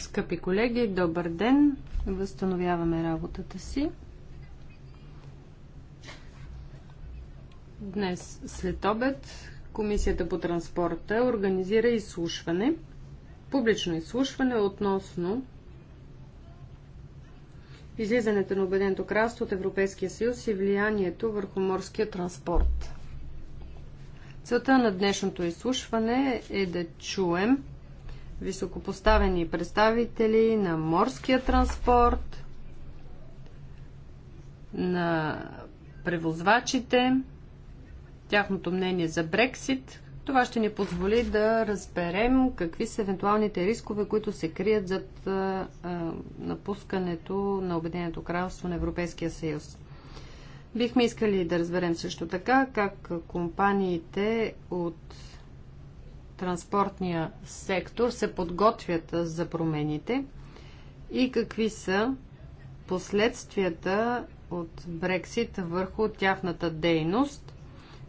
Скъпи колеги, добър ден! Възстановяваме работата си. Днес след обед Комисията по транспорта организира изслушване, публично изслушване относно излизането на Обеденто кралство от Европейския съюз и влиянието върху морския транспорт. Целта на днешното изслушване е да чуем високопоставени представители на морския транспорт, на превозвачите, тяхното мнение за Брексит. Това ще ни позволи да разберем какви са евентуалните рискове, които се крият зад а, напускането на Обединеното кралство на Европейския съюз. Бихме искали да разберем също така как компаниите от транспортния сектор се подготвят за промените и какви са последствията от Брексит върху тяхната дейност,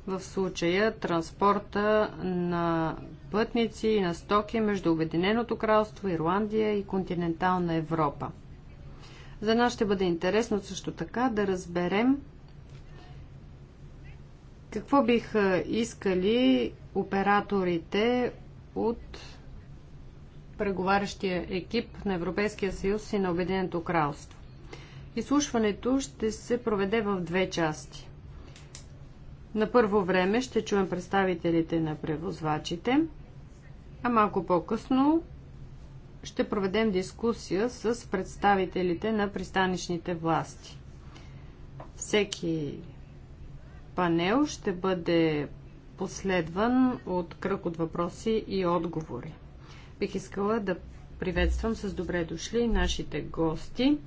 в случая транспорта на пътници и на стоки между Обединеното кралство, Ирландия и континентална Европа. За нас ще бъде интересно също така да разберем какво биха искали операторите от преговарящия екип на Европейския съюз и на Обединеното кралство. Изслушването ще се проведе в две части. На първо време ще чуем представителите на превозвачите, а малко по-късно ще проведем дискусия с представителите на пристанищните власти. Всеки панел ще бъде последван от кръг от въпроси и отговори. Бих искала да приветствам с добре дошли нашите гости.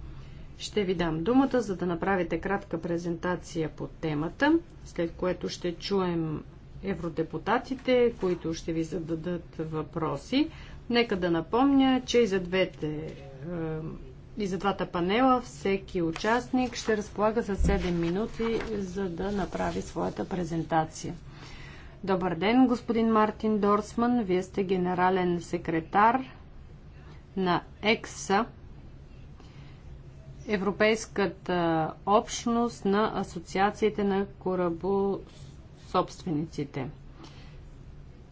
Ще ви дам думата, за да направите кратка презентация по темата, след което ще чуем евродепутатите, които ще ви зададат въпроси. Нека да напомня, че и за двете е, и за двата панела всеки участник ще разполага за 7 минути, за да направи своята презентация. Добър ден, господин Мартин Дорсман. Вие сте генерален секретар на ЕКСА, Европейската общност на асоциациите на корабособствениците.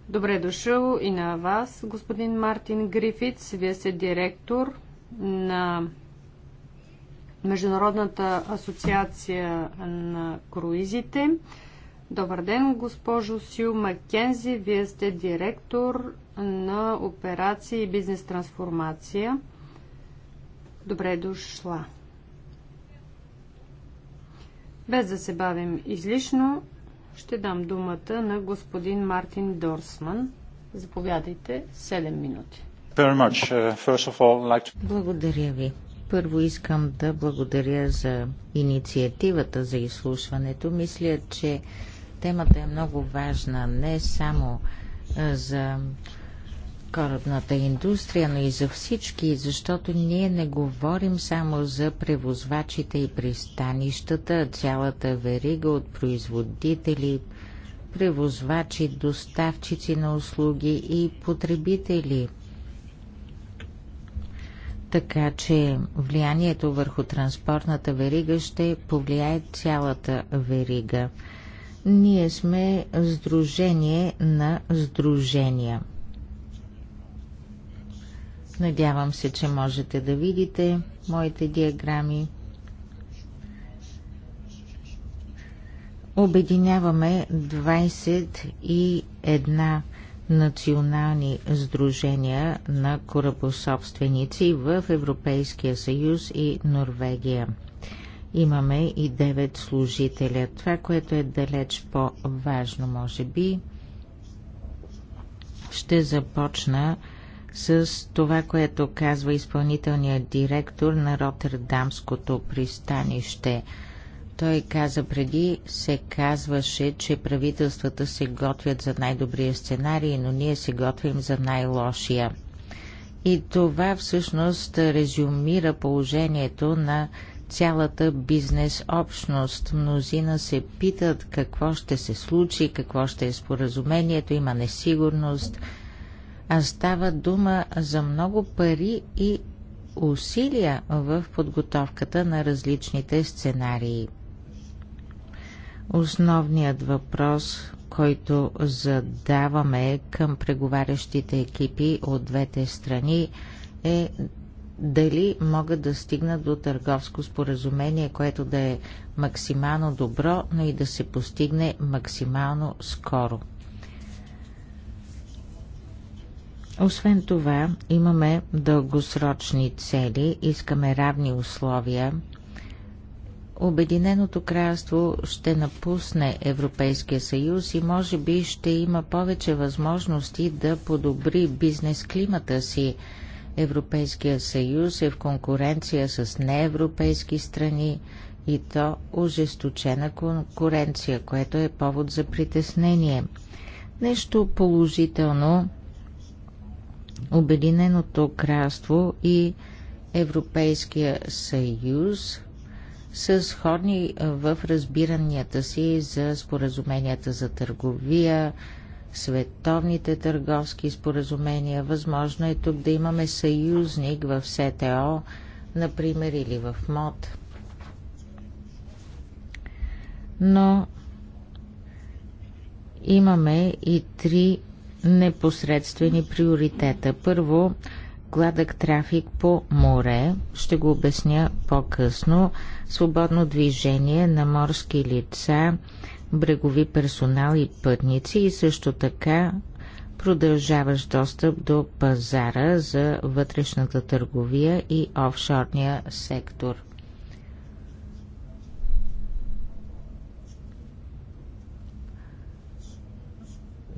Добре дошъл и на вас, господин Мартин Грифиц. Вие сте директор на Международната асоциация на круизите. Добър ден, госпожо Сю Маккензи. Вие сте директор на операции и бизнес трансформация. Добре дошла. Без да се бавим излишно, ще дам думата на господин Мартин Дорсман. Заповядайте, 7 минути. Uh, благодаря ви. Първо искам да благодаря за инициативата за изслушването. Мисля, че Темата е много важна не само за корабната индустрия, но и за всички, защото ние не говорим само за превозвачите и пристанищата, цялата верига от производители, превозвачи, доставчици на услуги и потребители. Така че влиянието върху транспортната верига ще повлияе цялата верига. Ние сме Сдружение на Сдружения. Надявам се, че можете да видите моите диаграми. Обединяваме 21 национални сдружения на корабособственици в Европейския съюз и Норвегия имаме и 9 служителя. Това, което е далеч по-важно, може би, ще започна с това, което казва изпълнителният директор на Роттердамското пристанище. Той каза преди, се казваше, че правителствата се готвят за най-добрия сценарий, но ние се готвим за най-лошия. И това всъщност резюмира положението на цялата бизнес общност. Мнозина се питат какво ще се случи, какво ще е споразумението, има несигурност. А става дума за много пари и усилия в подготовката на различните сценарии. Основният въпрос, който задаваме към преговарящите екипи от двете страни е дали могат да стигнат до търговско споразумение, което да е максимално добро, но и да се постигне максимално скоро. Освен това, имаме дългосрочни цели, искаме равни условия. Обединеното кралство ще напусне Европейския съюз и може би ще има повече възможности да подобри бизнес климата си Европейския съюз е в конкуренция с неевропейски страни и то ожесточена конкуренция, което е повод за притеснение. Нещо положително Обединеното кралство и Европейския съюз са сходни в разбиранията си за споразуменията за търговия, световните търговски споразумения. Възможно е тук да имаме съюзник в СТО, например, или в МОД. Но имаме и три непосредствени приоритета. Първо, гладък трафик по море, ще го обясня по-късно, свободно движение на морски лица, брегови персонал и пътници и също така продължаващ достъп до пазара за вътрешната търговия и офшорния сектор.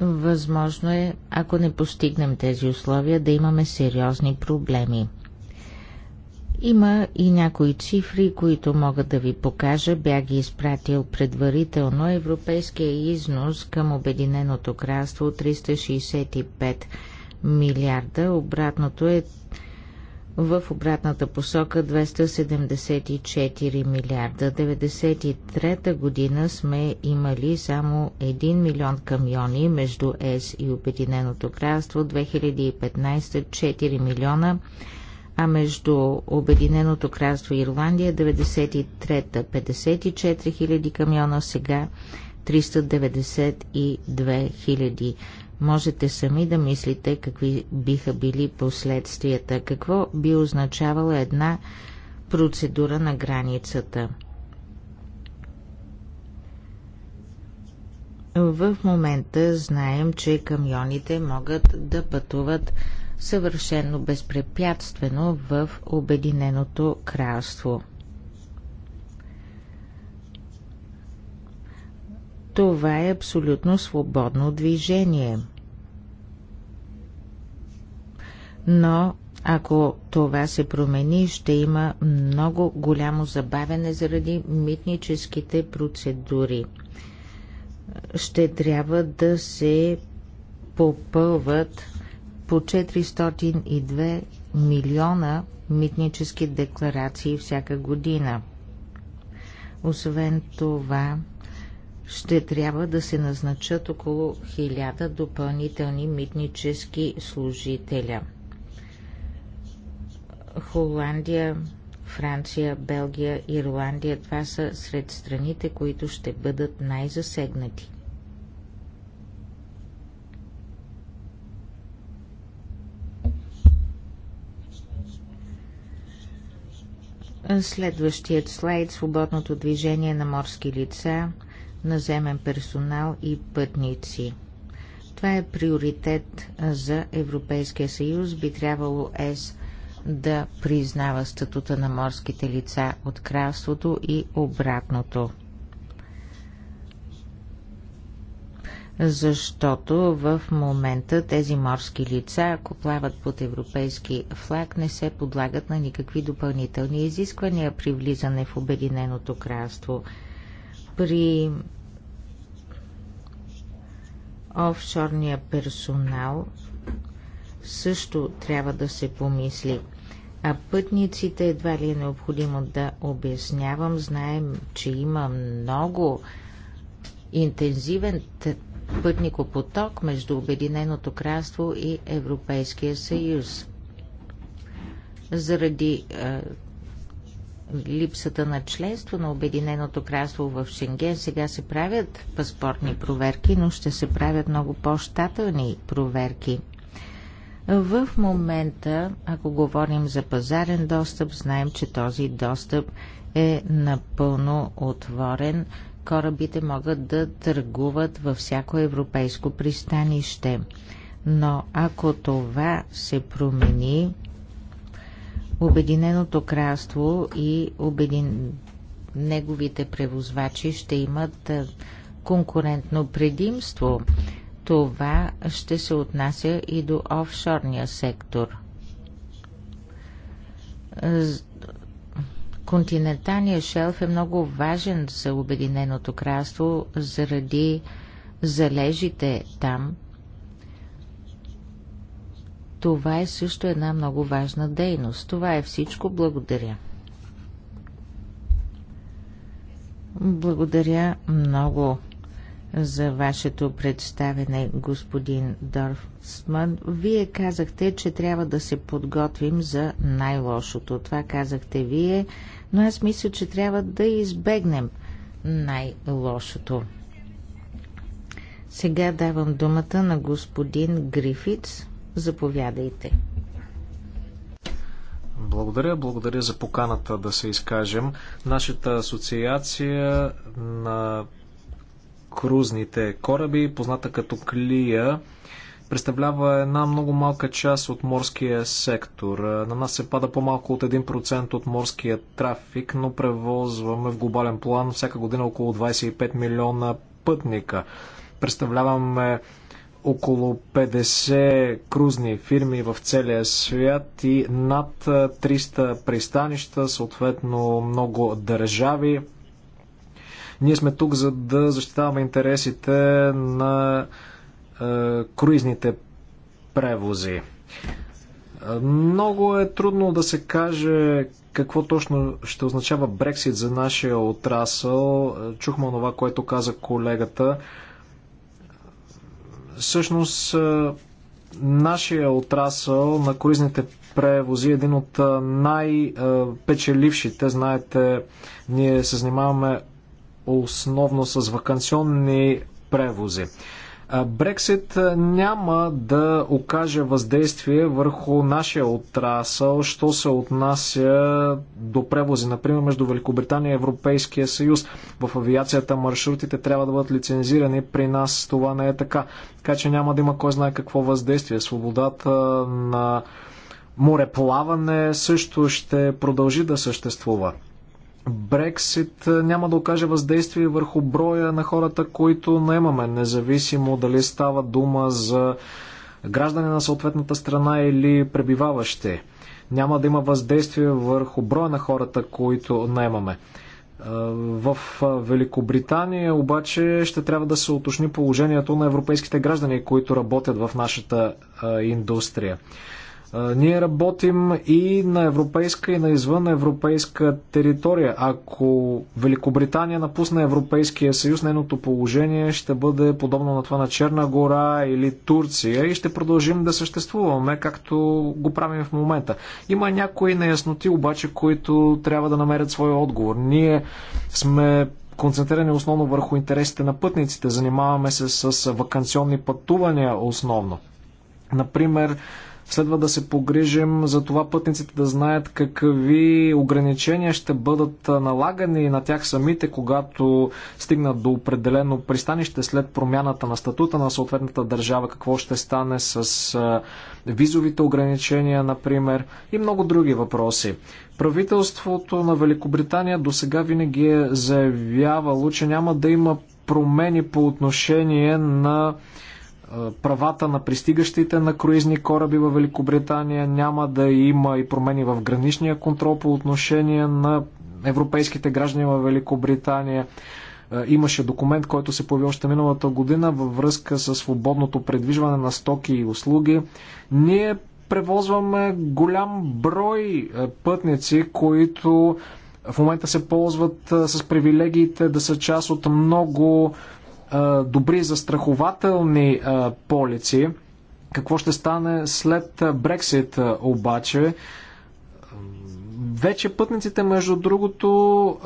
Възможно е, ако не постигнем тези условия, да имаме сериозни проблеми. Има и някои цифри, които мога да ви покажа. Бях ги изпратил предварително. Европейския износ към Обединеното кралство 365 милиарда. Обратното е в обратната посока 274 милиарда. 93-та година сме имали само 1 милион камиони между ЕС и Обединеното кралство. 2015 4 милиона а между Обединеното кралство и Ирландия 93-та 54 хиляди камиона, сега 392 хиляди. Можете сами да мислите какви биха били последствията, какво би означавала една процедура на границата. В момента знаем, че камионите могат да пътуват съвършено безпрепятствено в Обединеното кралство. Това е абсолютно свободно движение. Но ако това се промени, ще има много голямо забавене заради митническите процедури. Ще трябва да се попълват по 402 милиона митнически декларации всяка година. Освен това, ще трябва да се назначат около 1000 допълнителни митнически служителя. Холандия, Франция, Белгия, Ирландия това са сред страните, които ще бъдат най-засегнати. Следващият слайд – свободното движение на морски лица, наземен персонал и пътници. Това е приоритет за Европейския съюз. Би трябвало ЕС да признава статута на морските лица от кралството и обратното – защото в момента тези морски лица, ако плават под европейски флаг, не се подлагат на никакви допълнителни изисквания при влизане в Обединеното кралство. При офшорния персонал също трябва да се помисли. А пътниците едва ли е необходимо да обяснявам. Знаем, че има много интензивен пътникопоток между Обединеното кралство и Европейския съюз. Заради е, липсата на членство на Обединеното кралство в Шенген сега се правят паспортни проверки, но ще се правят много по-щателни проверки. В момента, ако говорим за пазарен достъп, знаем, че този достъп е напълно отворен – корабите могат да търгуват във всяко европейско пристанище. Но ако това се промени, Обединеното кралство и обедин... неговите превозвачи ще имат конкурентно предимство. Това ще се отнася и до офшорния сектор. Континенталният шелф е много важен за Обединеното кралство заради залежите там. Това е също една много важна дейност. Това е всичко. Благодаря. Благодаря много за вашето представене, господин Дорфсман. Вие казахте, че трябва да се подготвим за най-лошото. Това казахте вие но аз мисля, че трябва да избегнем най-лошото. Сега давам думата на господин Грифиц. Заповядайте. Благодаря, благодаря за поканата да се изкажем. Нашата асоциация на крузните кораби, позната като Клия, представлява една много малка част от морския сектор. На нас се пада по-малко от 1% от морския трафик, но превозваме в глобален план всяка година около 25 милиона пътника. Представляваме около 50 крузни фирми в целия свят и над 300 пристанища, съответно много държави. Ние сме тук, за да защитаваме интересите на е, круизните превози. Е, много е трудно да се каже какво точно ще означава Брексит за нашия отрасъл. Е, чухме това, което каза колегата. Всъщност, нашия отрасъл на круизните превози е един от най-печелившите. Знаете, ние се занимаваме основно с вакансионни превози. Брексит няма да окаже въздействие върху нашия отрасъл, що се отнася до превози, например между Великобритания и Европейския съюз. В авиацията маршрутите трябва да бъдат лицензирани, при нас това не е така. Така че няма да има кой знае какво въздействие. Свободата на мореплаване също ще продължи да съществува. Брексит е, няма да окаже въздействие върху броя на хората, които наемаме, независимо дали става дума за граждане на съответната страна или пребиваващи. Няма да има въздействие върху броя на хората, които наемаме. Е, в е, Великобритания обаче ще трябва да се уточни положението на европейските граждани, които работят в нашата индустрия. Ние работим и на европейска и на извън европейска територия. Ако Великобритания напусне Европейския съюз, нейното положение ще бъде подобно на това на Черна гора или Турция и ще продължим да съществуваме, както го правим в момента. Има някои неясноти, обаче, които трябва да намерят своя отговор. Ние сме концентрирани основно върху интересите на пътниците. Занимаваме се с вакансионни пътувания основно. Например, Следва да се погрижим за това пътниците да знаят какви ограничения ще бъдат налагани на тях самите, когато стигнат до определено пристанище след промяната на статута на съответната държава, какво ще стане с визовите ограничения, например, и много други въпроси. Правителството на Великобритания до сега винаги е заявявало, че няма да има промени по отношение на правата на пристигащите на круизни кораби в Великобритания, няма да има и промени в граничния контрол по отношение на европейските граждани в Великобритания. Имаше документ, който се появи още миналата година във връзка с свободното предвижване на стоки и услуги. Ние превозваме голям брой пътници, които в момента се ползват с привилегиите да са част от много добри застрахователни полици. Какво ще стане след Брексит обаче? Вече пътниците, между другото,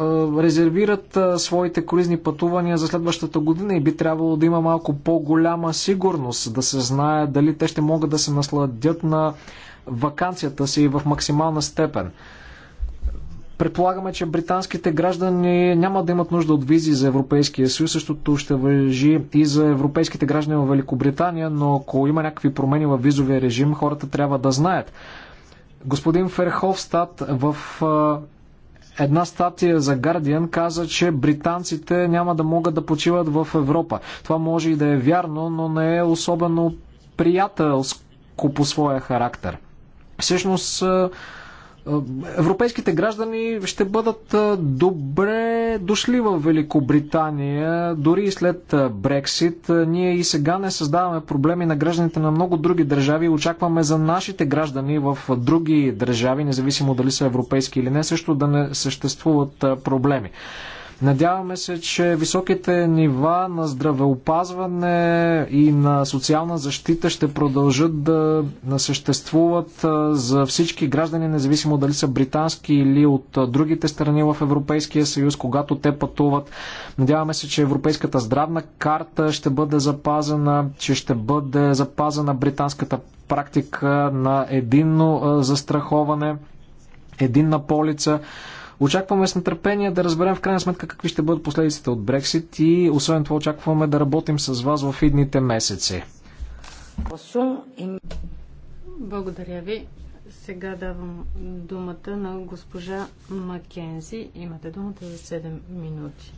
резервират своите колизни пътувания за следващата година и би трябвало да има малко по-голяма сигурност, да се знае дали те ще могат да се насладят на вакансията си в максимална степен. Предполагаме, че британските граждани няма да имат нужда от визи за Европейския съюз. Същото ще въжи и за европейските граждани в Великобритания, но ако има някакви промени в визовия режим, хората трябва да знаят. Господин Ферховстат в една статия за Guardian каза, че британците няма да могат да почиват в Европа. Това може и да е вярно, но не е особено приятелско по своя характер. Всъщност, Европейските граждани ще бъдат добре дошли в Великобритания, дори и след Брексит. Ние и сега не създаваме проблеми на гражданите на много други държави очакваме за нашите граждани в други държави, независимо дали са европейски или не, също да не съществуват проблеми. Надяваме се, че високите нива на здравеопазване и на социална защита ще продължат да съществуват за всички граждани, независимо дали са британски или от другите страни в Европейския съюз, когато те пътуват. Надяваме се, че Европейската здравна карта ще бъде запазена, че ще бъде запазена британската практика на единно застраховане, единна полица. Очакваме с нетърпение да разберем в крайна сметка какви ще бъдат последиците от Брексит и освен това очакваме да работим с вас в идните месеци. Благодаря ви. Сега давам думата на госпожа Макензи. Имате думата за 7 минути.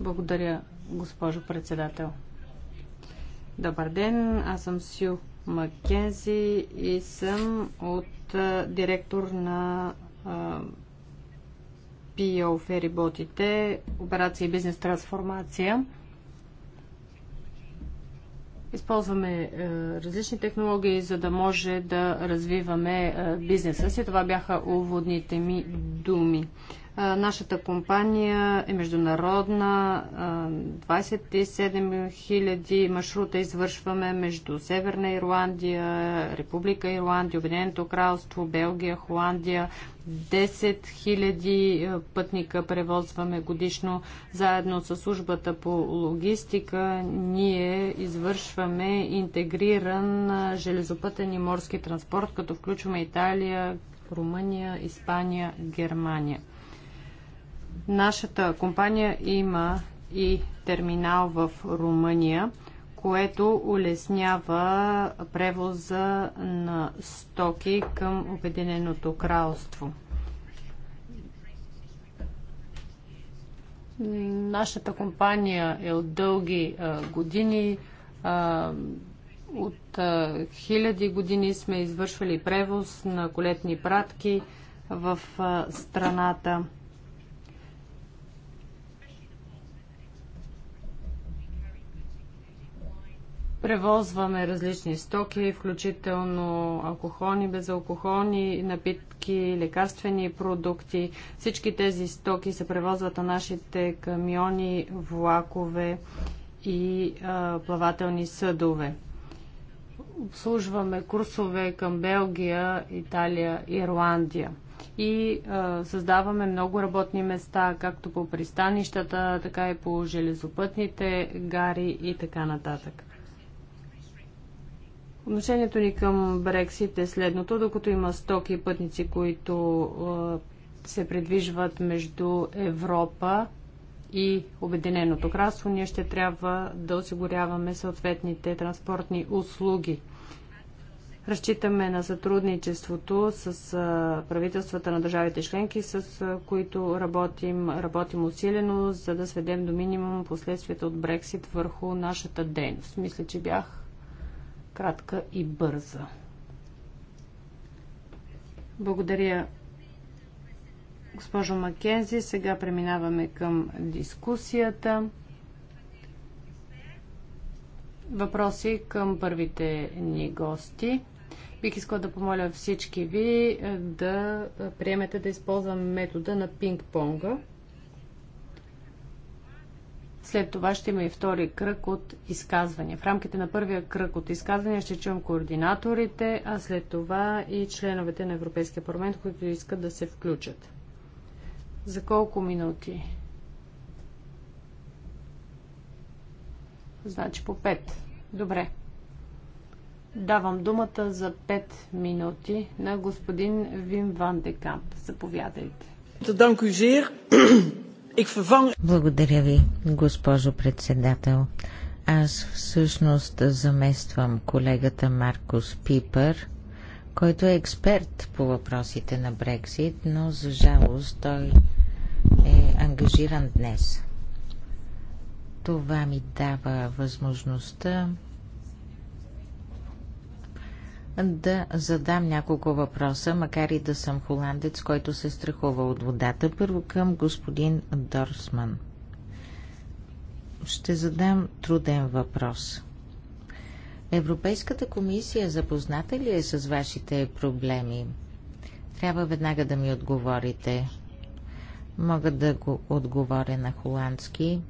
Благодаря, госпожо председател. Добър ден, аз съм Сю Маккензи и съм от а, директор на а, PO фериботите, e операция бизнес трансформация. Използваме е, различни технологии, за да може да развиваме е, бизнеса си. Това бяха уводните ми думи. Нашата компания е международна. 27 000 маршрута извършваме между Северна Ирландия, Република Ирландия, Обединеното кралство, Белгия, Холандия. 10 000 пътника превозваме годишно. Заедно с службата по логистика ние извършваме интегриран железопътен и морски транспорт, като включваме Италия, Румъния, Испания, Германия. Нашата компания има и терминал в Румъния, което улеснява превоза на стоки към Обединеното кралство. Нашата компания е от дълги а, години. А, от а, хиляди години сме извършвали превоз на колетни пратки в а, страната. превозваме различни стоки, включително алкохолни, безалкохолни напитки, лекарствени продукти. Всички тези стоки се превозват на нашите камиони, влакове и а, плавателни съдове. Обслужваме курсове към Белгия, Италия, Ирландия и а, създаваме много работни места, както по пристанищата, така и по железопътните гари и така нататък. Отношението ни към Брексит е следното. Докато има стоки и пътници, които се придвижват между Европа и Обединеното кралство, ние ще трябва да осигуряваме съответните транспортни услуги. Разчитаме на сътрудничеството с правителствата на държавите членки, с които работим, работим усилено, за да сведем до минимум последствията от Брексит върху нашата дейност. Мисля, че бях кратка и бърза. Благодаря, госпожо Макензи. Сега преминаваме към дискусията. Въпроси към първите ни гости. Бих искала да помоля всички ви е, да е, приемете да използвам метода на пинг-понга. След това ще има и втори кръг от изказвания. В рамките на първия кръг от изказвания ще чуем координаторите, а след това и членовете на Европейския парламент, които искат да се включат. За колко минути? Значи по 5. Добре. Давам думата за 5 минути на господин Вим Ван Декамп. Заповядайте. Dank и жир. Благодаря ви, госпожо председател. Аз всъщност замествам колегата Маркус Пипър, който е експерт по въпросите на Брексит, но за жалост той е ангажиран днес. Това ми дава възможността да задам няколко въпроса, макар и да съм холандец, който се страхува от водата. Първо към господин Дорсман. Ще задам труден въпрос. Европейската комисия запозната ли е с вашите проблеми? Трябва веднага да ми отговорите. Мога да го отговоря на холандски,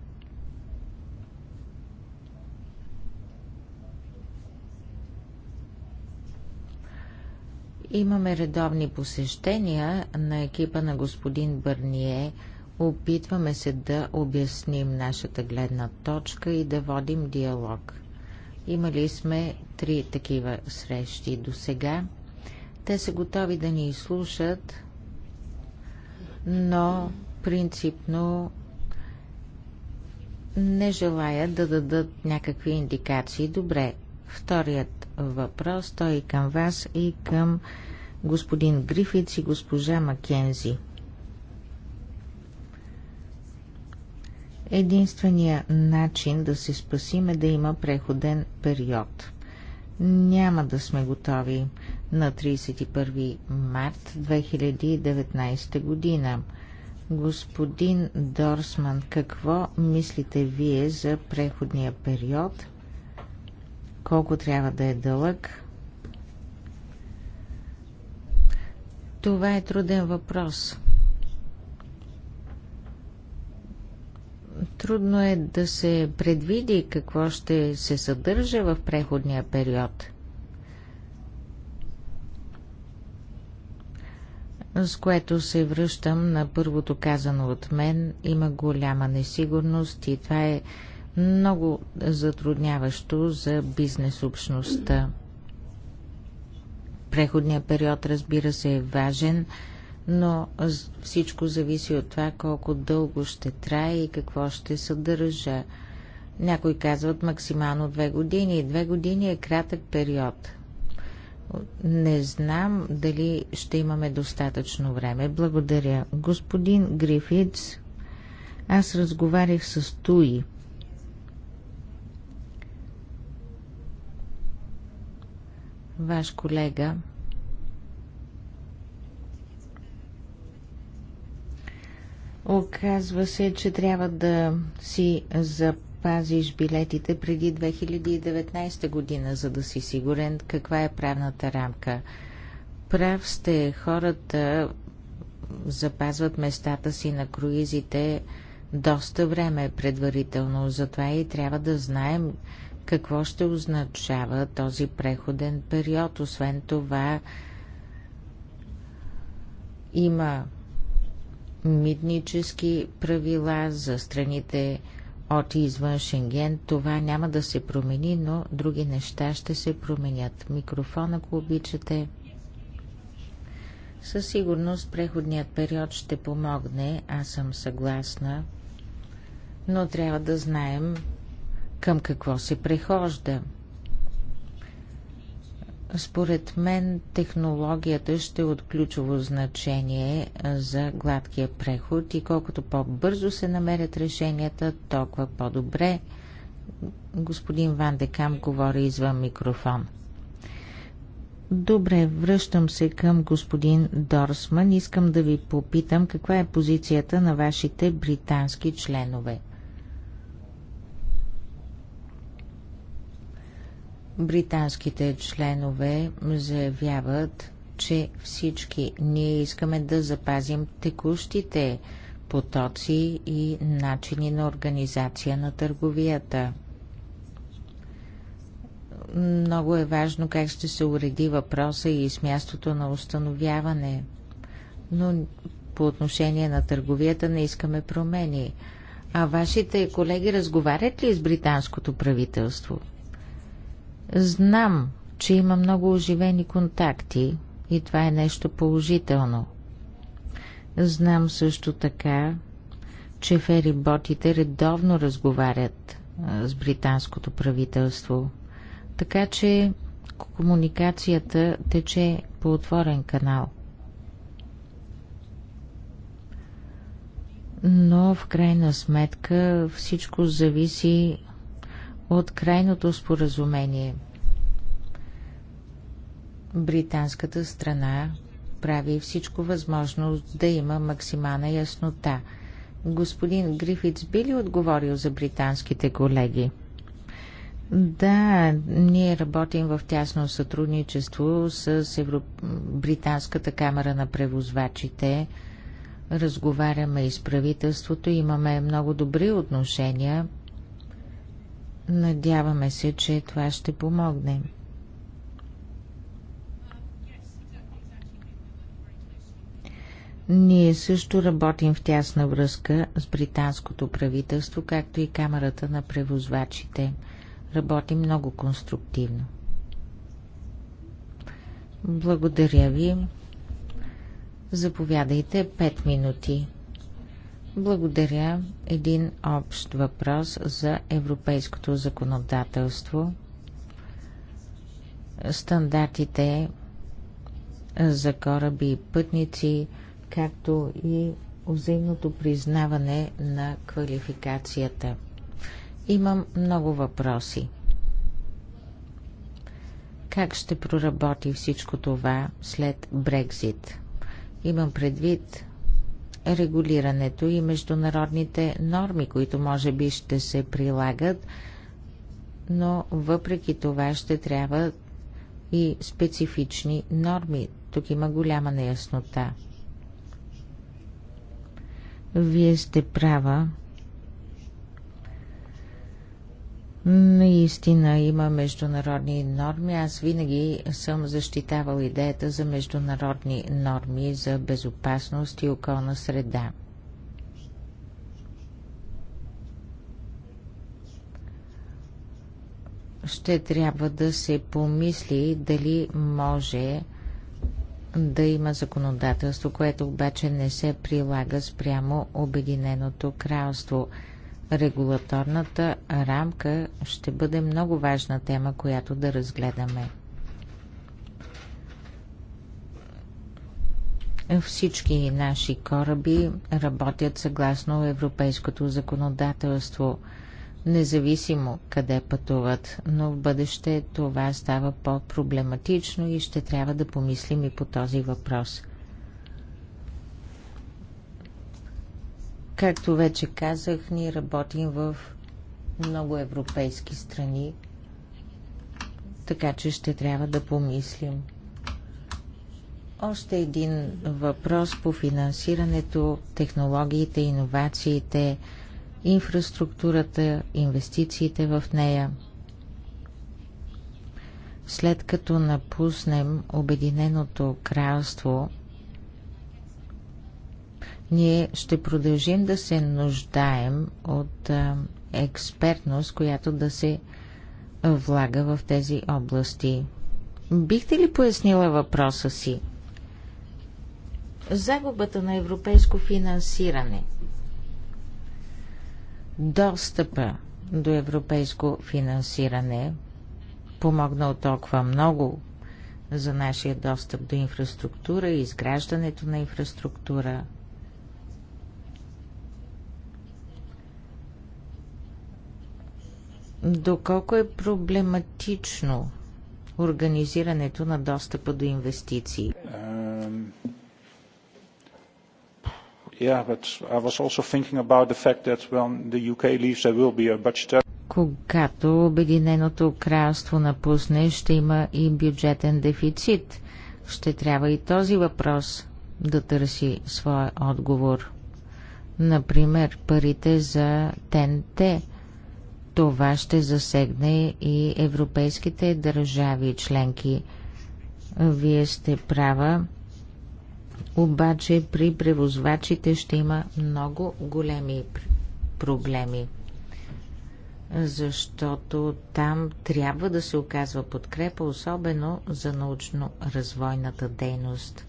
Имаме редовни посещения на екипа на господин Бърние. Опитваме се да обясним нашата гледна точка и да водим диалог. Имали сме три такива срещи до сега. Те са готови да ни изслушат, но принципно не желаят да дадат някакви индикации. Добре, вторият въпрос. Той и е към вас, и към господин Грифиц и госпожа Макензи. Единствения начин да се спасим е да има преходен период. Няма да сме готови на 31 март 2019 година. Господин Дорсман, какво мислите вие за преходния период колко трябва да е дълъг. Това е труден въпрос. Трудно е да се предвиди какво ще се съдържа в преходния период. С което се връщам на първото казано от мен, има голяма несигурност и това е много затрудняващо за бизнес общността. Преходният период, разбира се, е важен, но всичко зависи от това колко дълго ще трае и какво ще съдържа. Някои казват максимално две години. Две години е кратък период. Не знам дали ще имаме достатъчно време. Благодаря. Господин Грифиц, аз разговарях с Туи ваш колега Оказва се, че трябва да си запазиш билетите преди 2019 година, за да си сигурен каква е правната рамка. Прав сте, хората запазват местата си на круизите доста време предварително, затова и трябва да знаем какво ще означава този преходен период. Освен това, има митнически правила за страните от и извън Шенген. Това няма да се промени, но други неща ще се променят. Микрофон, ако обичате. Със сигурност преходният период ще помогне, аз съм съгласна, но трябва да знаем към какво се прехожда. Според мен технологията ще е от ключово значение за гладкия преход и колкото по-бързо се намерят решенията, толкова по-добре. Господин Ван Декам говори извън микрофон. Добре, връщам се към господин Дорсман. Искам да ви попитам каква е позицията на вашите британски членове – британските членове заявяват, че всички ние искаме да запазим текущите потоци и начини на организация на търговията. Много е важно как ще се уреди въпроса и с мястото на установяване. Но по отношение на търговията не искаме промени. А вашите колеги разговарят ли с британското правителство? Знам, че има много оживени контакти и това е нещо положително. Знам също така, че фериботите редовно разговарят с британското правителство, така че комуникацията тече по отворен канал. Но в крайна сметка всичко зависи от крайното споразумение. Британската страна прави всичко възможно да има максимална яснота. Господин Грифиц би ли отговорил за британските колеги? Да, ние работим в тясно сътрудничество с Евро... Британската камера на превозвачите. Разговаряме и с правителството, имаме много добри отношения. Надяваме се, че това ще помогне. Ние също работим в тясна връзка с британското правителство, както и Камерата на превозвачите. Работим много конструктивно. Благодаря ви. Заповядайте 5 минути. Благодаря. Един общ въпрос за европейското законодателство. Стандартите за кораби и пътници, както и взаимното признаване на квалификацията. Имам много въпроси. Как ще проработи всичко това след Брекзит? Имам предвид регулирането и международните норми, които може би ще се прилагат, но въпреки това ще трябва и специфични норми. Тук има голяма неяснота. Вие сте права, Наистина има международни норми. Аз винаги съм защитавал идеята за международни норми за безопасност и околна среда. Ще трябва да се помисли дали може да има законодателство, което обаче не се прилага спрямо Обединеното кралство – регулаторната рамка ще бъде много важна тема, която да разгледаме. Всички наши кораби работят съгласно европейското законодателство, независимо къде пътуват, но в бъдеще това става по-проблематично и ще трябва да помислим и по този въпрос – Както вече казах, ние работим в много европейски страни, така че ще трябва да помислим. Още един въпрос по финансирането, технологиите, иновациите, инфраструктурата, инвестициите в нея. След като напуснем Обединеното кралство – ние ще продължим да се нуждаем от експертност, която да се влага в тези области. Бихте ли пояснила въпроса си? Загубата на европейско финансиране. Достъпа до европейско финансиране помогнал толкова много за нашия достъп до инфраструктура, и изграждането на инфраструктура. Доколко е проблематично организирането на достъпа до инвестиции? когато Обединеното кралство напусне, ще има и бюджетен дефицит. Ще трябва и този въпрос да търси своя отговор. Например, парите за ТНТ това ще засегне и европейските държави членки. Вие сте права, обаче при превозвачите ще има много големи проблеми, защото там трябва да се оказва подкрепа, особено за научно-развойната дейност.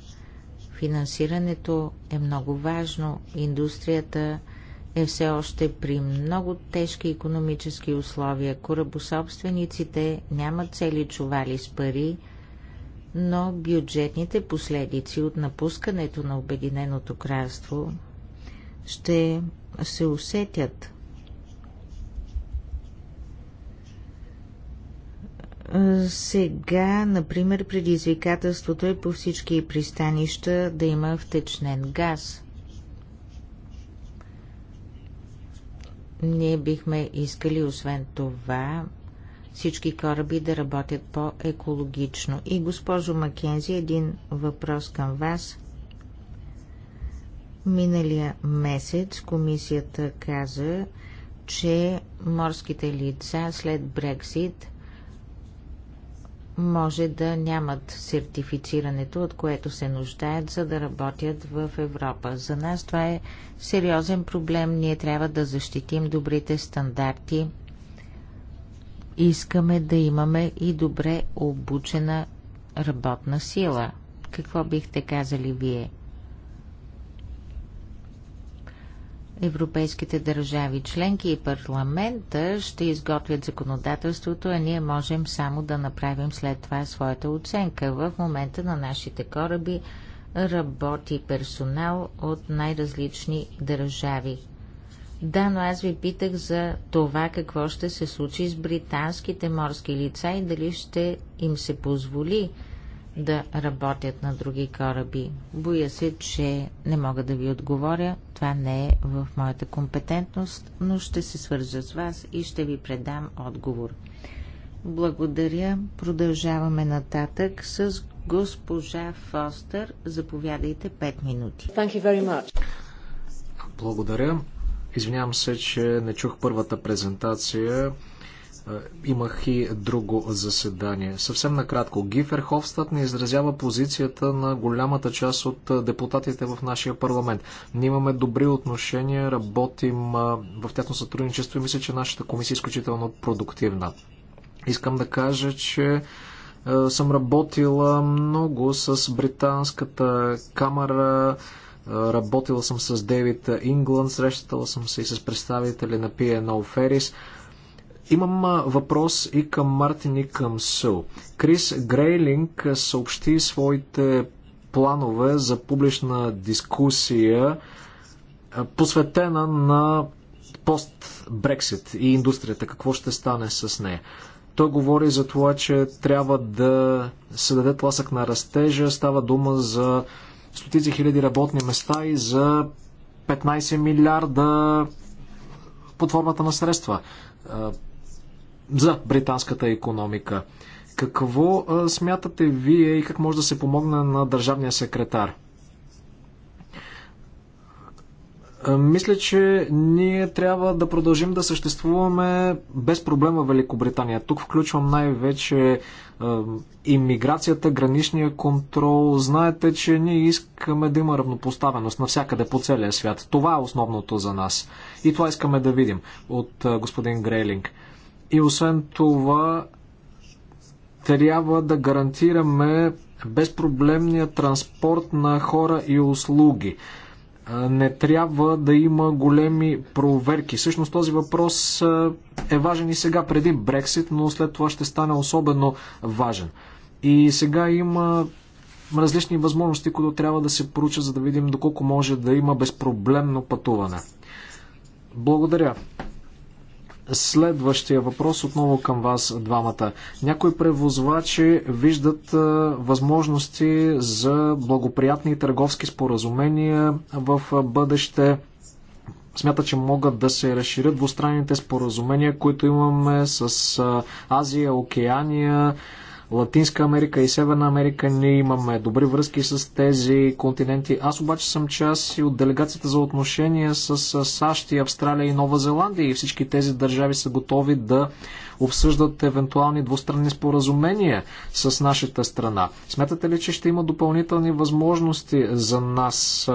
Финансирането е много важно. Индустрията – е все още при много тежки економически условия. Корабособствениците нямат цели чували с пари, но бюджетните последици от напускането на Обединеното кралство ще се усетят. Сега, например, предизвикателството е по всички пристанища да има втечнен газ – Ние бихме искали, освен това, всички кораби да работят по-екологично. И госпожо Макензи, един въпрос към вас. Миналия месец комисията каза, че морските лица след Брексит може да нямат сертифицирането, от което се нуждаят, за да работят в Европа. За нас това е сериозен проблем. Ние трябва да защитим добрите стандарти. Искаме да имаме и добре обучена работна сила. Какво бихте казали вие? Европейските държави членки и парламента ще изготвят законодателството, а ние можем само да направим след това своята оценка. В момента на нашите кораби работи персонал от най-различни държави. Да, но аз ви питах за това какво ще се случи с британските морски лица и дали ще им се позволи да работят на други кораби. Боя се, че не мога да ви отговоря. Това не е в моята компетентност, но ще се свържа с вас и ще ви предам отговор. Благодаря. Продължаваме нататък с госпожа Фостер. Заповядайте 5 минути. Thank you very much. Благодаря. Извинявам се, че не чух първата презентация. Е, имах и друго заседание. Съвсем накратко, Гифер Ховстат не изразява позицията на голямата част от е, депутатите в нашия парламент. Ние имаме добри отношения, работим е, в тясно сътрудничество и мисля, че нашата комисия е изключително продуктивна. Искам да кажа, че съм работила много с британската камера, работила съм с Дейвид Ингланд, срещала съм се и с представители на P&O Ferris. Имам въпрос и към Мартин и към Сил. Крис Грейлинг съобщи своите планове за публична дискусия, посветена на пост-Брексит и индустрията. Какво ще стане с нея? Той говори за това, че трябва да се даде тласък на растежа. Става дума за стотици хиляди работни места и за 15 милиарда под формата на средства за британската економика. Какво смятате вие и как може да се помогне на държавния секретар? Мисля, че ние трябва да продължим да съществуваме без проблема в Великобритания. Тук включвам най-вече иммиграцията, граничния контрол. Знаете, че ние искаме да има равнопоставеност навсякъде по целия свят. Това е основното за нас. И това искаме да видим от господин Грейлинг. И освен това, трябва да гарантираме безпроблемния транспорт на хора и услуги. Не трябва да има големи проверки. Всъщност този въпрос е важен и сега преди Брексит, но след това ще стане особено важен. И сега има различни възможности, които трябва да се поручат, за да видим доколко може да има безпроблемно пътуване. Благодаря. Следващия въпрос отново към вас двамата. Някои превозвачи виждат възможности за благоприятни търговски споразумения в бъдеще. Смята, че могат да се разширят двустранните споразумения, които имаме с Азия, Океания, Латинска Америка и Северна Америка. Ние имаме добри връзки с тези континенти. Аз обаче съм част и от делегацията за отношения с САЩ и Австралия и Нова Зеландия и всички тези държави са готови да обсъждат евентуални двустранни споразумения с нашата страна. Смятате ли, че ще има допълнителни възможности за нас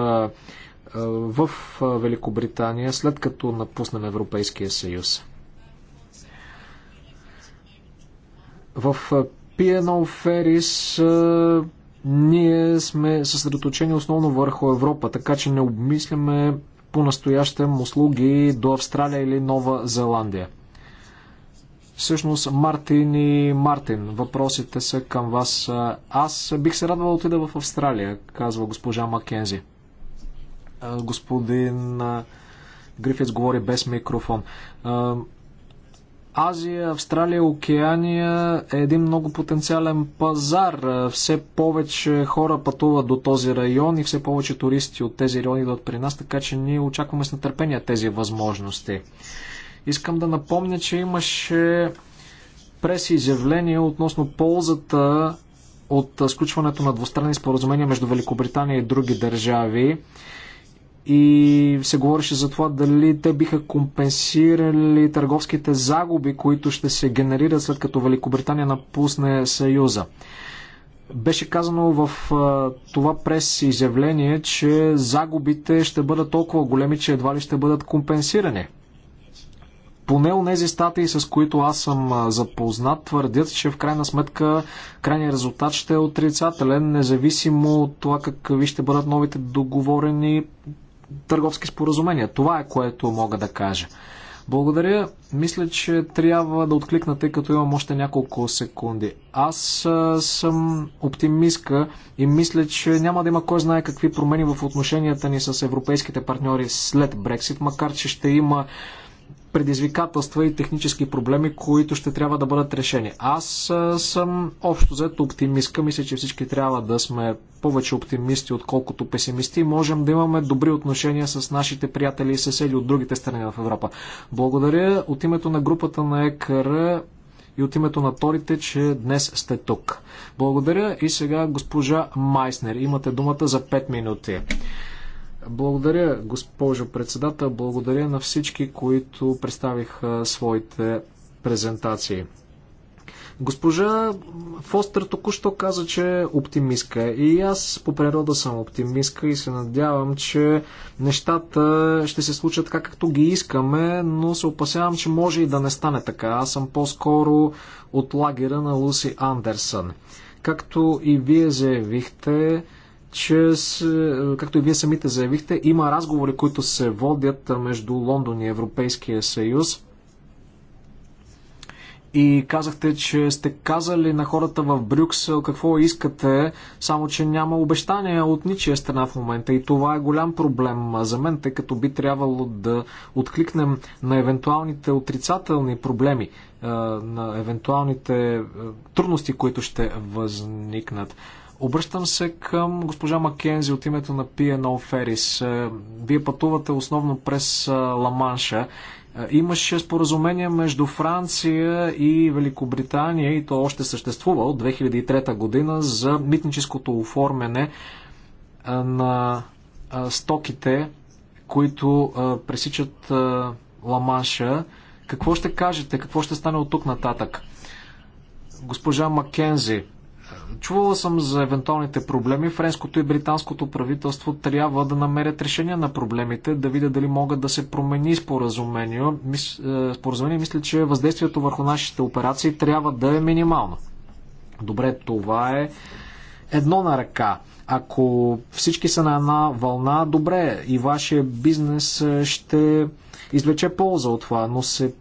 в Великобритания, след като напуснем Европейския съюз? В Пиено Ферис, ние сме съсредоточени основно върху Европа, така че не обмисляме по-настоящем услуги до Австралия или Нова Зеландия. Всъщност, Мартин и Мартин, въпросите са към вас. Аз бих се радвал да отида в Австралия, казва госпожа Маккензи. Господин Грифиц говори без микрофон. Азия, Австралия, Океания е един много потенциален пазар. Все повече хора пътуват до този район и все повече туристи от тези райони идват при нас, така че ние очакваме с нетърпение тези възможности. Искам да напомня, че имаше прес изявление относно ползата от сключването на двустранни споразумения между Великобритания и други държави и се говореше за това дали те биха компенсирали търговските загуби, които ще се генерират след като Великобритания напусне Съюза. Беше казано в това прес изявление, че загубите ще бъдат толкова големи, че едва ли ще бъдат компенсирани. Поне у нези статии, с които аз съм запознат, твърдят, че в крайна сметка крайният резултат ще е отрицателен, независимо от това какви ще бъдат новите договорени търговски споразумения. Това е което мога да кажа. Благодаря. Мисля, че трябва да откликна, тъй като имам още няколко секунди. Аз а, съм оптимистка и мисля, че няма да има кой знае какви промени в отношенията ни с европейските партньори след Брексит, макар че ще има предизвикателства и технически проблеми, които ще трябва да бъдат решени. Аз съм общо взето оптимистка. Мисля, че всички трябва да сме повече оптимисти, отколкото песимисти. Можем да имаме добри отношения с нашите приятели и съседи от другите страни в Европа. Благодаря от името на групата на ЕКР и от името на Торите, че днес сте тук. Благодаря и сега госпожа Майснер. Имате думата за 5 минути. Благодаря, госпожо председател. Благодаря на всички, които представиха своите презентации. Госпожа Фостер току-що каза, че е оптимистка. И аз по природа съм оптимистка и се надявам, че нещата ще се случат така, както ги искаме, но се опасявам, че може и да не стане така. Аз съм по-скоро от лагера на Луси Андерсън. Както и вие заявихте, че, е, както и вие самите заявихте, има разговори, които се водят между Лондон и Европейския съюз. И казахте, че сте казали на хората в Брюксел какво искате, само че няма обещания от ничия страна в момента. И това е голям проблем за мен, тъй като би трябвало да откликнем на евентуалните отрицателни проблеми, е, на евентуалните е, трудности, които ще възникнат. Обръщам се към госпожа Маккензи от името на P&O Ferris. Е, вие пътувате основно през е, Ламанша. Е, имаше споразумение между Франция и Великобритания и то още съществува от 2003 година за митническото оформяне на стоките, които пресичат Ламанша. Какво ще кажете? Какво ще стане от тук нататък? Госпожа Маккензи, Чувала съм за евентуалните проблеми. Френското и британското правителство трябва да намерят решение на проблемите, да видят дали могат да се промени споразумение. Е, споразумение мисля, че въздействието върху нашите операции трябва да е минимално. Добре, това е едно на ръка. Ако всички са на една вълна, добре, и вашия бизнес е, ще извлече полза от това, но се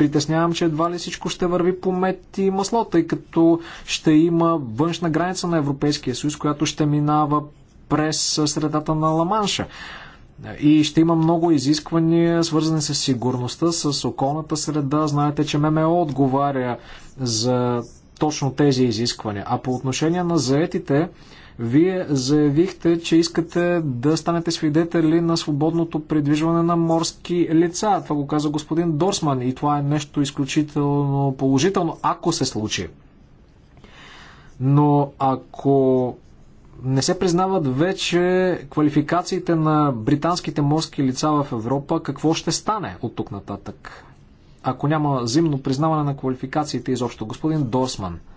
притеснявам, че едва ли всичко ще върви по мед и масло, тъй като ще има външна граница на Европейския съюз, която ще минава през средата на Ламанша. И ще има много изисквания, свързани с сигурността, с околната среда. Знаете, че ММО отговаря за точно тези изисквания. А по отношение на заетите, вие заявихте, че искате да станете свидетели на свободното придвижване на морски лица. Това го каза господин Дорсман и това е нещо изключително положително, ако се случи. Но ако не се признават вече квалификациите на британските морски лица в Европа, какво ще стане от тук нататък? Ако няма зимно признаване на квалификациите изобщо, господин Дорсман –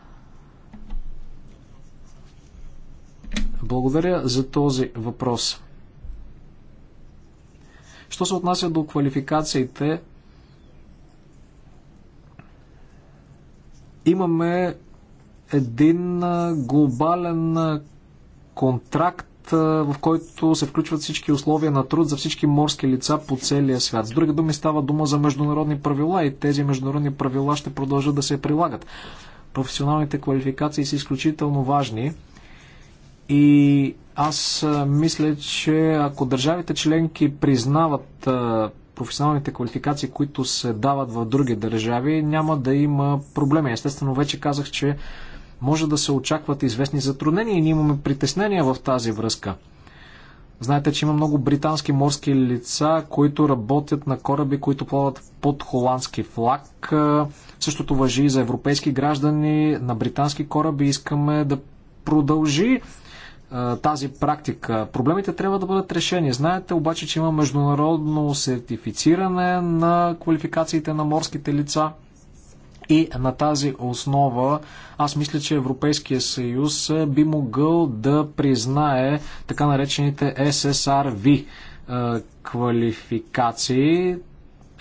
Благодаря за този въпрос. Що се отнася до квалификациите, имаме един глобален контракт, в който се включват всички условия на труд за всички морски лица по целия свят. С други думи става дума за международни правила и тези международни правила ще продължат да се прилагат. Професионалните квалификации са изключително важни и аз мисля, че ако държавите членки признават професионалните квалификации, които се дават в други държави, няма да има проблеми. Естествено, вече казах, че може да се очакват известни затруднения и ние имаме притеснения в тази връзка. Знаете, че има много британски морски лица, които работят на кораби, които плават под холандски флаг. Същото въжи и за европейски граждани на британски кораби. Искаме да продължи тази практика. Проблемите трябва да бъдат решени. Знаете обаче, че има международно сертифициране на квалификациите на морските лица. И на тази основа аз мисля, че Европейския съюз би могъл да признае така наречените SSRV квалификации.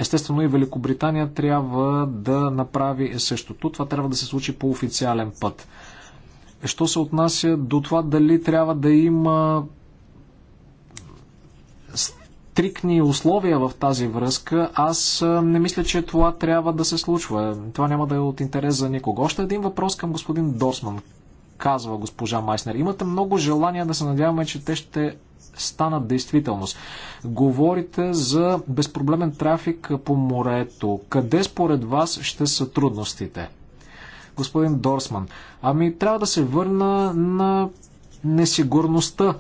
Естествено и Великобритания трябва да направи същото. Това трябва да се случи по официален път. Що се отнася до това дали трябва да има стрикни условия в тази връзка, аз не мисля, че това трябва да се случва. Това няма да е от интерес за никого. Още един въпрос към господин Дорсман, казва госпожа Майснер. Имате много желания да се надяваме, че те ще станат действителност. Говорите за безпроблемен трафик по морето. Къде според вас ще са трудностите? господин Дорсман. Ами трябва да се върна на несигурността.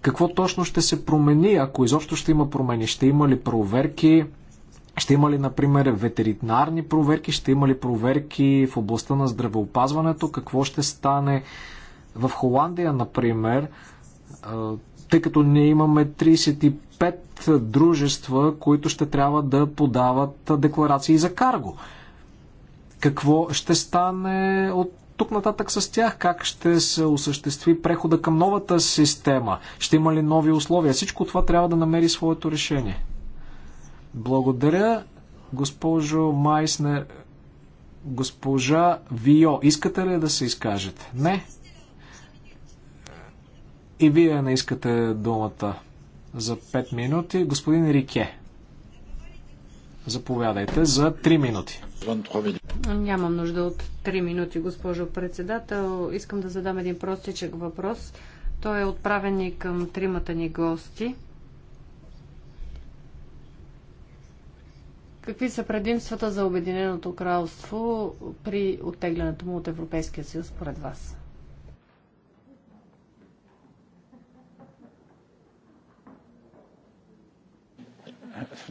Какво точно ще се промени, ако изобщо ще има промени? Ще има ли проверки? Ще има ли, например, ветеринарни проверки? Ще има ли проверки в областта на здравеопазването? Какво ще стане в Холандия, например? Тъй като ние имаме 35 дружества, които ще трябва да подават декларации за карго. Какво ще стане от тук нататък с тях? Как ще се осъществи прехода към новата система? Ще има ли нови условия? Всичко това трябва да намери своето решение. Благодаря, госпожо Майснер. Госпожа Вио, искате ли да се изкажете? Не. И вие не искате думата за 5 минути. Господин Рике, заповядайте за 3 минути. Нямам нужда от 3 минути, госпожо председател. Искам да задам един простичък въпрос. Той е отправен и към тримата ни гости. Какви са предимствата за Обединеното кралство при оттеглянето му от Европейския съюз, според вас?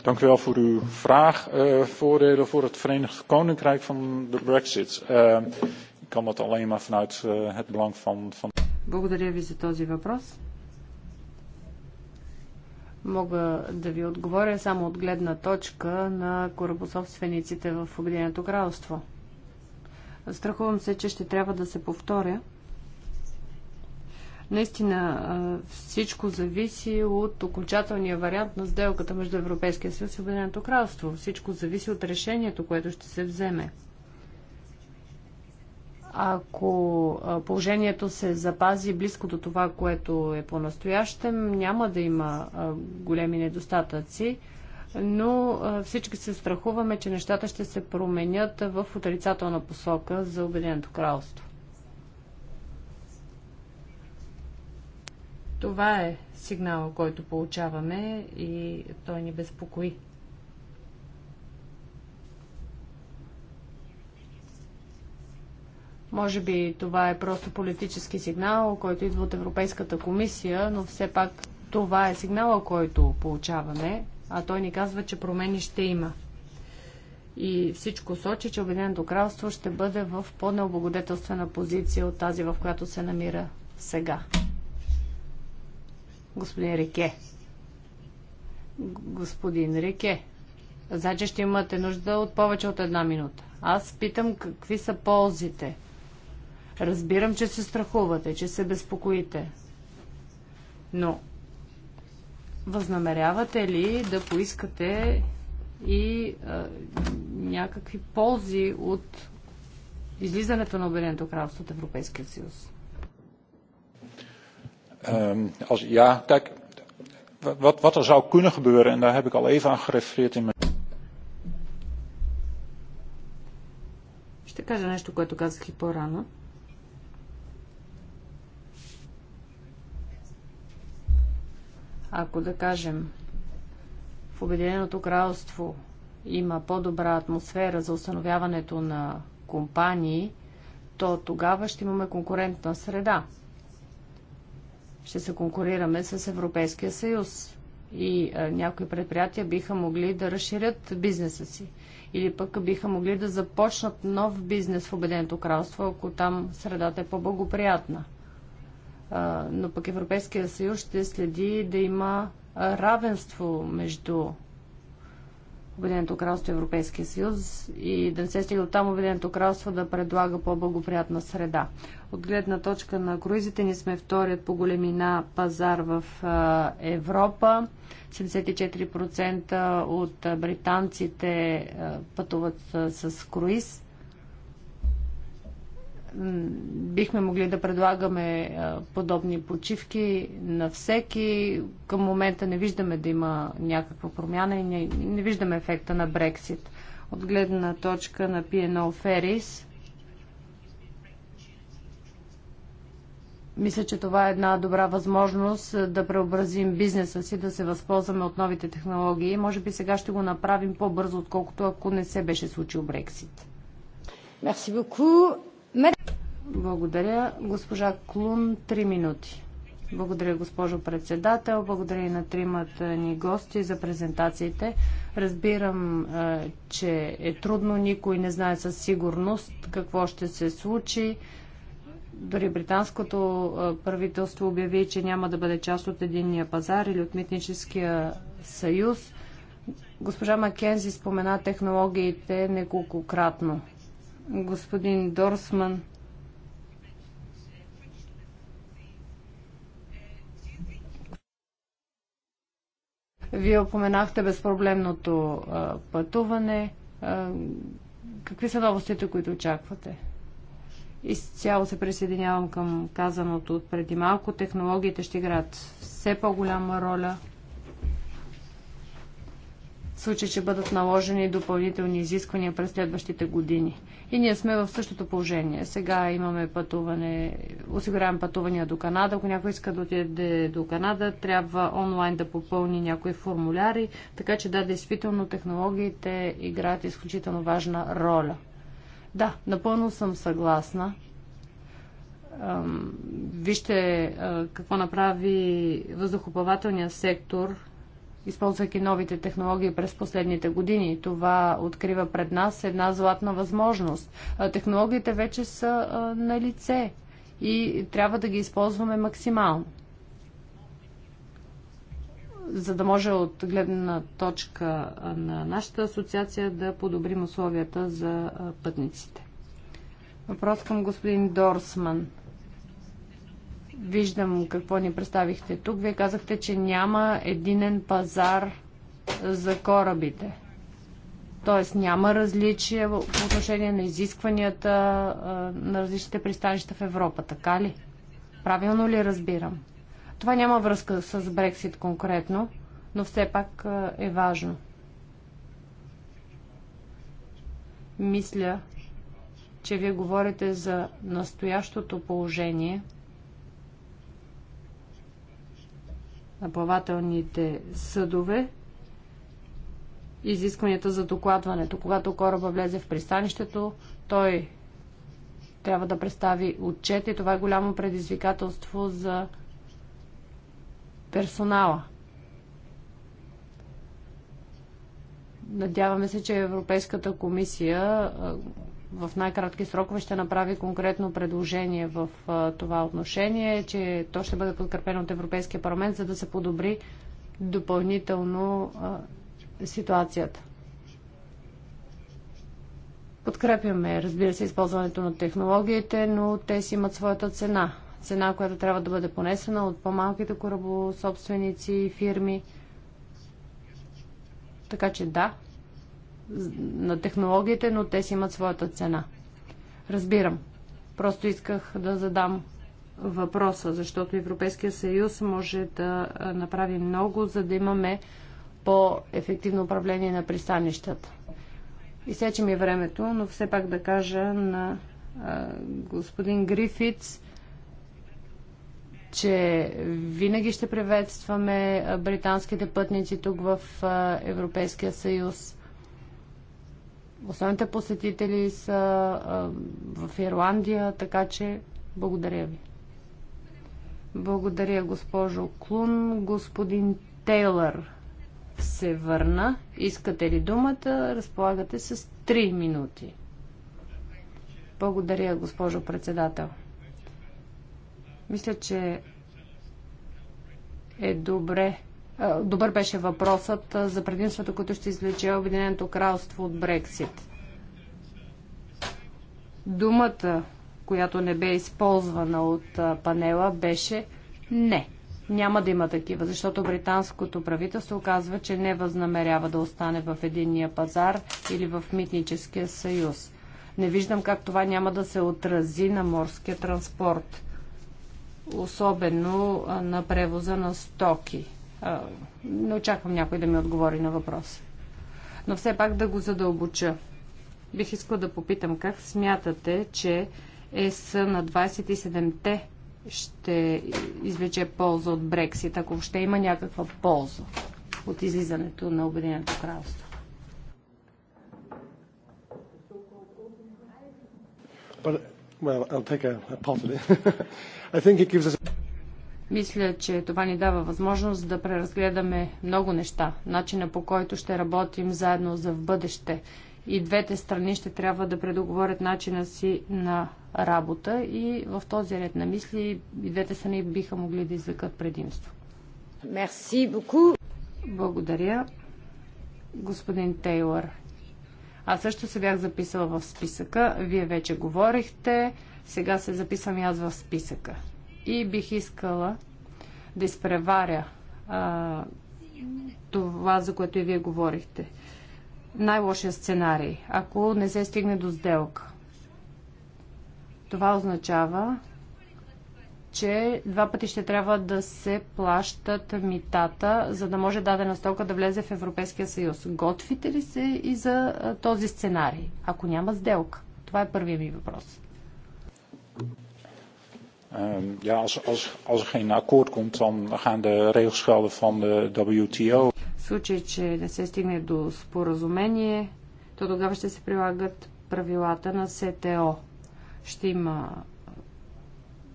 Dank u wel voor uw vraag. Uh, voordelen voor het Verenigd Koninkrijk van de brexit. Uh, ik kan dat alleen maar vanuit uh, het belang van, van... Благодаря ви за този въпрос. Мога да ви отговоря само от гледна точка на корабособствениците в Обединеното кралство. Страхувам се, че ще трябва да се повторя. Наистина всичко зависи от окончателния вариант на сделката между Европейския съюз и Обединеното кралство. Всичко зависи от решението, което ще се вземе. Ако положението се запази близко до това, което е по-настоящем, няма да има големи недостатъци но всички се страхуваме, че нещата ще се променят в отрицателна посока за Обединеното кралство. Това е сигнал, който получаваме и той ни безпокои. Може би това е просто политически сигнал, който идва от Европейската комисия, но все пак това е сигнала, който получаваме, а той ни казва, че промени ще има. И всичко сочи, че Обединеното кралство ще бъде в по-необлагодетелствена позиция от тази, в която се намира сега. Господин Реке, Господин Реке, Значи ще имате нужда от повече от една минута. Аз питам какви са ползите. Разбирам, че се страхувате, че се безпокоите. Но възнамерявате ли да поискате и а, някакви ползи от излизането на Обединеното кралство от Европейския съюз? Um, als, ja, kijk, wat, wat er zou kunnen gebeuren, en daar heb ik al even aan gerefereerd in mijn. Ще кажа нещо, което казах и по-рано. Ако да кажем, в Обединеното кралство има по-добра атмосфера за установяването на компании, то тогава ще имаме конкурентна среда ще се конкурираме с Европейския съюз и а, някои предприятия биха могли да разширят бизнеса си или пък биха могли да започнат нов бизнес в Обеденото кралство, ако там средата е по-благоприятна. но пък Европейския съюз ще следи да има равенство между Обединеното кралство и Европейския съюз и да не се стига от там Обединеното кралство да предлага по-благоприятна среда. От гледна точка на круизите ни сме вторият по големина пазар в Европа. 74% от британците пътуват с круиз бихме могли да предлагаме подобни почивки на всеки. Към момента не виждаме да има някаква промяна и не, не виждаме ефекта на Брексит. От гледна точка на P&O Ferries. мисля, че това е една добра възможност да преобразим бизнеса си, да се възползваме от новите технологии. Може би сега ще го направим по-бързо, отколкото ако не се беше случил Брексит. Merci beaucoup. Благодаря. Госпожа Клун, 3 минути. Благодаря, госпожо председател. Благодаря и на тримата ни гости за презентациите. Разбирам, е, че е трудно, никой не знае със сигурност какво ще се случи. Дори британското е, правителство обяви, че няма да бъде част от единния пазар или от митническия съюз. Госпожа Маккензи спомена технологиите неколкократно. Господин Дорсман Вие опоменахте безпроблемното пътуване. какви са новостите, които очаквате? Изцяло се присъединявам към казаното от преди малко. Технологиите ще играят все по-голяма роля в случай, че бъдат наложени допълнителни изисквания през следващите години. И ние сме в същото положение. Сега имаме пътуване, осигуряваме пътувания до Канада. Ако някой иска да отиде до Канада, трябва онлайн да попълни някои формуляри, така че да, действително технологиите играят изключително важна роля. Да, напълно съм съгласна. Вижте какво направи въздухоплавателния сектор използвайки новите технологии през последните години. Това открива пред нас една златна възможност. Технологиите вече са на лице и трябва да ги използваме максимално. За да може от гледна точка на нашата асоциация да подобрим условията за пътниците. Въпрос към господин Дорсман виждам какво ни представихте тук. Вие казахте, че няма единен пазар за корабите. Тоест няма различия по отношение на изискванията на различните пристанища в Европа, така ли? Правилно ли разбирам? Това няма връзка с Брексит конкретно, но все пак е важно. Мисля, че вие говорите за настоящото положение – на плавателните съдове, изискванията за докладването. Когато кораба влезе в пристанището, той трябва да представи отчет и това е голямо предизвикателство за персонала. Надяваме се, че Европейската комисия в най-кратки срокове ще направи конкретно предложение в това отношение, че то ще бъде подкрепено от Европейския парламент, за да се подобри допълнително ситуацията. Подкрепяме, разбира се, използването на технологиите, но те си имат своята цена. Цена, която трябва да бъде понесена от по-малките корабособственици и фирми. Така че да, на технологиите, но те си имат своята цена. Разбирам. Просто исках да задам въпроса, защото Европейския съюз може да направи много, за да имаме по-ефективно управление на пристанищата. И сече ми времето, но все пак да кажа на а, господин Грифиц, че винаги ще приветстваме британските пътници тук в Европейския съюз. Основните посетители са а, в Ирландия, така че благодаря ви. Благодаря, госпожо Клун. Господин Тейлър се върна. Искате ли думата? Разполагате с 3 минути. Благодаря, госпожо председател. Мисля, че е добре е, добър беше въпросът е, за предимствата, които ще излече Обединеното кралство от Брексит. Думата, която не бе използвана от е, панела, беше не. Няма да има такива, защото британското правителство казва, че не възнамерява да остане в единния пазар или в митническия съюз. Не виждам как това няма да се отрази на морския транспорт, особено на превоза на стоки не очаквам някой да ми отговори на въпрос. Но все пак да го задълбоча. Бих искала да попитам как смятате, че ЕС на 27-те ще извлече полза от Брексит, ако ще има някаква полза от излизането на Обединеното кралство? Well, I'll take a, a part of it. I think it gives us... Мисля, че това ни дава възможност да преразгледаме много неща, начина по който ще работим заедно за в бъдеще. И двете страни ще трябва да предоговорят начина си на работа и в този ред на мисли и двете страни биха могли да извлекат предимство. Мерси буку. Благодаря, господин Тейлър. Аз също се бях записала в списъка. Вие вече говорихте. Сега се записвам и аз в списъка и бих искала да изпреваря а, това, за което и вие говорихте. Най-лошия сценарий, ако не се стигне до сделка. Това означава, че два пъти ще трябва да се плащат митата, за да може дадена стока да влезе в Европейския съюз. Готвите ли се и за този сценарий, ако няма сделка? Това е първият ми въпрос. Ehm, ja, als, als, als er geen akkoord komt, dan gaan de regels gelden van de WTO. В случай, че не се стигне до споразумение, то тогава ще се прилагат правилата на СТО. Ще има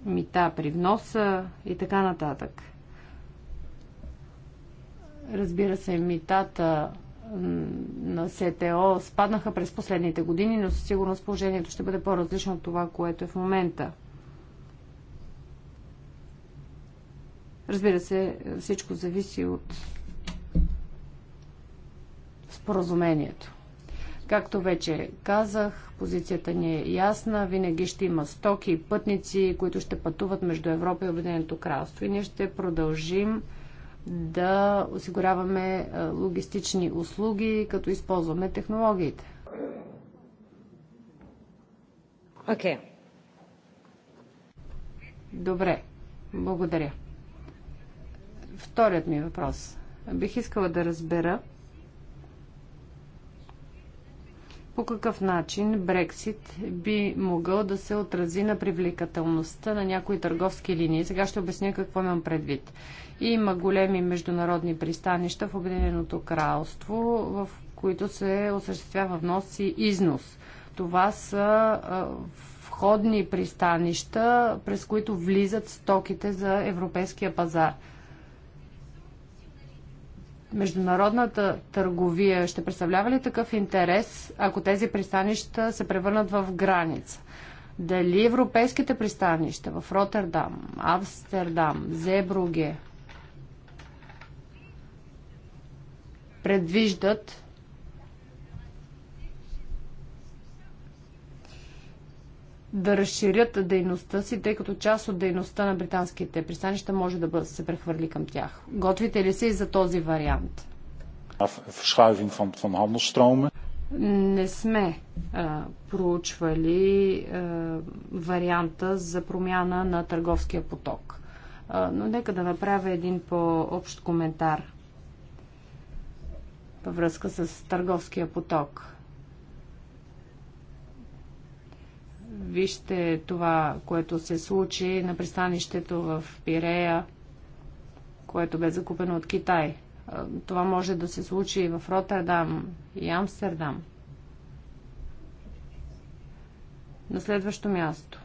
мита при вноса и така нататък. Разбира се, митата на СТО спаднаха през последните години, но със сигурност положението ще бъде по-различно от това, което е в момента. Разбира се, всичко зависи от споразумението. Както вече казах, позицията ни е ясна. Винаги ще има стоки и пътници, които ще пътуват между Европа и Обединеното кралство. И ние ще продължим да осигуряваме е, логистични услуги, като използваме технологиите. Окей. Okay. Добре. Благодаря. Вторият ми въпрос. Бих искала да разбера по какъв начин Брексит би могъл да се отрази на привлекателността на някои търговски линии. Сега ще обясня какво имам предвид. Има големи международни пристанища в Обединеното кралство, в които се осъществява внос и износ. Това са входни пристанища, през които влизат стоките за европейския пазар – международната търговия ще представлява ли такъв интерес, ако тези пристанища се превърнат в граница? Дали европейските пристанища в Роттердам, Амстердам, Зебруге предвиждат да разширят дейността си, тъй като част от дейността на британските пристанища може да се прехвърли към тях. Готвите ли се и за този вариант? Не сме а, проучвали а, варианта за промяна на търговския поток. А, но нека да направя един по-общ коментар във връзка с търговския поток Вижте това, което се случи на пристанището в Пирея, което бе закупено от Китай. Това може да се случи и в Роттердам и Амстердам. На следващо място.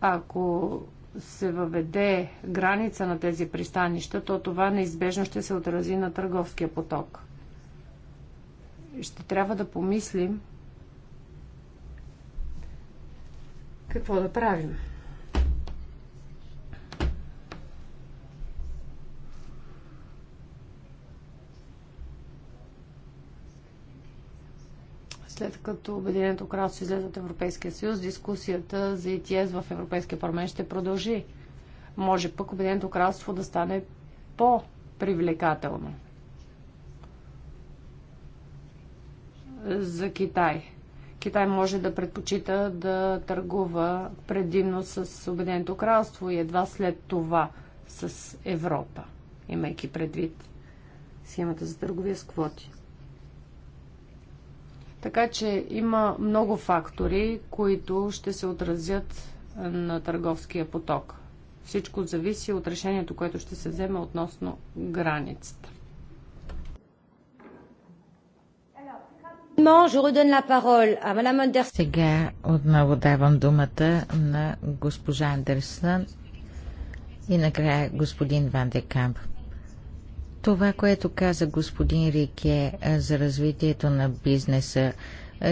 Ако се въведе граница на тези пристанища, то това неизбежно ще се отрази на търговския поток. Ще трябва да помислим какво да правим. след като Обединеното кралство излезе от Европейския съюз, дискусията за ИТС в Европейския парламент ще продължи. Може пък Обединеното кралство да стане по-привлекателно за Китай. Китай може да предпочита да търгува предимно с Обединеното кралство и едва след това с Европа, имайки предвид схемата за търговия с квоти. Така че има много фактори, които ще се отразят на търговския поток. Всичко зависи от решението, което ще се вземе относно границата. Сега отново давам думата на госпожа Андерсън и накрая господин Ван де Камп. Това, което каза господин Рике е, за развитието на бизнеса,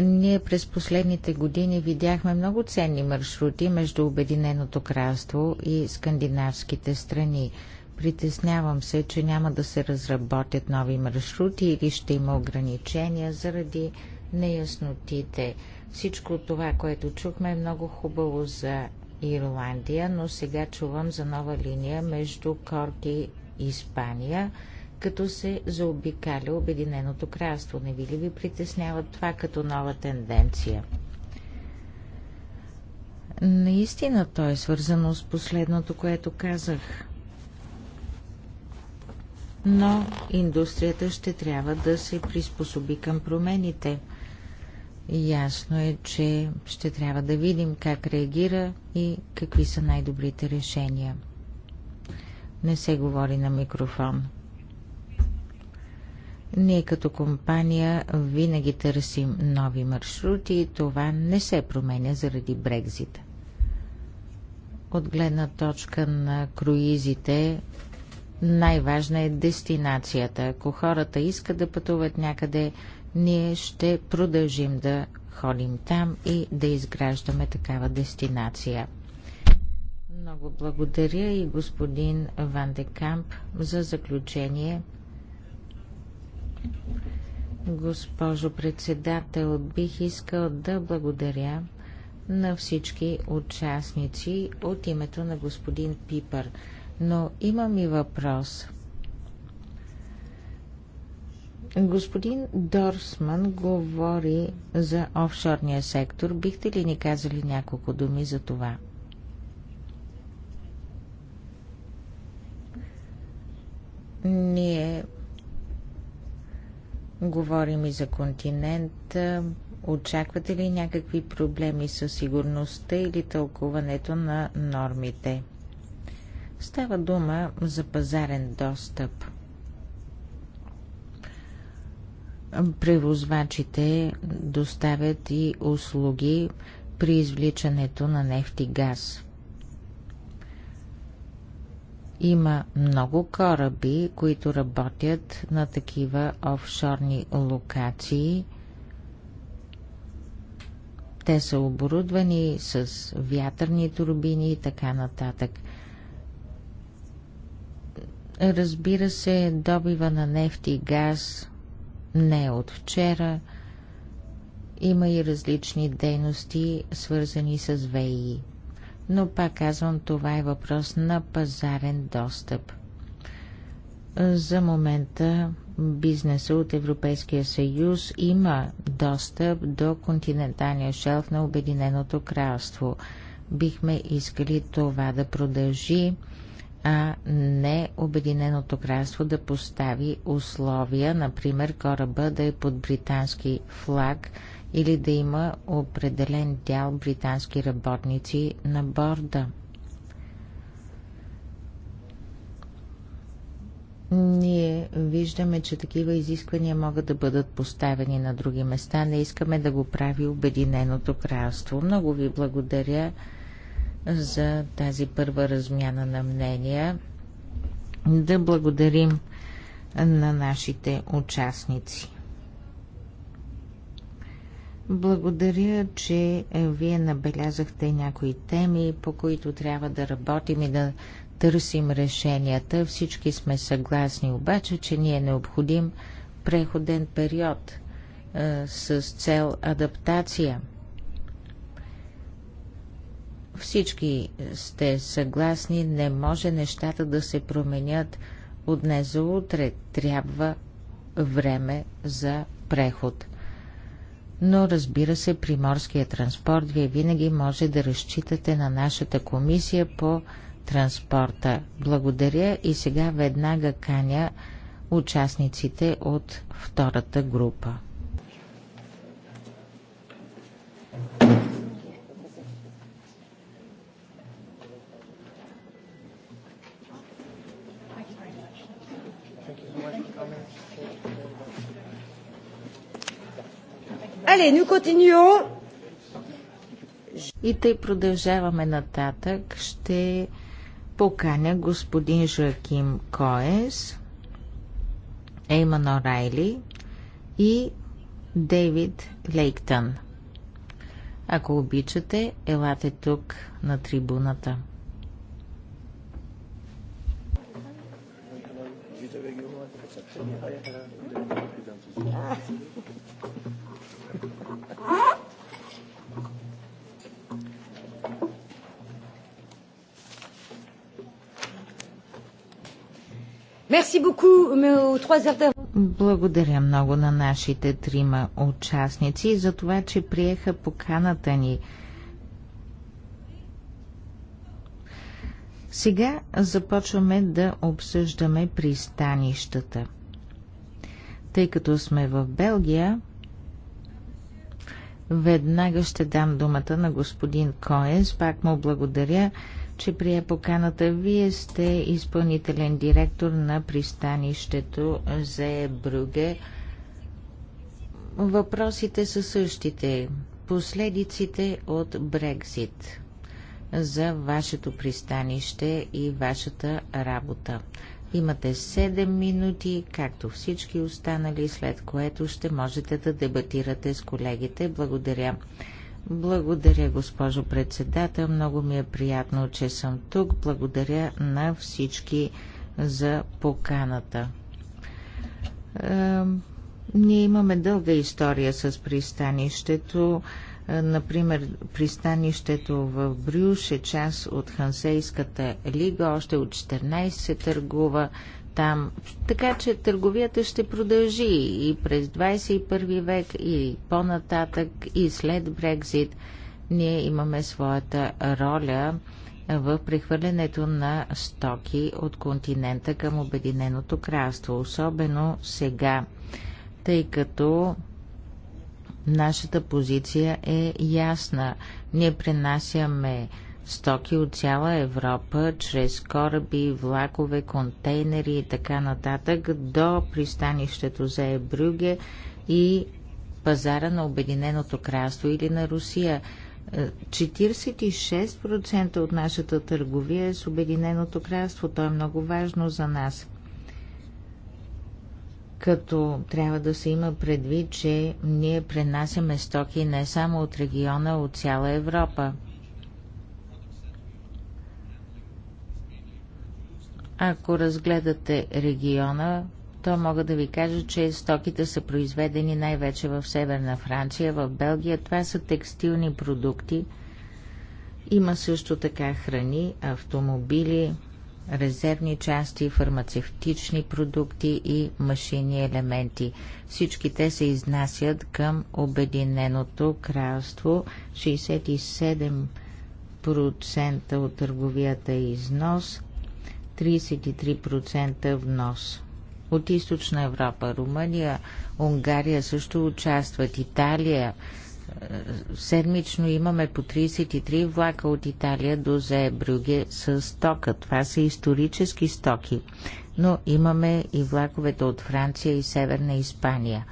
ние през последните години видяхме много ценни маршрути между Обединеното кралство и скандинавските страни. Притеснявам се, че няма да се разработят нови маршрути или ще има ограничения заради неяснотите. Всичко това, което чухме е много хубаво за Ирландия, но сега чувам за нова линия между Корки и Испания, като се заобикаля Обединеното кралство. Не ви ли ви притеснява това като нова тенденция? Наистина то е свързано с последното, което казах но индустрията ще трябва да се приспособи към промените. Ясно е, че ще трябва да видим как реагира и какви са най-добрите решения. Не се говори на микрофон. Ние като компания винаги търсим нови маршрути и това не се променя заради Брекзита. От гледна точка на круизите най-важна е дестинацията. Ако хората искат да пътуват някъде, ние ще продължим да ходим там и да изграждаме такава дестинация. Много благодаря и господин Ван де Камп за заключение. Госпожо председател, бих искал да благодаря на всички участници от името на господин Пипър. Но имам и въпрос. Господин Дорсман говори за офшорния сектор. Бихте ли ни казали няколко думи за това? Ние говорим и за континента. Очаквате ли някакви проблеми със сигурността или тълкуването на нормите? Става дума за пазарен достъп. Превозвачите доставят и услуги при извличането на нефт и газ. Има много кораби, които работят на такива офшорни локации. Те са оборудвани с вятърни турбини и така нататък – Разбира се, добива на нефт и газ не е от вчера. Има и различни дейности, свързани с ВИИ. Но пак казвам, това е въпрос на пазарен достъп. За момента бизнеса от Европейския съюз има достъп до континенталния шелф на Обединеното кралство. Бихме искали това да продължи а не Обединеното кралство да постави условия, например кораба да е под британски флаг или да има определен дял британски работници на борда. Ние виждаме, че такива изисквания могат да бъдат поставени на други места. Не искаме да го прави Обединеното кралство. Много ви благодаря за тази първа размяна на мнения. Да благодарим на нашите участници. Благодаря, че вие набелязахте някои теми, по които трябва да работим и да търсим решенията. Всички сме съгласни обаче, че ни е необходим преходен период с цел адаптация – всички е, сте съгласни, не може нещата да се променят от днес за утре. Трябва време за преход. Но разбира се, при морския транспорт вие винаги може да разчитате на нашата комисия по транспорта. Благодаря и сега веднага каня участниците от втората група. Але, nous continuons. И тъй продължаваме нататък. Ще поканя господин Жоаким Коес, Ейман Орайли и Дейвид Лейктън. Ако обичате, елате тук на трибуната. Thank you. Благодаря много на нашите трима участници за това, че приеха поканата ни. Сега започваме да обсъждаме пристанищата. Тъй като сме в Белгия, веднага ще дам думата на господин Коенс. Пак му благодаря че прие поканата. Вие сте изпълнителен директор на пристанището за Бруге. Въпросите са същите. Последиците от Брекзит за вашето пристанище и вашата работа. Имате 7 минути, както всички останали, след което ще можете да дебатирате с колегите. Благодаря. Благодаря, госпожо председател. Много ми е приятно, че съм тук. Благодаря на всички за поканата. Е, ние имаме дълга история с пристанището. Например, пристанището в Брюш е част от Хансейската лига, още от 14 се търгува там. Така че търговията ще продължи и през 21 век, и по-нататък, и след Брекзит. Ние имаме своята роля в прехвърлянето на стоки от континента към Обединеното кралство, особено сега, тъй като нашата позиция е ясна. Ние пренасяме стоки от цяла Европа, чрез кораби, влакове, контейнери и така нататък до пристанището за Ебрюге и пазара на Обединеното кралство или на Русия. 46% е, от нашата търговия е с Обединеното кралство. То е много важно за нас. Като трябва да се има предвид, че ние пренасяме стоки не само от региона, а от цяла Европа. Ако разгледате региона, то мога да ви кажа, че стоките са произведени най-вече в Северна Франция, в Белгия. Това са текстилни продукти. Има също така храни, автомобили, резервни части, фармацевтични продукти и машини елементи. Всички те се изнасят към Обединеното кралство. 67% от търговията е износ, 33% внос. От източна Европа, Румъния, Унгария също участват, Италия. Е, седмично имаме по 33 влака от Италия до Зебрюге с стока. Това са исторически стоки. Но имаме и влаковете от Франция и Северна Испания.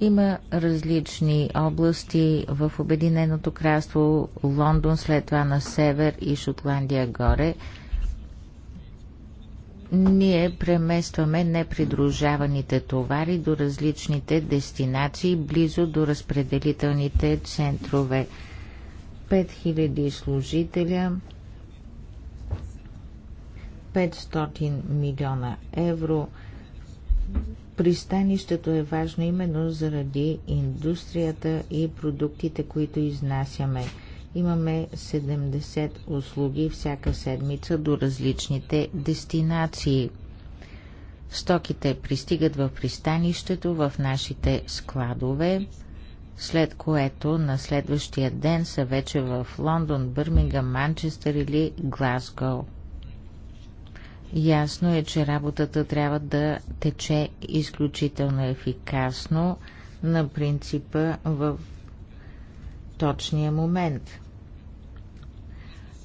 Има различни области в Обединеното кралство, Лондон, след това на север и Шотландия горе – ние преместваме непридружаваните товари до различните дестинации, близо до разпределителните центрове. 5000 служителя, 500 милиона евро. Пристанището е важно именно заради индустрията и продуктите, които изнасяме – Имаме 70 услуги всяка седмица до различните дестинации. Стоките пристигат в пристанището, в нашите складове, след което на следващия ден са вече в Лондон, Бърмингам, Манчестър или Глазго. Ясно е, че работата трябва да тече изключително ефикасно на принципа в точния момент –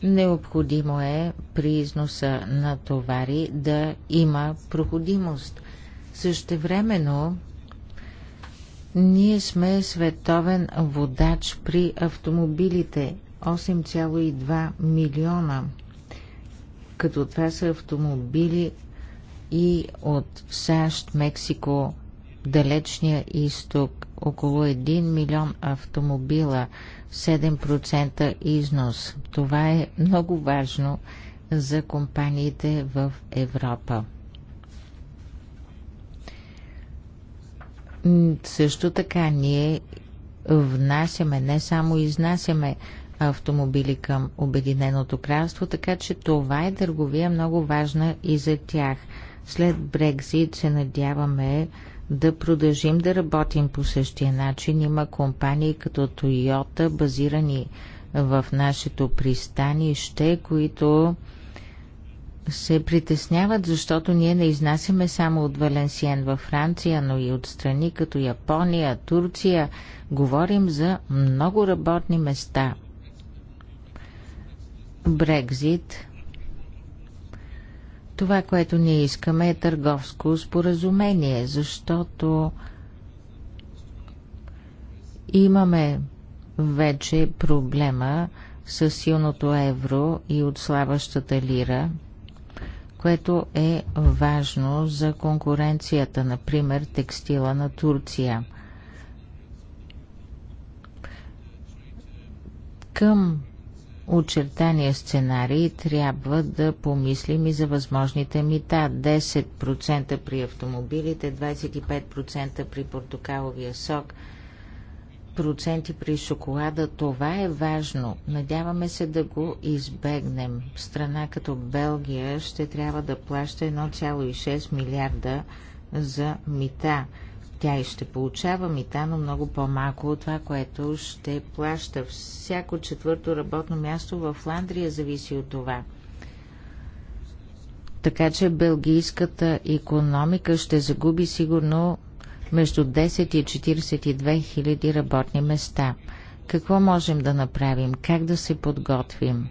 Необходимо е при износа на товари да има проходимост. Същевременно ние сме световен водач при автомобилите 8,2 милиона, като това са автомобили и от САЩ, Мексико, Далечния изток, около 1 милион автомобила, 7% износ. Това е много важно за компаниите в Европа. Също така ние внасяме, не само изнасяме автомобили към Обединеното кралство, така че това е търговия много важна и за тях. След Брекзит се надяваме да продължим да работим по същия начин. Има компании като Toyota, базирани в нашето пристанище, които се притесняват, защото ние не изнасяме само от Валенсиен във Франция, но и от страни като Япония, Турция. Говорим за много работни места. Брекзит това, което ние искаме е търговско споразумение, защото имаме вече проблема с силното евро и отслабващата лира, което е важно за конкуренцията, например текстила на Турция. Към очертания сценарий трябва да помислим и за възможните мита. 10% при автомобилите, 25% при портокаловия сок, проценти при шоколада. Това е важно. Надяваме се да го избегнем. Страна като Белгия ще трябва да плаща 1,6 милиарда за мита. Тя и ще получава мита, но много по-малко от това, което ще плаща. Всяко четвърто работно място в Фландрия зависи от това. Така че белгийската економика ще загуби сигурно между 10 и 42 хиляди работни места. Какво можем да направим? Как да се подготвим?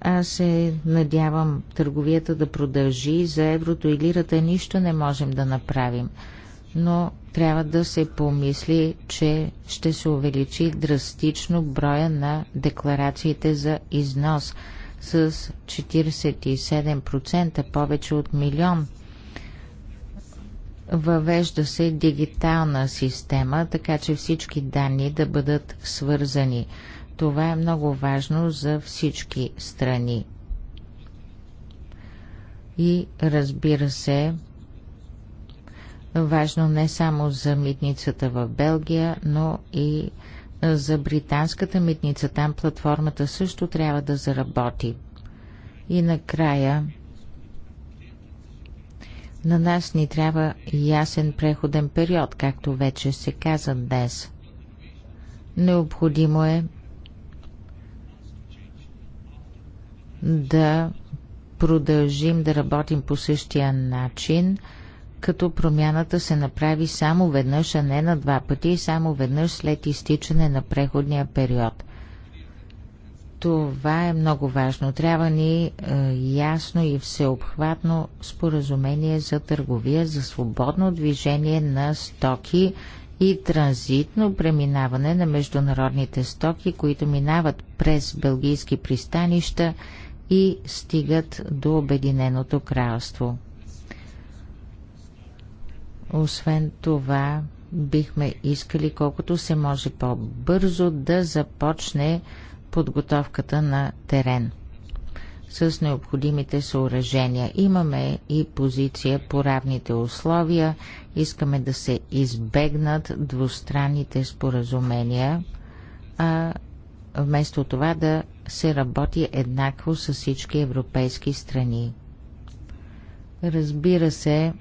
Аз се надявам търговията да продължи за еврото и лирата. Нищо не можем да направим. Но трябва да се помисли, че ще се увеличи драстично броя на декларациите за износ с 47% повече от милион. Въвежда се дигитална система, така че всички данни да бъдат свързани. Това е много важно за всички страни. И разбира се, важно не само за митницата в Белгия, но и за британската митница. Там платформата също трябва да заработи. И накрая, на нас ни трябва ясен преходен период, както вече се каза днес. Необходимо е да продължим да работим по същия начин, като промяната се направи само веднъж, а не на два пъти, само веднъж след изтичане на преходния период. Това е много важно. Трябва ни е, ясно и всеобхватно споразумение за търговия, за свободно движение на стоки и транзитно преминаване на международните стоки, които минават през бългийски пристанища и стигат до Обединеното кралство. Освен това, бихме искали колкото се може по-бързо да започне подготовката на терен с необходимите съоръжения. Имаме и позиция по равните условия. Искаме да се избегнат двустранните споразумения, а вместо това да се работи еднакво с всички европейски страни. Разбира се,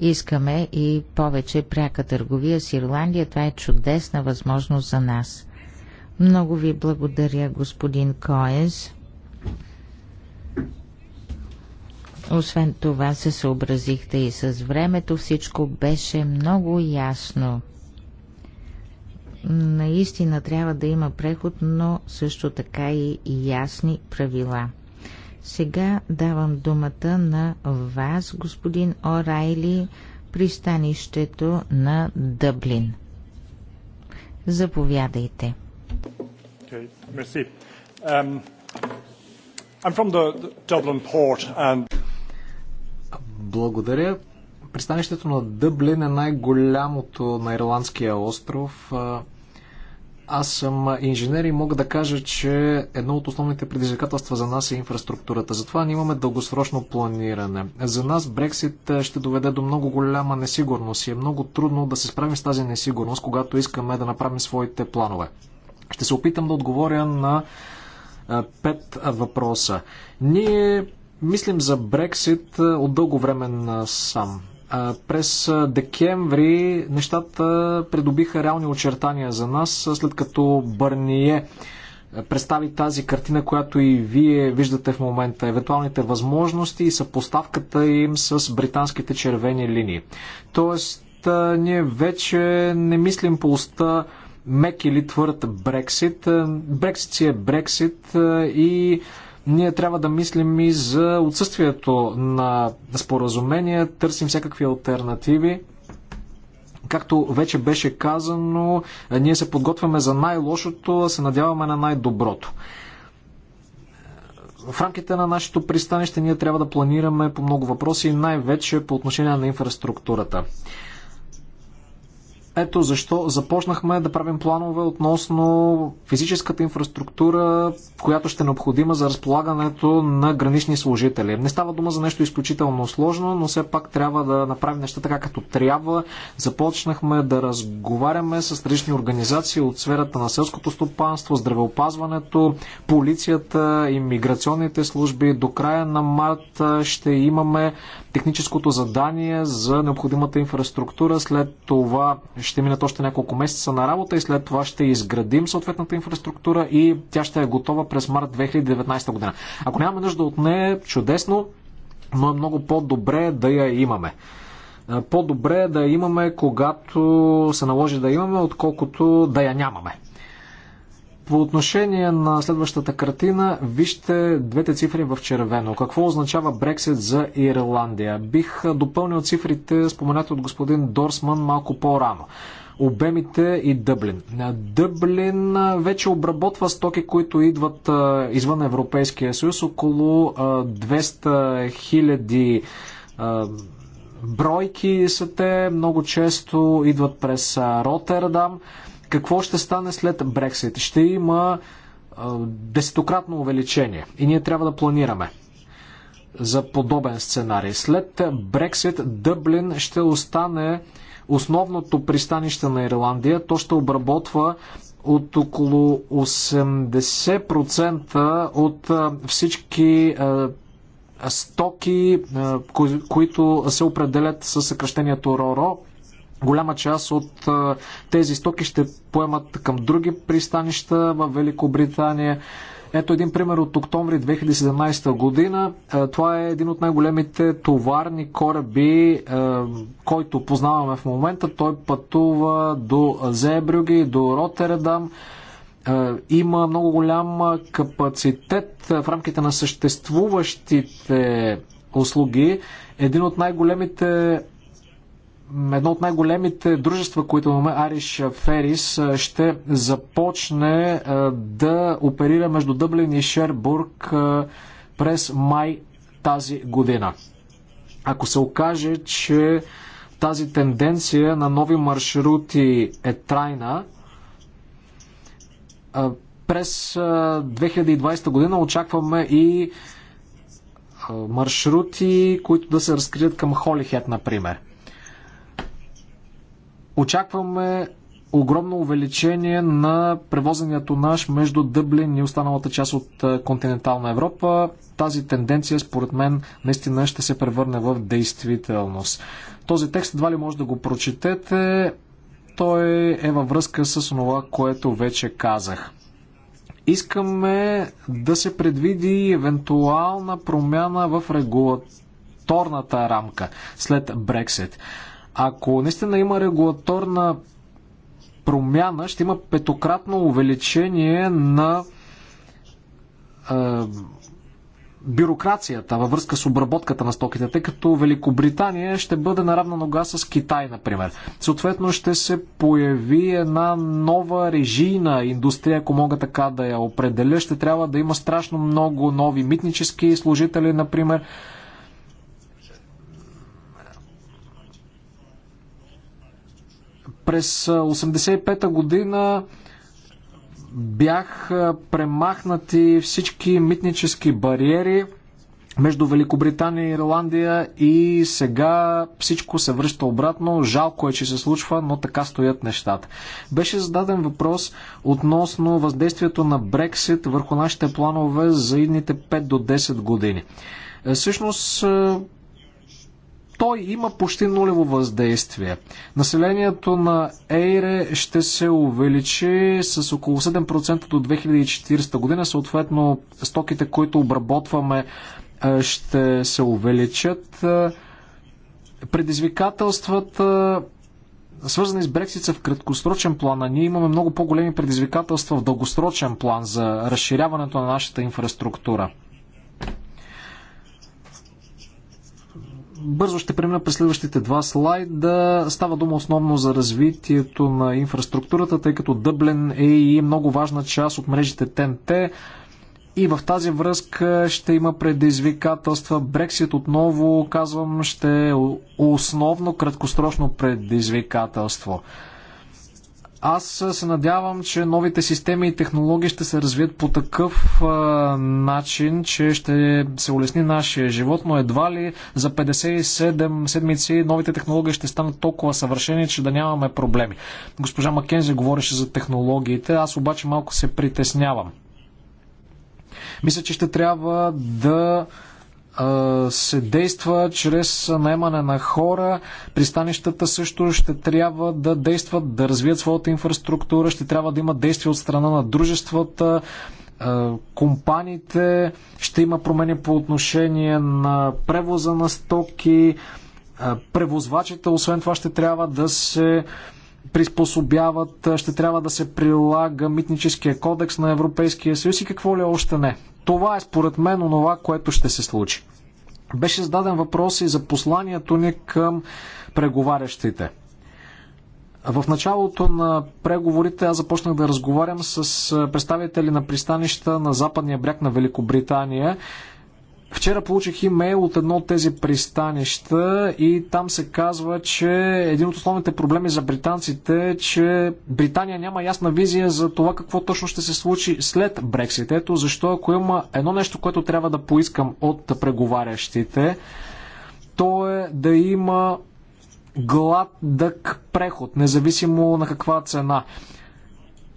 искаме и повече пряка търговия с Ирландия. Това е чудесна възможност за нас. Много ви благодаря, господин Коенс. Освен това се съобразихте и с времето. Всичко беше много ясно наистина трябва да има преход, но също така и ясни правила. Сега давам думата на вас, господин Орайли, пристанището на Дъблин. Заповядайте. Okay, Um, I'm from the, the port and... Благодаря. Пристанището на Дъблин е най-голямото на Ирландския остров. Аз съм инженер и мога да кажа, че едно от основните предизвикателства за нас е инфраструктурата. Затова ние имаме дългосрочно планиране. За нас Брексит е, ще доведе до много голяма несигурност и е много трудно да се справим с тази несигурност, когато искаме да направим своите планове. Ще се опитам да отговоря на е, пет въпроса. Ние мислим за Брексит е, от дълго време на сам. През декември нещата придобиха реални очертания за нас, след като Бърние представи тази картина, която и вие виждате в момента, евентуалните възможности и съпоставката им с британските червени линии. Тоест, ние вече не мислим по уста мек или твърд Брексит. Брексит си е Брексит и ние трябва да мислим и за отсъствието на споразумения, търсим всякакви альтернативи. Както вече беше казано, ние се подготвяме за най-лошото, а се надяваме на най-доброто в рамките на нашето пристанище ние трябва да планираме по много въпроси, най-вече по отношение на инфраструктурата. Ето защо започнахме да правим планове относно физическата инфраструктура, която ще е необходима за разполагането на гранични служители. Не става дума за нещо изключително сложно, но все пак трябва да направим неща така като трябва. Започнахме да разговаряме с различни организации от сферата на селското стопанство, здравеопазването, полицията, иммиграционните служби. До края на март ще имаме техническото задание за необходимата инфраструктура. След това ще минат още няколко месеца на работа и след това ще изградим съответната инфраструктура и тя ще е готова през март 2019 година. Ако нямаме нужда от нея, чудесно, но е много по-добре да я имаме. Е, по-добре е да я имаме, когато се наложи да я имаме, отколкото да я нямаме. По отношение на следващата картина, вижте двете цифри в червено. Какво означава Брексит за Ирландия? Бих допълнил цифрите, споменати от господин Дорсман малко по-рано. Обемите и Дъблин. Дъблин вече обработва стоки, които идват извън Европейския съюз, около 200 хиляди 000 бройки са те, много често идват през Ротердам какво ще стане след Брексит. Ще има десетократно увеличение и ние трябва да планираме за подобен сценарий. След Брексит Дъблин ще остане основното пристанище на Ирландия. То ще обработва от около 80% от всички стоки, които се определят със съкръщението РОРО Голяма част от тези стоки ще поемат към други пристанища в Великобритания. Ето един пример от октомври 2017 година. Това е един от най-големите товарни кораби, който познаваме в момента. Той пътува до Зебрюги, до Ротердам. Има много голям капацитет в рамките на съществуващите услуги. Един от най-големите едно от най-големите дружества, които имаме, Ариш Ферис, ще започне да оперира между Дъблин и Шербург през май тази година. Ако се окаже, че тази тенденция на нови маршрути е трайна, през 2020 година очакваме и маршрути, които да се разкрият към Холихет, например. Очакваме огромно увеличение на превозения тонаж между Дъблин и останалата част от континентална Европа. Тази тенденция, според мен, наистина ще се превърне в действителност. Този текст едва ли може да го прочетете. Той е във връзка с това, което вече казах. Искаме да се предвиди евентуална промяна в регулаторната рамка след Брексит. Ако наистина има регулаторна промяна, ще има петократно увеличение на е, бюрокрацията във връзка с обработката на стоките, тъй като Великобритания ще бъде на равна нога с Китай, например. Съответно ще се появи една нова режийна индустрия, ако мога така да я определя. Ще трябва да има страшно много нови митнически служители, например. През 1985 година бях премахнати всички митнически бариери между Великобритания и Ирландия и сега всичко се връща обратно. Жалко е, че се случва, но така стоят нещата. Беше зададен въпрос относно въздействието на Брексит върху нашите планове за идните 5 до 10 години. Е, всъщност е, той има почти нулево въздействие. Населението на Ейре ще се увеличи с около 7% до 2040 година. Съответно, стоките, които обработваме, е, ще се увеличат. Е, предизвикателствата свързани с Брексит са в краткосрочен план, а ние имаме много по-големи предизвикателства в дългосрочен план за разширяването на нашата инфраструктура. Бързо ще премина през следващите два слайда. Става дума основно за развитието на инфраструктурата, тъй като Дъблен е и много важна част от мрежите ТНТ. И в тази връзка ще има предизвикателства. Брексит отново, казвам, ще е основно краткосрочно предизвикателство. Аз се надявам, че новите системи и технологии ще се развият по такъв а, начин, че ще се улесни нашия живот, но едва ли за 57 седмици новите технологии ще станат толкова съвършени, че да нямаме проблеми. Госпожа Макензи говореше за технологиите, аз обаче малко се притеснявам. Мисля, че ще трябва да а, се действа чрез наемане на хора. Пристанищата също ще трябва да действат, да развият своята инфраструктура, ще трябва да има действия от страна на дружествата, компаниите, ще има промени по отношение на превоза на стоки, превозвачите, освен това ще трябва да се приспособяват, ще трябва да се прилага митническия кодекс на Европейския съюз и какво ли още не. Това е според мен онова, което ще се случи. Беше зададен въпрос и за посланието ни към преговарящите. В началото на преговорите аз започнах да разговарям с представители на пристанища на западния бряг на Великобритания Вчера получих имейл от едно от тези пристанища и там се казва, че един от основните проблеми за британците е, че Британия няма ясна визия за това какво точно ще се случи след Брексит. Ето защо, ако има едно нещо, което трябва да поискам от преговарящите, то е да има гладък преход, независимо на каква цена.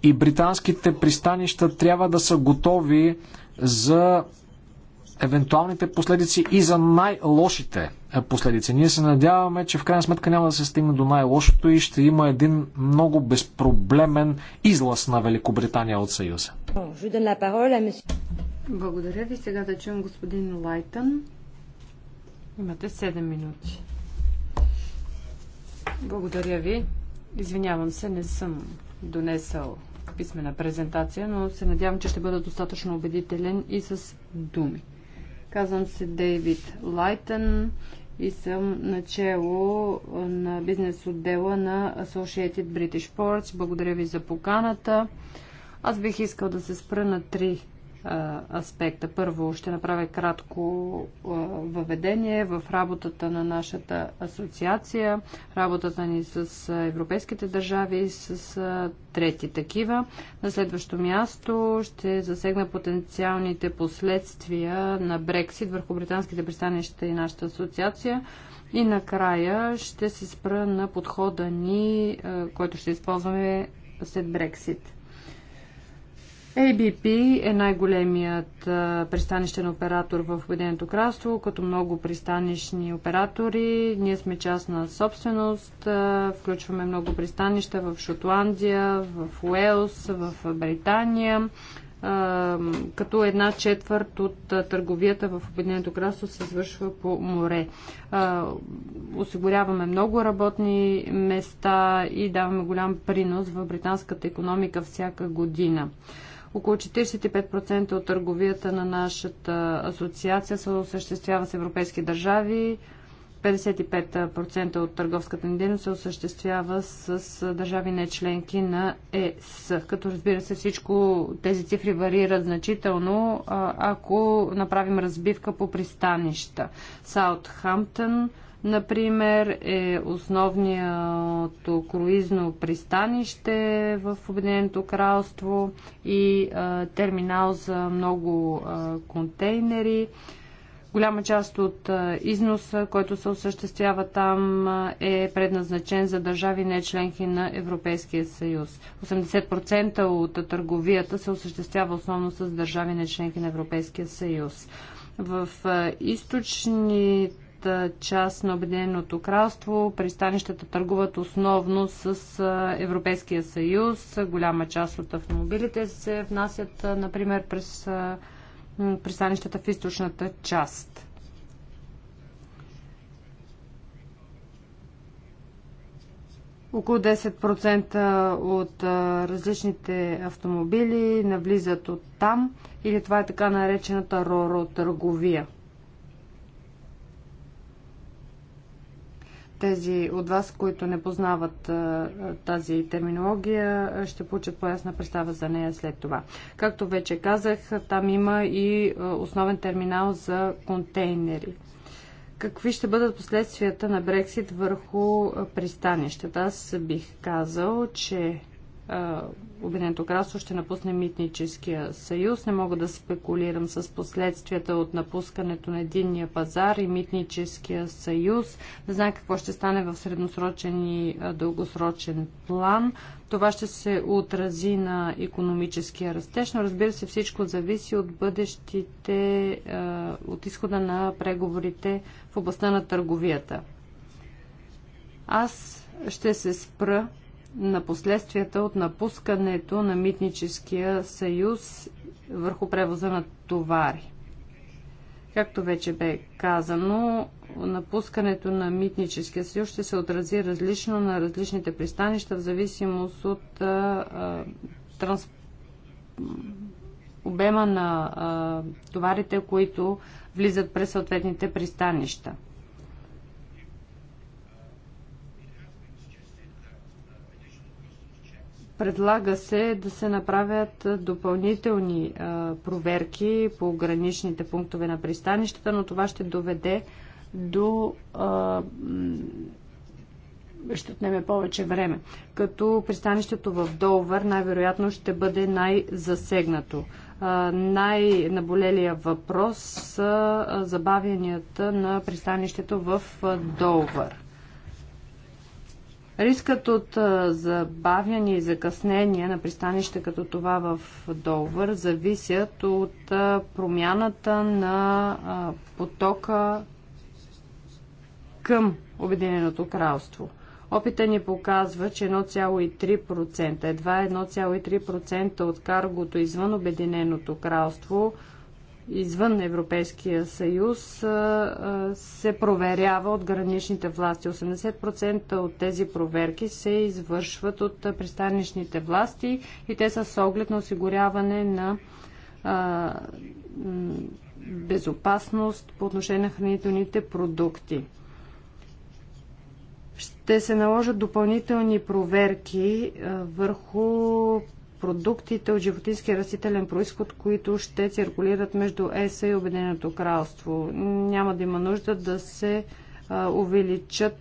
И британските пристанища трябва да са готови за евентуалните последици и за най-лошите е, последици. Ние се надяваме, че в крайна сметка няма да се стигне до най-лошото и ще има един много безпроблемен излаз на Великобритания от Съюза. Благодаря ви. Сега да чуем господин Лайтън. Имате 7 минути. Благодаря ви. Извинявам се, не съм донесъл писмена презентация, но се надявам, че ще бъда достатъчно убедителен и с думи. Казвам се Дейвид Лайтън и съм начало на бизнес отдела на Associated British Ports. Благодаря ви за поканата. Аз бих искал да се спра на три аспекта. Първо ще направя кратко въведение в работата на нашата асоциация, работата ни с европейските държави и с трети такива. На следващо място ще засегна потенциалните последствия на Брексит върху британските пристанища и нашата асоциация. И накрая ще се спра на подхода ни, който ще използваме след Брексит. ABP е най-големият пристанищен оператор в Обединеното кралство, като много пристанищни оператори. Ние сме частна собственост, включваме много пристанища в Шотландия, в Уелс, в Британия, като една четвърт от търговията в Обединеното кралство се извършва по море. Осигуряваме много работни места и даваме голям принос в британската економика всяка година. Около 45% от търговията на нашата асоциация се осъществява с европейски държави. 55% от търговската ни дейност се осъществява с държави не членки на ЕС. Като разбира се, всичко тези цифри варират значително, ако направим разбивка по пристанища. Саутхамптън, Хамптън, Например, е основното круизно пристанище в Обединеното кралство и а, терминал за много а, контейнери. Голяма част от износа, който се осъществява там, е предназначен за държави не членки на Европейския съюз. 80% от търговията се осъществява основно с държави не членки на Европейския съюз. В източните част на Обединеното кралство. Пристанищата търгуват основно с Европейския съюз. Голяма част от автомобилите се внасят, например, през пристанищата в източната част. Около 10% от различните автомобили навлизат от там или това е така наречената роро търговия. тези от вас, които не познават тази терминология, ще получат по-ясна представа за нея след това. Както вече казах, там има и основен терминал за контейнери. Какви ще бъдат последствията на Брексит върху пристанищата? Аз бих казал, че Обединеното кралство ще напусне митническия съюз. Не мога да спекулирам с последствията от напускането на единния пазар и митническия съюз. Не знам какво ще стане в средносрочен и дългосрочен план. Това ще се отрази на економическия растеж, но разбира се всичко зависи от бъдещите, от изхода на преговорите в областта на търговията. Аз ще се спра на последствията от напускането на митническия съюз върху превоза на товари. Както вече бе казано, напускането на митническия съюз ще се отрази различно на различните пристанища в зависимост от а, а, транс... обема на а, товарите, които влизат през съответните пристанища. Предлага се да се направят допълнителни проверки по граничните пунктове на пристанищата, но това ще доведе до ще отнеме повече време. Като пристанището в Долвър най-вероятно ще бъде най-засегнато. най-наболелия въпрос са забавянията на пристанището в Долвър. Рискът от забавяне и закъснение на пристанище като това в Долвър зависят от промяната на потока към Обединеното кралство. Опита ни показва, че 1,3%, едва 1,3% от каргото извън Обединеното кралство извън Европейския съюз се проверява от граничните власти. 80% от тези проверки се извършват от пристанищните власти и те са с оглед на осигуряване на безопасност по отношение на хранителните продукти. Ще се наложат допълнителни проверки върху продуктите от животински растителен происход, които ще циркулират между ЕС и Обединеното кралство. Няма да има нужда да се увеличат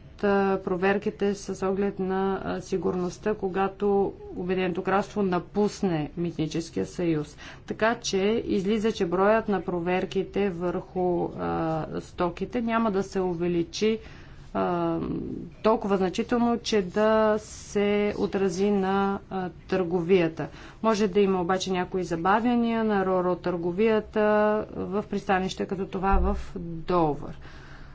проверките с оглед на сигурността, когато Обединеното кралство напусне Митническия съюз. Така че излиза, че броят на проверките върху а, стоките няма да се увеличи толкова значително, че да се отрази на а, търговията. Може да има обаче някои забавяния на РОРО търговията в пристанище, като това в Довър.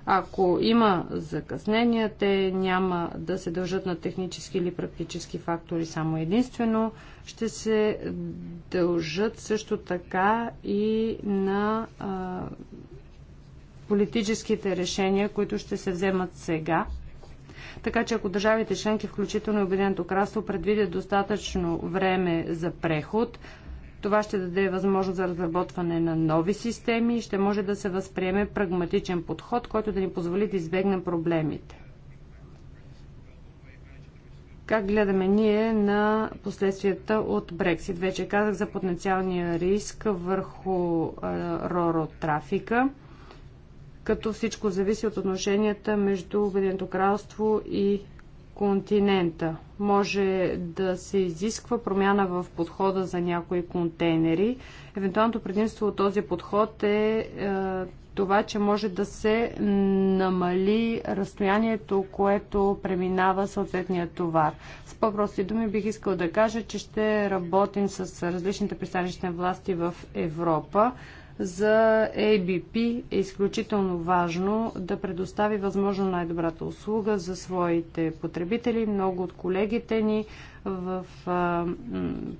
Ако има закъснения, те няма да се дължат на технически или практически фактори само единствено. Ще се дължат също така и на а, политическите решения, които ще се вземат сега. Така че ако държавите членки, включително и Обединеното кралство, предвидят достатъчно време за преход, това ще даде възможност за разработване на нови системи и ще може да се възприеме прагматичен подход, който да ни позволи да избегнем проблемите. Как гледаме ние на последствията от Брексит? Вече казах за потенциалния риск върху роро трафика като всичко зависи от отношенията между Обединеното кралство и континента. Може да се изисква промяна в подхода за някои контейнери. Евентуалното предимство от този подход е, е това, че може да се намали разстоянието, което преминава съответния товар. С по-прости думи бих искал да кажа, че ще работим с различните пристанищни власти в Европа за ABP е изключително важно да предостави възможно най-добрата услуга за своите потребители. Много от колегите ни в а,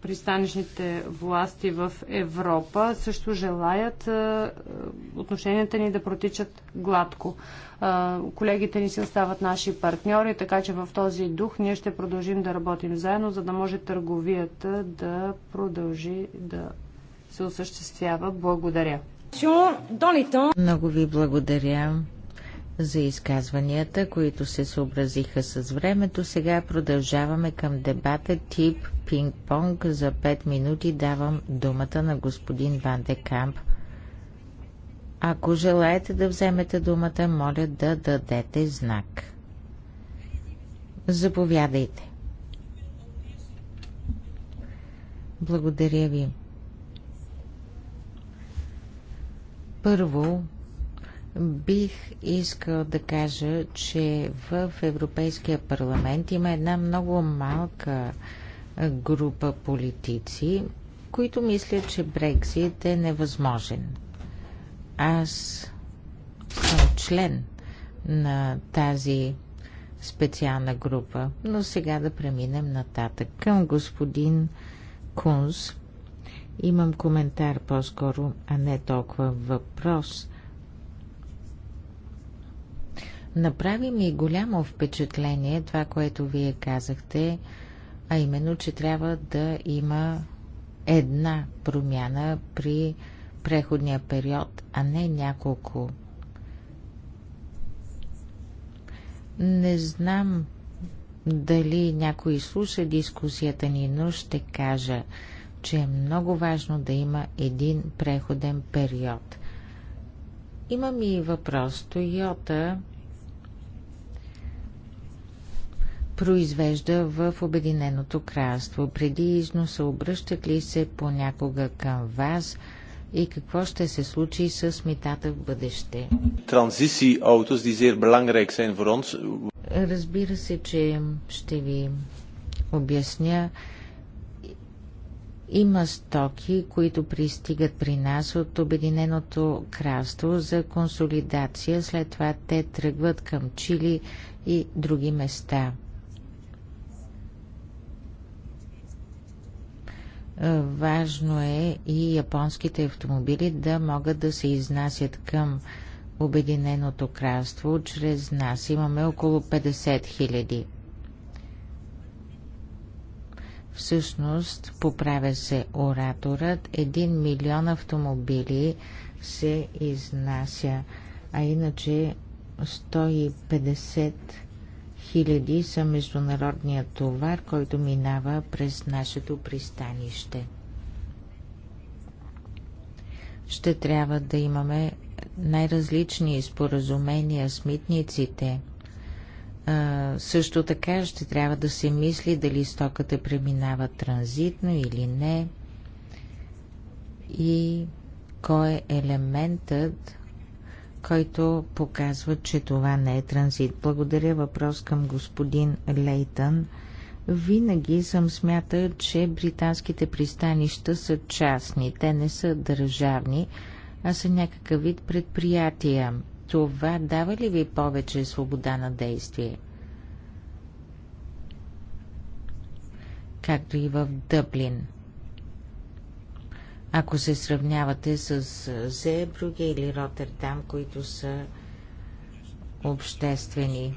пристанищните власти в Европа също желаят а, отношенията ни да протичат гладко. А, колегите ни си остават наши партньори, така че в този дух ние ще продължим да работим заедно, за да може търговията да продължи да се осъществява. Благодаря. Много ви благодаря за изказванията, които се съобразиха с времето. Сега продължаваме към дебата тип пинг-понг. За 5 минути давам думата на господин Ван де Камп. Ако желаете да вземете думата, моля да дадете знак. Заповядайте. Благодаря ви. Първо, бих искал да кажа, че в Европейския парламент има една много малка група политици, които мислят, че Брексит е невъзможен. Аз съм член на тази специална група, но сега да преминем нататък към господин Кунс. Имам коментар по-скоро, а не толкова въпрос. Направи ми голямо впечатление това, което вие казахте, а именно, че трябва да има една промяна при преходния период, а не няколко. Не знам дали някой слуша дискусията ни, но ще кажа – че е много важно да има един преходен период. Имам и въпрос. Тойота произвежда в Обединеното кралство. Преди износа обръщат ли се понякога към вас и какво ще се случи с метата в бъдеще? Транзиции аутос, die zeer belangrijk zijn voor Разбира се, че ще ви обясня. Има стоки, които пристигат при нас от Обединеното кралство за консолидация, след това те тръгват към Чили и други места. Важно е и японските автомобили да могат да се изнасят към Обединеното кралство чрез нас. Имаме около 50 000. Всъщност, поправя се ораторът, 1 милион автомобили се изнася, а иначе 150 хиляди са международният товар, който минава през нашето пристанище. Ще трябва да имаме най-различни споразумения с митниците. А, също така ще трябва да се мисли дали стоката преминава транзитно или не и кой е елементът, който показва, че това не е транзит. Благодаря въпрос към господин Лейтън. Винаги съм смятал, че британските пристанища са частни, те не са държавни, а са някакъв вид предприятия. Това дава ли ви повече свобода на действие? Както и в Дъблин. Ако се сравнявате с Зебруге или Ротердам, които са обществени.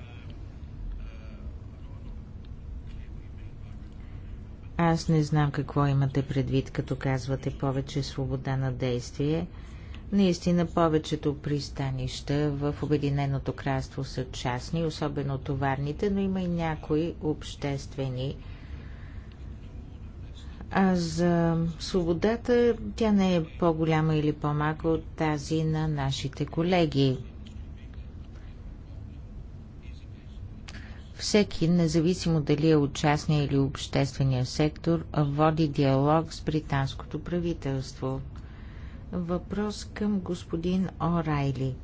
Аз не знам какво имате предвид, като казвате повече свобода на действие – Наистина повечето пристанища в Обединеното кралство са частни, особено товарните, но има и някои обществени. А за свободата тя не е по-голяма или по-малка от тази на нашите колеги. Всеки, независимо дали е частния или обществения сектор, води диалог с британското правителство – въпрос към господин Орайли.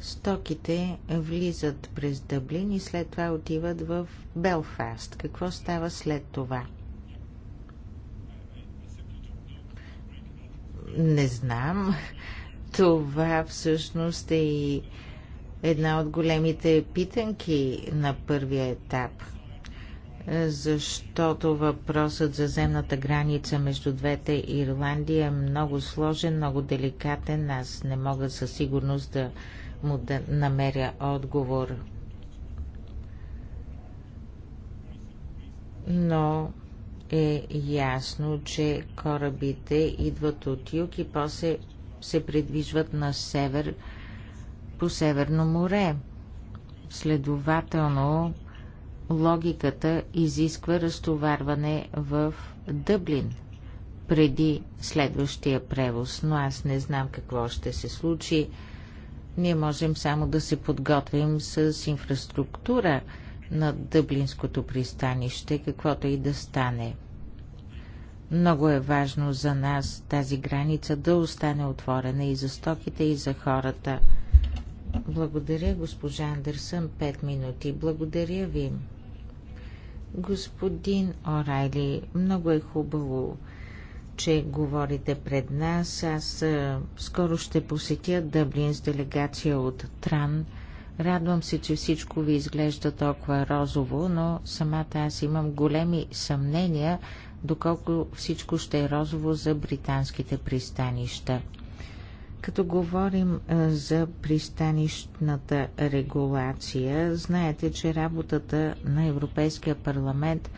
Стоките влизат през Дъблин и след това отиват в Белфаст. Какво става след това? Не знам. Това всъщност е и една от големите питанки на първия етап – защото въпросът за земната граница между двете Ирландия е много сложен, много деликатен. Аз не мога със сигурност да му да намеря отговор. Но е ясно, че корабите идват от юг и после се придвижват на север по Северно море. Следователно, логиката изисква разтоварване в Дъблин преди следващия превоз, но аз не знам какво ще се случи. Ние можем само да се подготвим с инфраструктура на Дъблинското пристанище, каквото и да стане. Много е важно за нас тази граница да остане отворена и за стоките, и за хората. Благодаря, госпожа Андерсън, пет минути. Благодаря ви. Господин Орайли, много е хубаво, че говорите пред нас. Аз а, скоро ще посетя Дъблин с делегация от Тран. Радвам се, че всичко ви изглежда толкова розово, но самата аз имам големи съмнения, доколко всичко ще е розово за британските пристанища. Като говорим е, за пристанищната регулация, знаете, че работата на Европейския парламент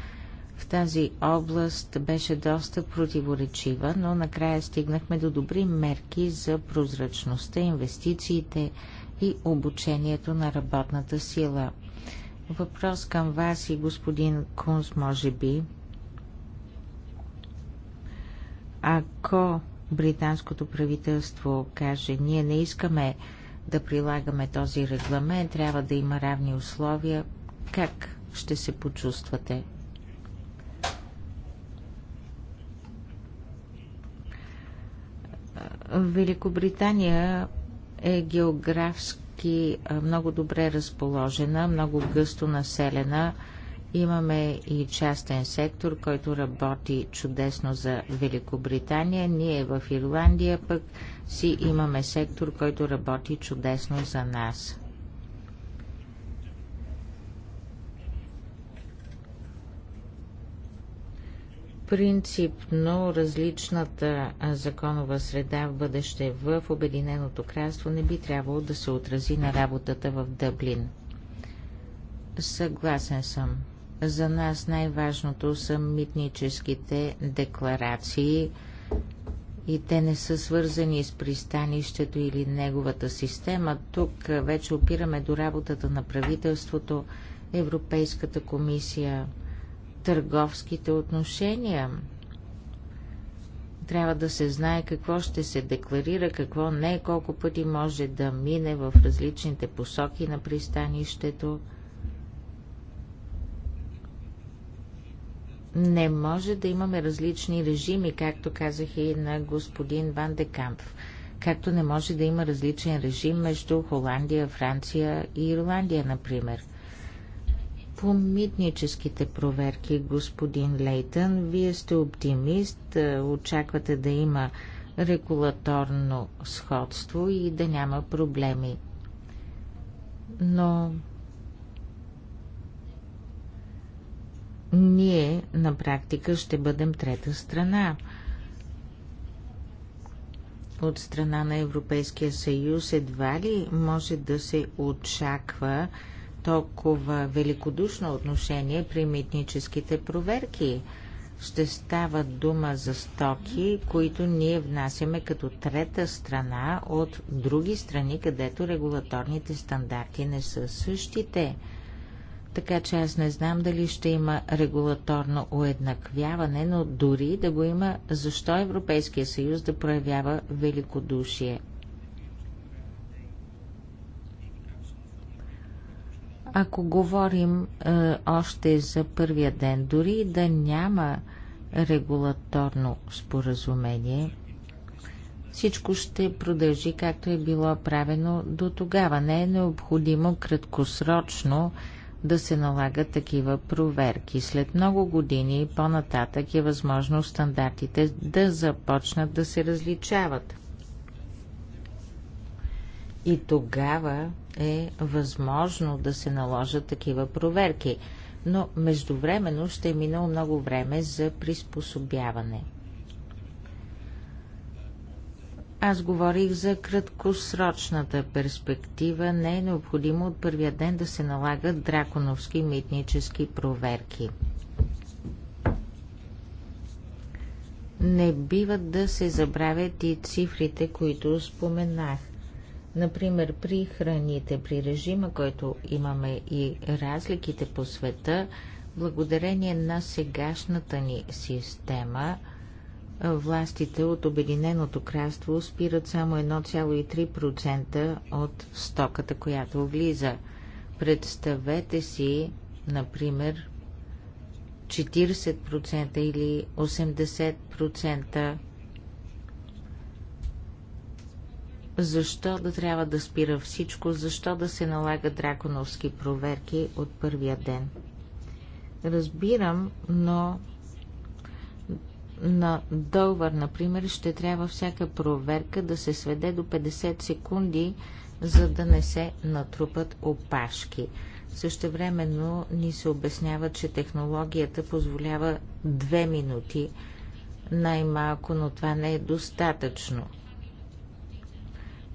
в тази област беше доста противоречива, но накрая стигнахме до добри мерки за прозрачността, инвестициите и обучението на работната сила. Въпрос към вас и господин Кунс, може би. Ако британското правителство каже, ние не искаме да прилагаме този регламент, трябва да има равни условия, как ще се почувствате? Великобритания е географски много добре разположена, много гъсто населена. Имаме и частен сектор, който работи чудесно за Великобритания. Ние в Ирландия пък си имаме сектор, който работи чудесно за нас. принципно различната законова среда в бъдеще в Обединеното кралство не би трябвало да се отрази на работата в Дъблин. Съгласен съм. За нас най-важното са митническите декларации и те не са свързани с пристанището или неговата система. Тук вече опираме до работата на правителството, Европейската комисия, търговските отношения. Трябва да се знае какво ще се декларира, какво не, колко пъти може да мине в различните посоки на пристанището. Не може да имаме различни режими, както казах и на господин Ван де Камп. Както не може да има различен режим между Холандия, Франция и Ирландия, например. По митническите проверки, господин Лейтън, вие сте оптимист, е, очаквате да има регулаторно сходство и да няма проблеми. Но ние на практика ще бъдем трета страна. От страна на Европейския съюз едва ли може да се очаква толкова великодушно отношение при митническите проверки. Ще става дума за стоки, които ние внасяме като трета страна от други страни, където регулаторните стандарти не са същите така че аз не знам дали ще има регулаторно уеднаквяване, но дори да го има, защо Европейския съюз да проявява великодушие? Ако говорим е, още за първия ден, дори да няма регулаторно споразумение, всичко ще продължи както е било правено до тогава. Не е необходимо краткосрочно да се налагат такива проверки. След много години по-нататък е възможно стандартите да започнат да се различават. И тогава е възможно да се наложат такива проверки, но междувременно ще е минало много време за приспособяване – аз говорих за краткосрочната перспектива. Не е необходимо от първия ден да се налагат драконовски митнически проверки. Не биват да се забравят и цифрите, които споменах. Например, при храните, при режима, който имаме и разликите по света, благодарение на сегашната ни система – властите от Обединеното кралство спират само 1,3% от стоката, която влиза. Представете си, например, 40% или 80%. Защо да трябва да спира всичко? Защо да се налага драконовски проверки от първия ден? Разбирам, но на долар, например, ще трябва всяка проверка да се сведе до 50 секунди, за да не се натрупат опашки. Същевременно ни се обяснява, че технологията позволява 2 минути най-малко, но това не е достатъчно.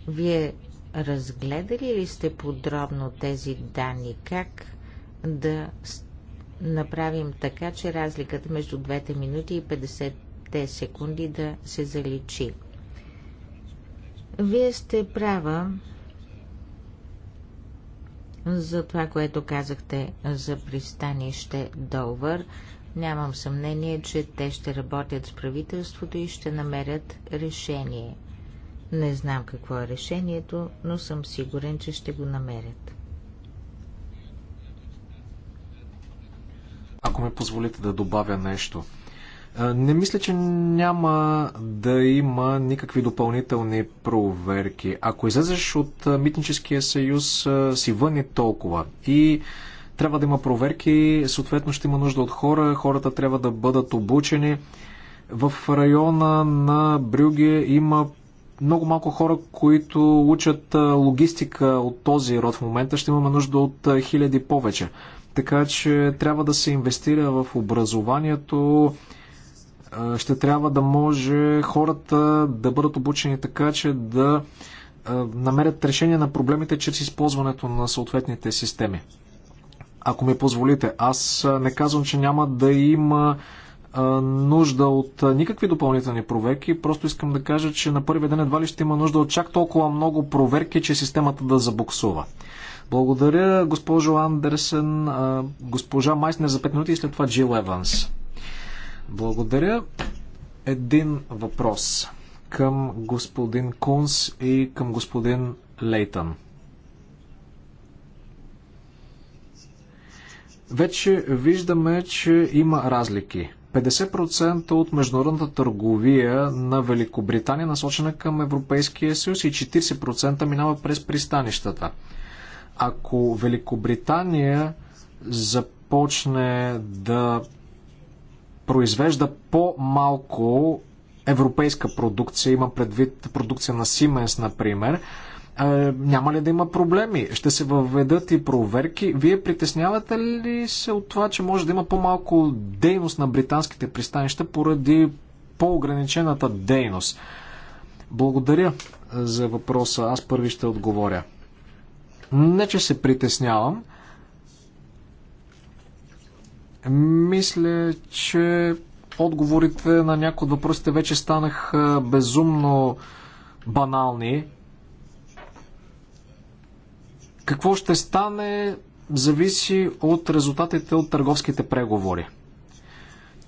Вие разгледали ли сте подробно тези данни? Как да направим така, че разликата между двете минути и 50-те секунди да се заличи. Вие сте права за това, което казахте за пристанище Долвър. Нямам съмнение, че те ще работят с правителството и ще намерят решение. Не знам какво е решението, но съм сигурен, че ще го намерят. Ако ми позволите да добавя нещо. Не мисля, че няма да има никакви допълнителни проверки. Ако излезеш от Митническия съюз, си вън и толкова. И трябва да има проверки, съответно ще има нужда от хора, хората трябва да бъдат обучени. В района на Брюге има много малко хора, които учат логистика от този род в момента. Ще имаме нужда от хиляди повече. Така че трябва да се инвестира в образованието. Ще трябва да може хората да бъдат обучени така, че да намерят решение на проблемите чрез използването на съответните системи. Ако ми позволите, аз не казвам, че няма да има нужда от никакви допълнителни проверки. Просто искам да кажа, че на първия ден едва ли ще има нужда от чак толкова много проверки, че системата да забуксува. Благодаря, госпожо Андерсен, госпожа Майснер за 5 минути и след това Джил Еванс. Благодаря. Един въпрос към господин Кунс и към господин Лейтън. Вече виждаме, че има разлики. 50% от международната търговия на Великобритания насочена към Европейския съюз и 40% минава през пристанищата. Ако Великобритания започне да произвежда по-малко европейска продукция, има предвид продукция на Siemens, например, е, няма ли да има проблеми? Ще се въведат и проверки. Вие притеснявате ли се от това, че може да има по-малко дейност на британските пристанища поради по-ограничената дейност? Благодаря за въпроса. Аз първи ще отговоря. Не, че се притеснявам. Мисля, че отговорите на някои от въпросите вече станаха безумно банални. Какво ще стане, зависи от резултатите от търговските преговори.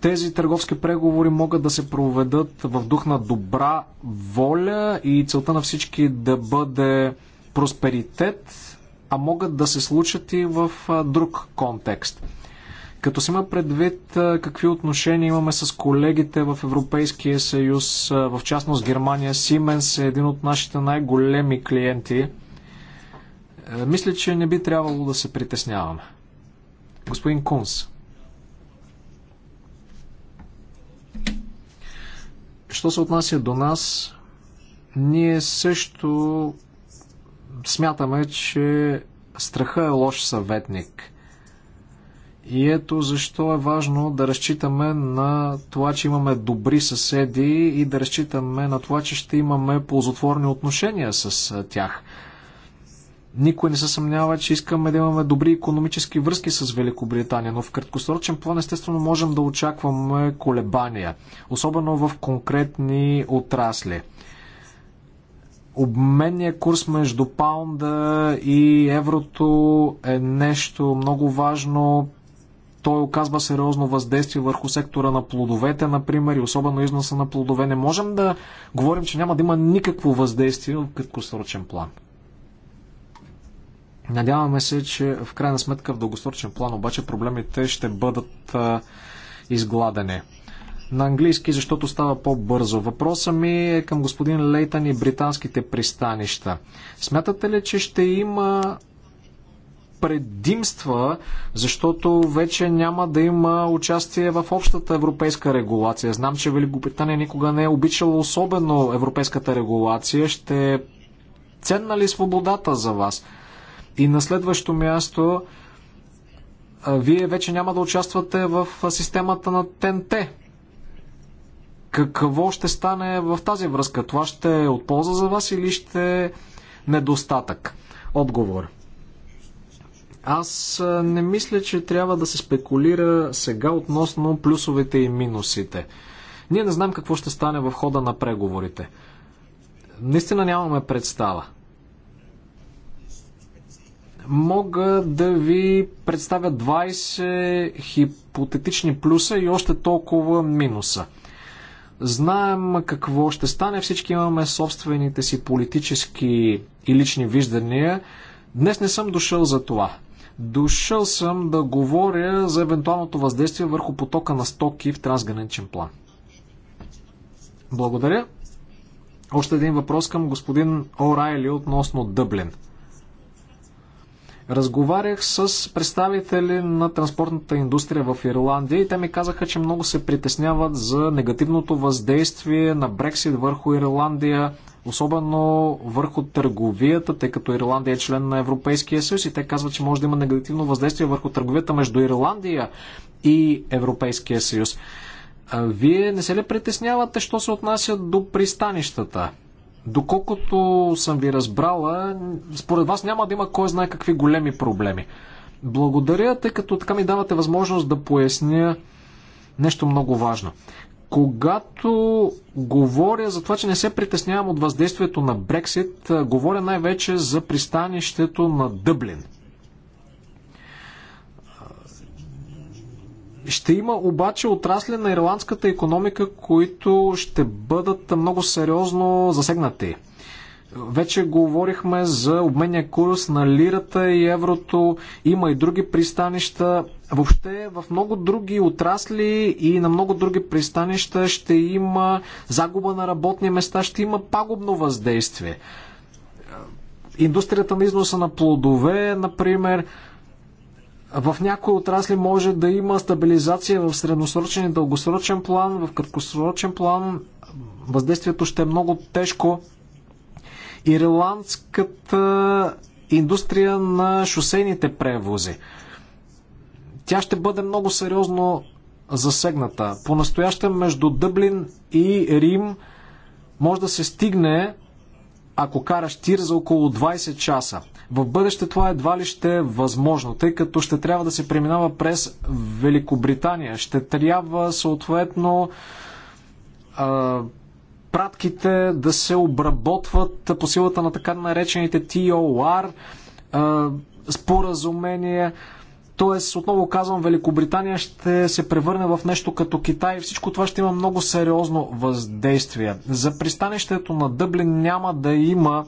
Тези търговски преговори могат да се проведат в дух на добра воля и целта на всички да бъде просперитет а могат да се случат и в друг контекст. Като се има предвид какви отношения имаме с колегите в Европейския съюз, в частност Германия, Сименс е един от нашите най-големи клиенти, е, мисля, че не би трябвало да се притесняваме. Господин Кунс. Що се отнася до нас, ние също смятаме, че страха е лош съветник. И ето защо е важно да разчитаме на това, че имаме добри съседи и да разчитаме на това, че ще имаме ползотворни отношения с тях. Никой не се съмнява, че искаме да имаме добри економически връзки с Великобритания, но в краткосрочен план естествено можем да очакваме колебания, особено в конкретни отрасли обменния курс между паунда и еврото е нещо много важно. Той оказва сериозно въздействие върху сектора на плодовете, например, и особено износа на плодове. Не можем да говорим, че няма да има никакво въздействие в краткосрочен план. Надяваме се, че в крайна сметка в дългосрочен план обаче проблемите ще бъдат изгладени на английски, защото става по-бързо. Въпросът ми е към господин Лейтън и британските пристанища. Смятате ли, че ще има предимства, защото вече няма да има участие в общата европейска регулация. Знам, че Великобритания никога не е обичала особено европейската регулация. Ще е ценна ли свободата за вас? И на следващо място, вие вече няма да участвате в системата на ТНТ. Какво ще стане в тази връзка? Това ще е от полза за вас или ще е недостатък? Отговор. Аз не мисля, че трябва да се спекулира сега относно плюсовете и минусите. Ние не знам какво ще стане в хода на преговорите. Наистина нямаме представа. Мога да ви представя 20 хипотетични плюса и още толкова минуса – Знаем какво ще стане, всички имаме собствените си политически и лични виждания. Днес не съм дошъл за това. Дошъл съм да говоря за евентуалното въздействие върху потока на стоки в трансграничен план. Благодаря. Още един въпрос към господин Орайли относно Дъблин. Разговарях с представители на транспортната индустрия в Ирландия и те ми казаха, че много се притесняват за негативното въздействие на Брексит върху Ирландия, особено върху търговията, тъй като Ирландия е член на Европейския съюз и те казват, че може да има негативно въздействие върху търговията между Ирландия и Европейския съюз. Вие не се ли притеснявате, що се отнася до пристанищата? Доколкото съм ви разбрала, според вас няма да има кой знае какви големи проблеми. Благодаря, тъй като така ми давате възможност да поясня нещо много важно. Когато говоря за това, че не се притеснявам от въздействието на Брексит, говоря най-вече за пристанището на Дъблин – Ще има обаче отрасли на ирландската економика, които ще бъдат много сериозно засегнати. Вече говорихме за обменния курс на лирата и еврото. Има и други пристанища. Въобще в много други отрасли и на много други пристанища ще има загуба на работни места, ще има пагубно въздействие. Индустрията на износа на плодове, например, в някои отрасли може да има стабилизация в средносрочен и дългосрочен план, в краткосрочен план въздействието ще е много тежко. Ирландската индустрия на шосейните превози. Тя ще бъде много сериозно засегната. по настояща между Дъблин и Рим може да се стигне, ако караш тир, за около 20 часа. В бъдеще това едва ли ще е възможно, тъй като ще трябва да се преминава през Великобритания. Ще трябва съответно пратките да се обработват по силата на така наречените TOR споразумения. Тоест, отново казвам, Великобритания ще се превърне в нещо като Китай и всичко това ще има много сериозно въздействие. За пристанището на Дъблин няма да има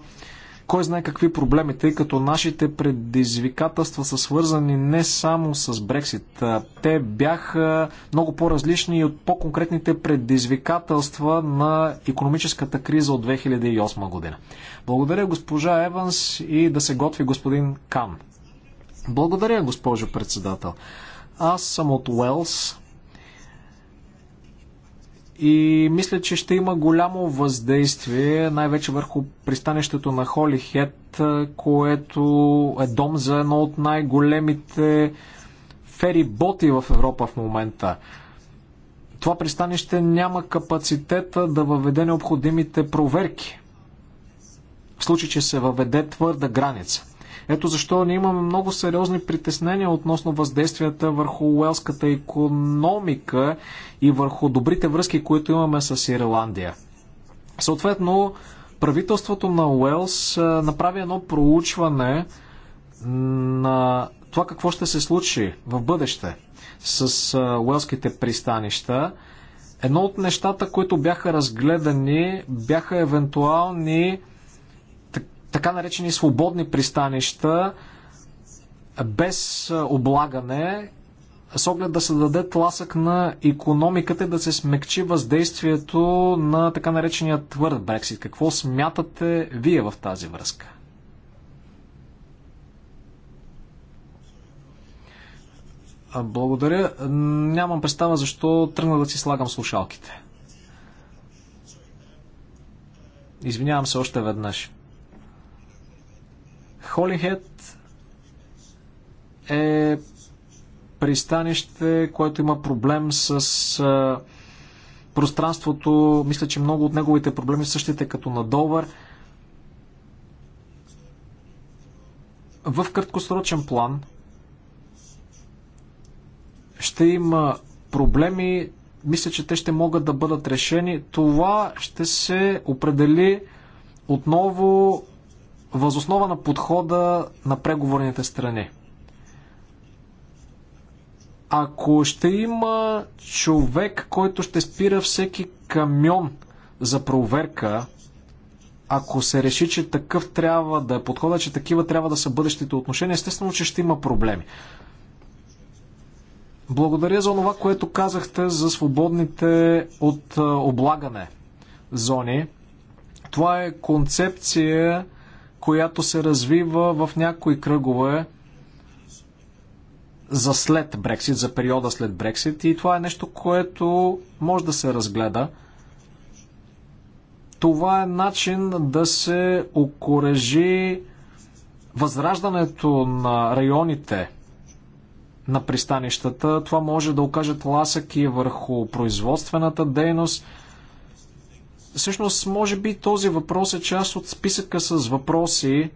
кой знае какви проблеми, тъй като нашите предизвикателства са свързани не само с Брексит. Те бяха много по-различни от по-конкретните предизвикателства на економическата криза от 2008 година. Благодаря госпожа Еванс и да се готви господин Кан. Благодаря, госпожо председател. Аз съм от Уелс, и мисля, че ще има голямо въздействие, най-вече върху пристанището на Холихет, което е дом за едно от най-големите фериботи в Европа в момента. Това пристанище няма капацитета да въведе необходимите проверки, в случай, че се въведе твърда граница. Ето защо ние имаме много сериозни притеснения относно въздействията върху уелската економика и върху добрите връзки, които имаме с Ирландия. Съответно, правителството на Уелс направи едно проучване на това какво ще се случи в бъдеще с уелските пристанища. Едно от нещата, които бяха разгледани, бяха евентуални така наречени свободни пристанища без облагане, с оглед да се даде тласък на економиката и да се смекчи въздействието на така наречения твърд Брексит. Какво смятате вие в тази връзка? Благодаря. Нямам представа защо тръгна да си слагам слушалките. Извинявам се още веднъж. Холихет е пристанище, което има проблем с а, пространството. Мисля, че много от неговите проблеми същите като на Довър. В краткосрочен план ще има проблеми. Мисля, че те ще могат да бъдат решени. Това ще се определи отново възоснова на подхода на преговорните страни. Ако ще има човек, който ще спира всеки камион за проверка, ако се реши, че такъв трябва да е подхода, че такива трябва да са бъдещите отношения, естествено, че ще има проблеми. Благодаря за това, което казахте за свободните от облагане зони. Това е концепция, която се развива в някои кръгове за след Брексит, за периода след Брексит и това е нещо, което може да се разгледа. Това е начин да се окорежи възраждането на районите на пристанищата. Това може да окаже тласък и върху производствената дейност – Всъщност, може би този въпрос е част от списъка с въпроси,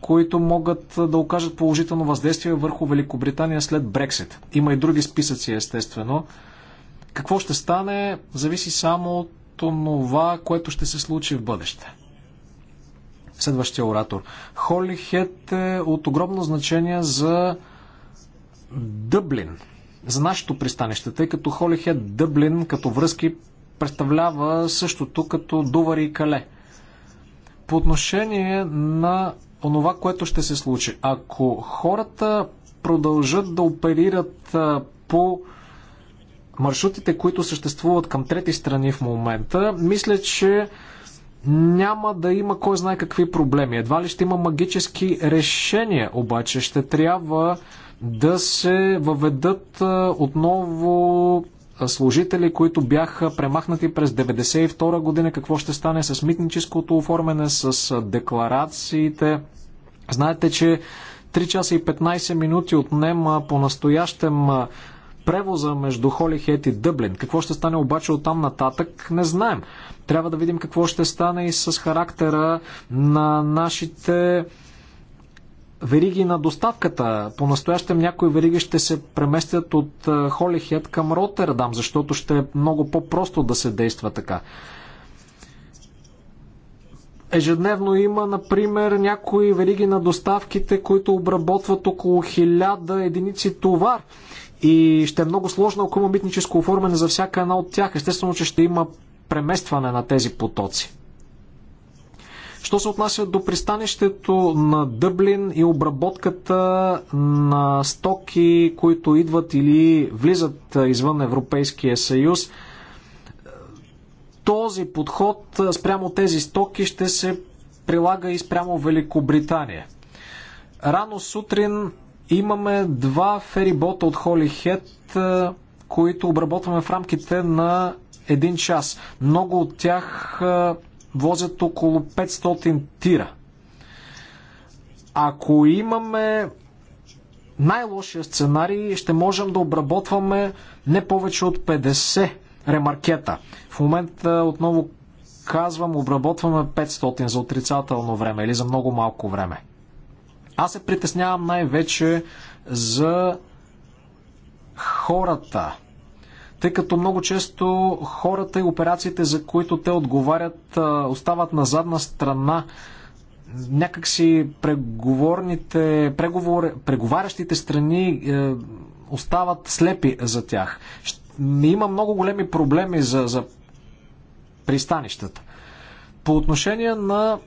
които могат да окажат положително въздействие върху Великобритания след Брексит. Има и други списъци, естествено. Какво ще стане, зависи само от това, което ще се случи в бъдеще. Следващия оратор. Холихет е от огромно значение за Дъблин, за нашето пристанище, тъй като Холихет Дъблин като връзки представлява същото като дувари и кале. По отношение на онова, което ще се случи, ако хората продължат да оперират по маршрутите, които съществуват към трети страни в момента, мисля, че няма да има кой знае какви проблеми. Едва ли ще има магически решения, обаче ще трябва да се въведат отново служители, които бяха премахнати през 1992 година. Какво ще стане с митническото оформяне, с декларациите? Знаете, че 3 часа и 15 минути отнема по настоящем превоза между Холихет и Дъблин. Какво ще стане обаче от там нататък, не знаем. Трябва да видим какво ще стане и с характера на нашите вериги на доставката. По-настоящем някои вериги ще се преместят от е, Холихет към Ротердам, защото ще е много по-просто да се действа така. Ежедневно има, например, някои вериги на доставките, които обработват около 1000 единици товар. И ще е много сложно, ако има митническо оформяне за всяка една от тях. Естествено, че ще има преместване на тези потоци. Що се отнася до пристанището на Дъблин и обработката на стоки, които идват или влизат извън Европейския съюз, този подход спрямо тези стоки ще се прилага и спрямо Великобритания. Рано сутрин имаме два ферибота от Холихет, които обработваме в рамките на един час. Много от тях возят около 500 тира. Ако имаме най-лошия сценарий, ще можем да обработваме не повече от 50 ремаркета. В момента отново казвам, обработваме 500 за отрицателно време или за много малко време. Аз се притеснявам най-вече за хората, тъй като много често хората и операциите, за които те отговарят, остават на задна страна. Някакси преговорните, преговор, преговарящите страни е, остават слепи за тях. Има много големи проблеми за, за пристанищата. По отношение на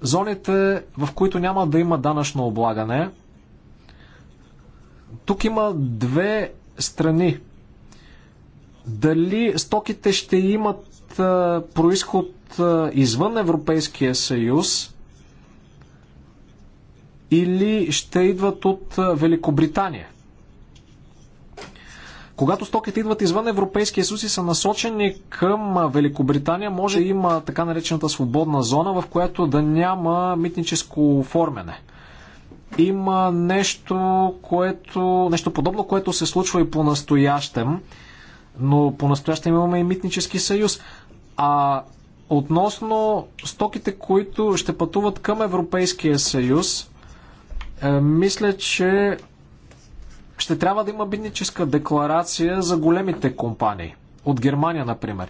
зоните, в които няма да има данъчно облагане, тук има две страни дали стоките ще имат а, происход а, извън Европейския съюз или ще идват от а, Великобритания. Когато стоките идват извън Европейския съюз и са насочени към Великобритания, може да има така наречената свободна зона, в която да няма митническо оформяне има нещо, което, нещо подобно, което се случва и по-настоящем но по-настоящем имаме и митнически съюз. А относно стоките, които ще пътуват към Европейския съюз, е, мисля, че ще трябва да има митническа декларация за големите компании. От Германия, например.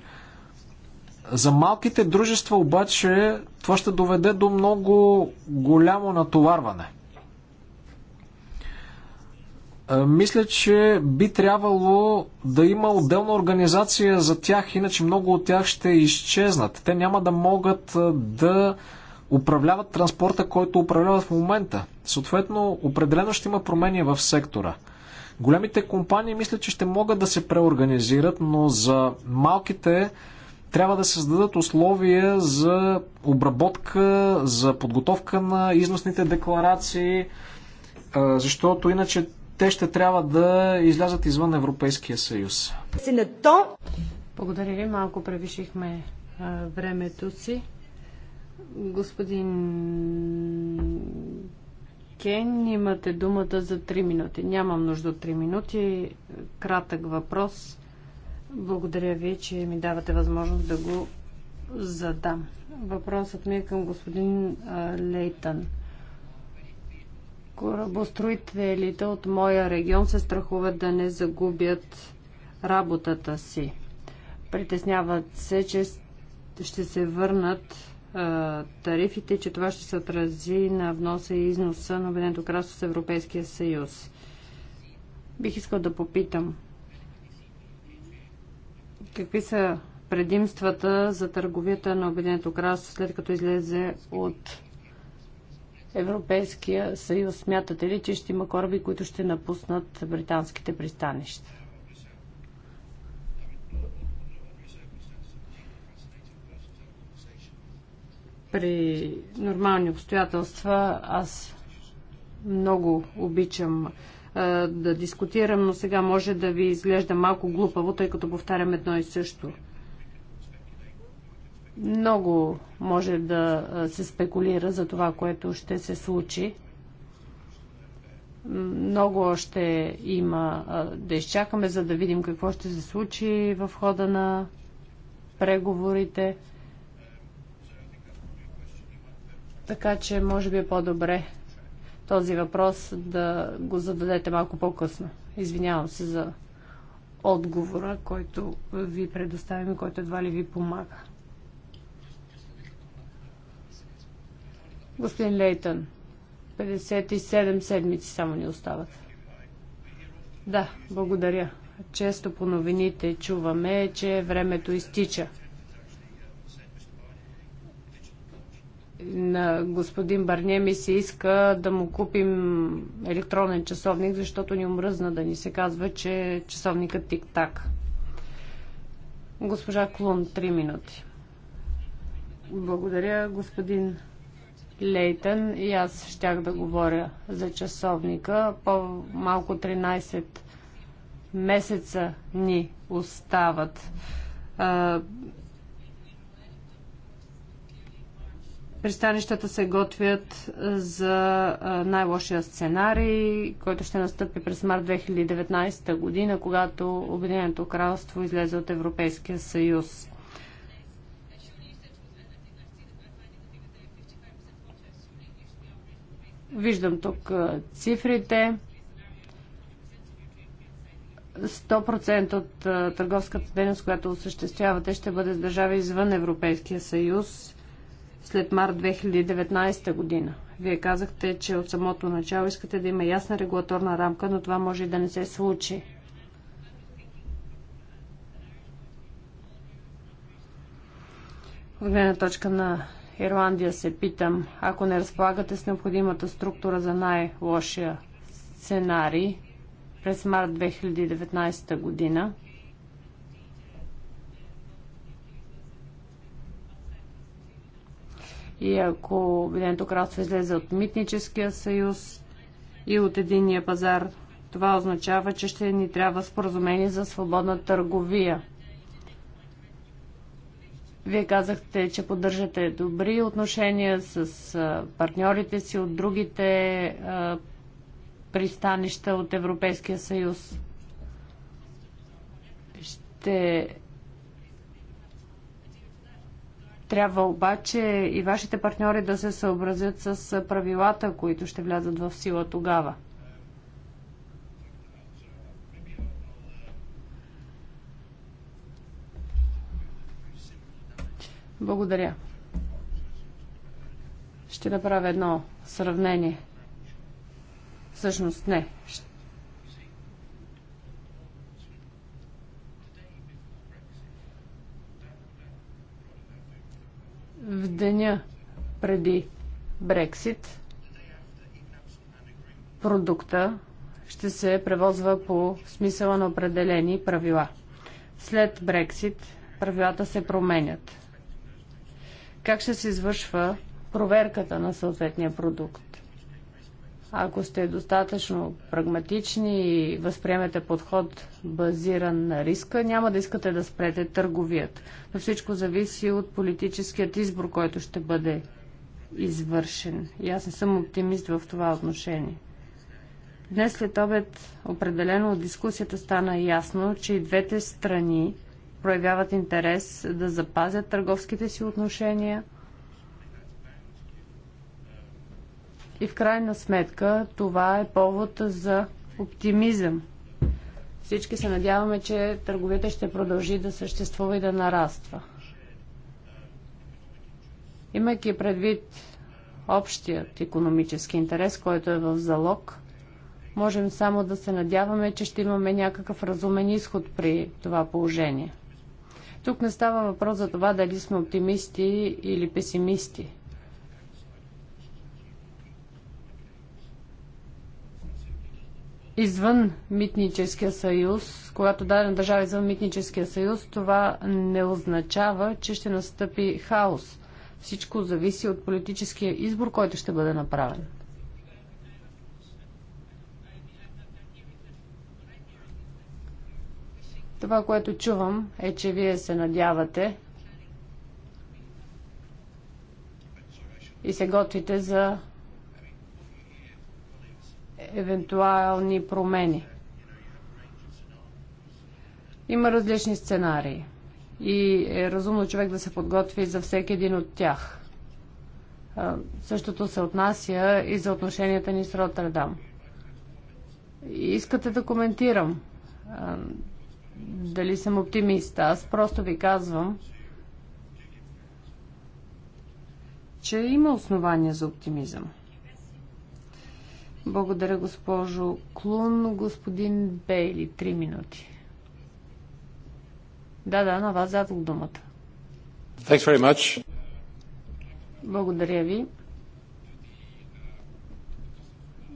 За малките дружества обаче това ще доведе до много голямо натоварване – мисля, че би трябвало да има отделна организация за тях, иначе много от тях ще изчезнат. Те няма да могат да управляват транспорта, който управляват в момента. Съответно, определено ще има промени в сектора. Големите компании мисля, че ще могат да се преорганизират, но за малките трябва да създадат условия за обработка, за подготовка на износните декларации, защото иначе те ще трябва да излязат извън Европейския съюз. Благодаря ви, малко превишихме а, времето си. Господин Кен, имате думата за 3 минути. Нямам нужда от 3 минути. Кратък въпрос. Благодаря ви, че ми давате възможност да го задам. Въпросът ми е към господин а, Лейтън. Корабостроителите от моя регион се страхуват да не загубят работата си. Притесняват се, че ще се върнат а, тарифите, че това ще се отрази на вноса и износа на Обединеното кралство с Европейския съюз. Бих искал да попитам какви са предимствата за търговията на Обединеното кралство след като излезе от Европейския съюз? Смятате ли, че ще има кораби, които ще напуснат британските пристанища? При нормални обстоятелства аз много обичам да дискутирам, но сега може да ви изглежда малко глупаво, тъй като повтарям едно и също. Много може да се спекулира за това, което ще се случи. Много още има да изчакаме, за да видим какво ще се случи в хода на преговорите. Така че може би е по-добре този въпрос да го зададете малко по-късно. Извинявам се за отговора, който ви предоставим и който едва ли ви помага. Господин Лейтън, 57 седмици само ни остават. Да, благодаря. Често по новините чуваме, че времето изтича. на господин Барне ми се иска да му купим електронен часовник, защото ни омръзна да ни се казва, че часовникът тик-так. Госпожа Клун, 3 минути. Благодаря, господин Лейтън и аз щях да говоря за часовника. По-малко 13 месеца ни остават. Пристанищата се готвят за най-лошия сценарий, който ще настъпи през март 2019 година, когато Обединеното кралство излезе от Европейския съюз. Виждам тук цифрите. 100% от търговската дейност, която осъществявате, ще бъде с държави извън Европейския съюз след март 2019 година. Вие казахте, че от самото начало искате да има ясна регулаторна рамка, но това може и да не се случи. От гледна точка на Ирландия се питам, ако не разполагате с необходимата структура за най-лошия сценарий през март 2019 година, и ако Обединеното кралство излезе от митническия съюз и от единния пазар, това означава, че ще ни трябва споразумение за свободна търговия – вие казахте, че поддържате добри отношения с партньорите си от другите пристанища от Европейския съюз. Ще трябва обаче и вашите партньори да се съобразят с правилата, които ще влязат в сила тогава. Благодаря. Ще направя едно сравнение. Всъщност не. В деня преди Брексит продукта ще се превозва по смисъла на определени правила. След Брексит правилата се променят. Как ще се извършва проверката на съответния продукт? Ако сте достатъчно прагматични и възприемете подход базиран на риска, няма да искате да спрете търговият, Но всичко зависи от политическият избор, който ще бъде извършен. И аз не съм оптимист в това отношение. Днес след обед, определено от дискусията, стана ясно, че и двете страни проявяват интерес да запазят търговските си отношения. И в крайна сметка това е повод за оптимизъм. Всички се надяваме, че търговията ще продължи да съществува и да нараства. Имайки предвид общият економически интерес, който е в залог, можем само да се надяваме, че ще имаме някакъв разумен изход при това положение. Тук не става въпрос за това дали сме оптимисти или песимисти. извън митническия съюз, когато дадена държава е извън митническия съюз, това не означава, че ще настъпи хаос. Всичко зависи от политическия избор, който ще бъде направен. Това, което чувам, е, че вие се надявате и се готвите за евентуални промени. Има различни сценарии и е разумно човек да се подготви за всеки един от тях. Същото се отнася и за отношенията ни с Роттердам. Искате да коментирам дали съм оптимист. Аз просто ви казвам, че има основания за оптимизъм. Благодаря, госпожо Клун. Господин Бейли, три минути. Да, да, на вас задох думата. Thanks very much. Благодаря ви.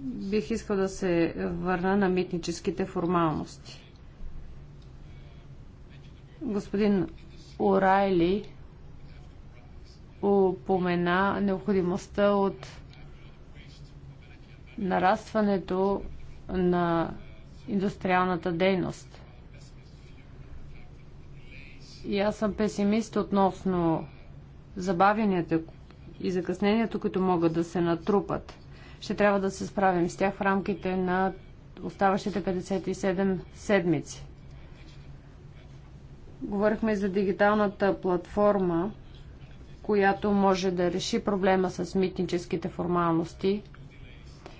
Бих искал да се върна на митническите формалности. Господин Орайли упомена необходимостта от нарастването на индустриалната дейност. И аз съм песимист относно забавянията и закъснението, които могат да се натрупат. Ще трябва да се справим с тях в рамките на оставащите 57 седмици. Говорихме за дигиталната платформа, която може да реши проблема с митническите формалности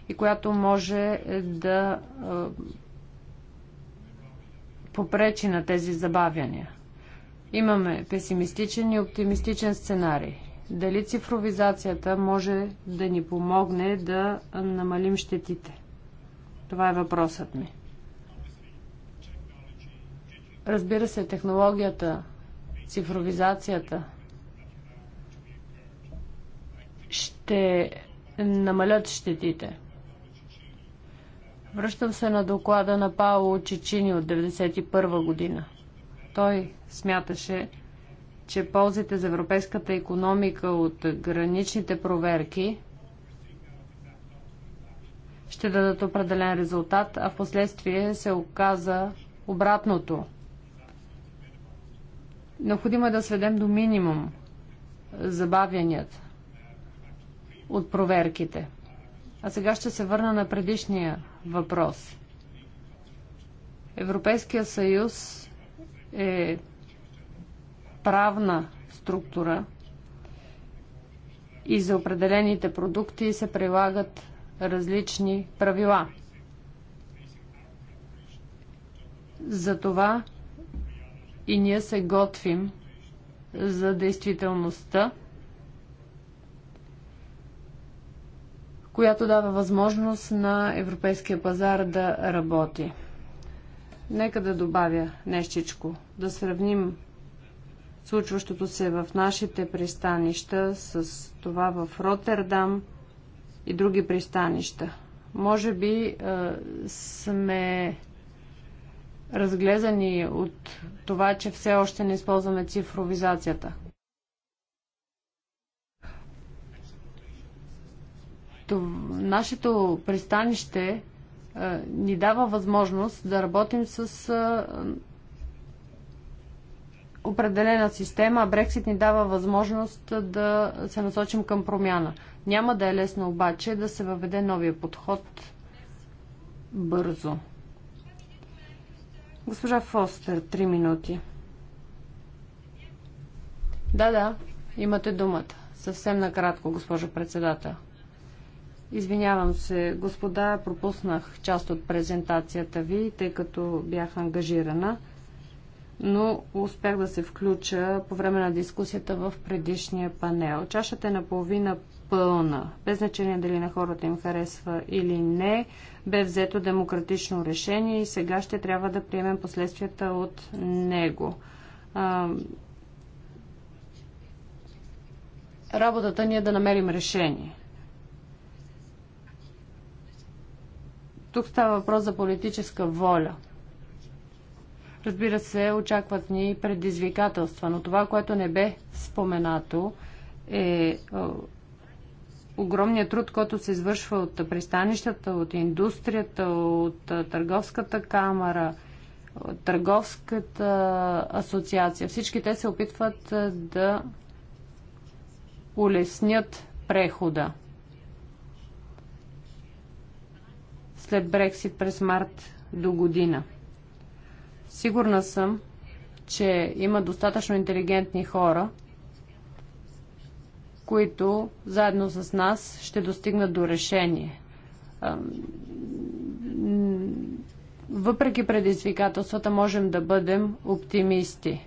и която може да попречи на тези забавяния. Имаме песимистичен и оптимистичен сценарий. Дали цифровизацията може да ни помогне да намалим щетите? Това е въпросът ми. Разбира се, технологията, цифровизацията ще намалят щетите. Връщам се на доклада на Пауло Чечини от 1991 година. Той смяташе, че ползите за европейската економика от граничните проверки ще дадат определен резултат, а в последствие се оказа обратното – Необходимо е да сведем до минимум забавянията от проверките. А сега ще се върна на предишния въпрос. Европейския съюз е правна структура и за определените продукти се прилагат различни правила. Затова и ние се готвим за действителността, която дава възможност на европейския пазар да работи. Нека да добавя нещичко, да сравним случващото се в нашите пристанища с това в Роттердам и други пристанища. Може би е, сме разглезани от това, че все още не използваме цифровизацията. нашето пристанище е, ни дава възможност да работим с е, определена система, а Брексит ни дава възможност да се насочим към промяна. Няма да е лесно обаче да се въведе новия подход бързо. Госпожа Фостер, три минути. Да, да, имате думата. Съвсем накратко, госпожо председател. Извинявам се, господа, пропуснах част от презентацията ви, тъй като бях ангажирана, но успях да се включа по време на дискусията в предишния панел. Чашата е наполовина пълна. Без значение дали на хората им харесва или не, бе взето демократично решение и сега ще трябва да приемем последствията от него. А, работата ни е да намерим решение. Тук става въпрос за политическа воля. Разбира се, очакват ни предизвикателства, но това, което не бе споменато, е Огромният труд, който се извършва от пристанищата, от индустрията, от търговската камера, от търговската асоциация. Всички те се опитват да улеснят прехода. След Брексит през март до година. Сигурна съм, че има достатъчно интелигентни хора – които заедно с нас ще достигнат до решение. Въпреки предизвикателствата можем да бъдем оптимисти.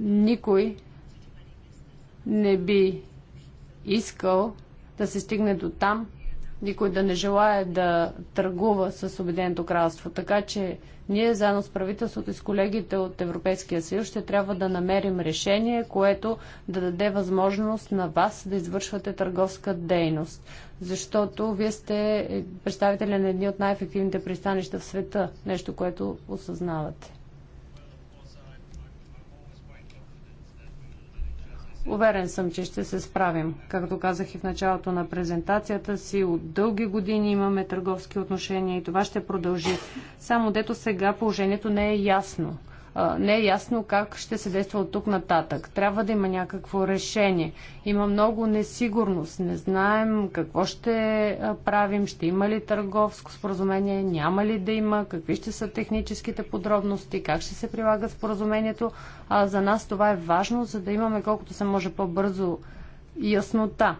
Никой не би искал да се стигне до там, никой да не желая да търгува с Обединеното кралство. Така че ние заедно с правителството и с колегите от Европейския съюз ще трябва да намерим решение, което да даде възможност на вас да извършвате търговска дейност. Защото вие сте представители на едни от най-ефективните пристанища в света, нещо, което осъзнавате. Уверен съм, че ще се справим. Както казах и в началото на презентацията си, от дълги години имаме търговски отношения и това ще продължи. Само дето сега положението не е ясно не е ясно как ще се действа от тук нататък. Трябва да има някакво решение. Има много несигурност. Не знаем какво ще правим, ще има ли търговско споразумение, няма ли да има, какви ще са техническите подробности, как ще се прилага споразумението. А за нас това е важно, за да имаме колкото се може по-бързо яснота.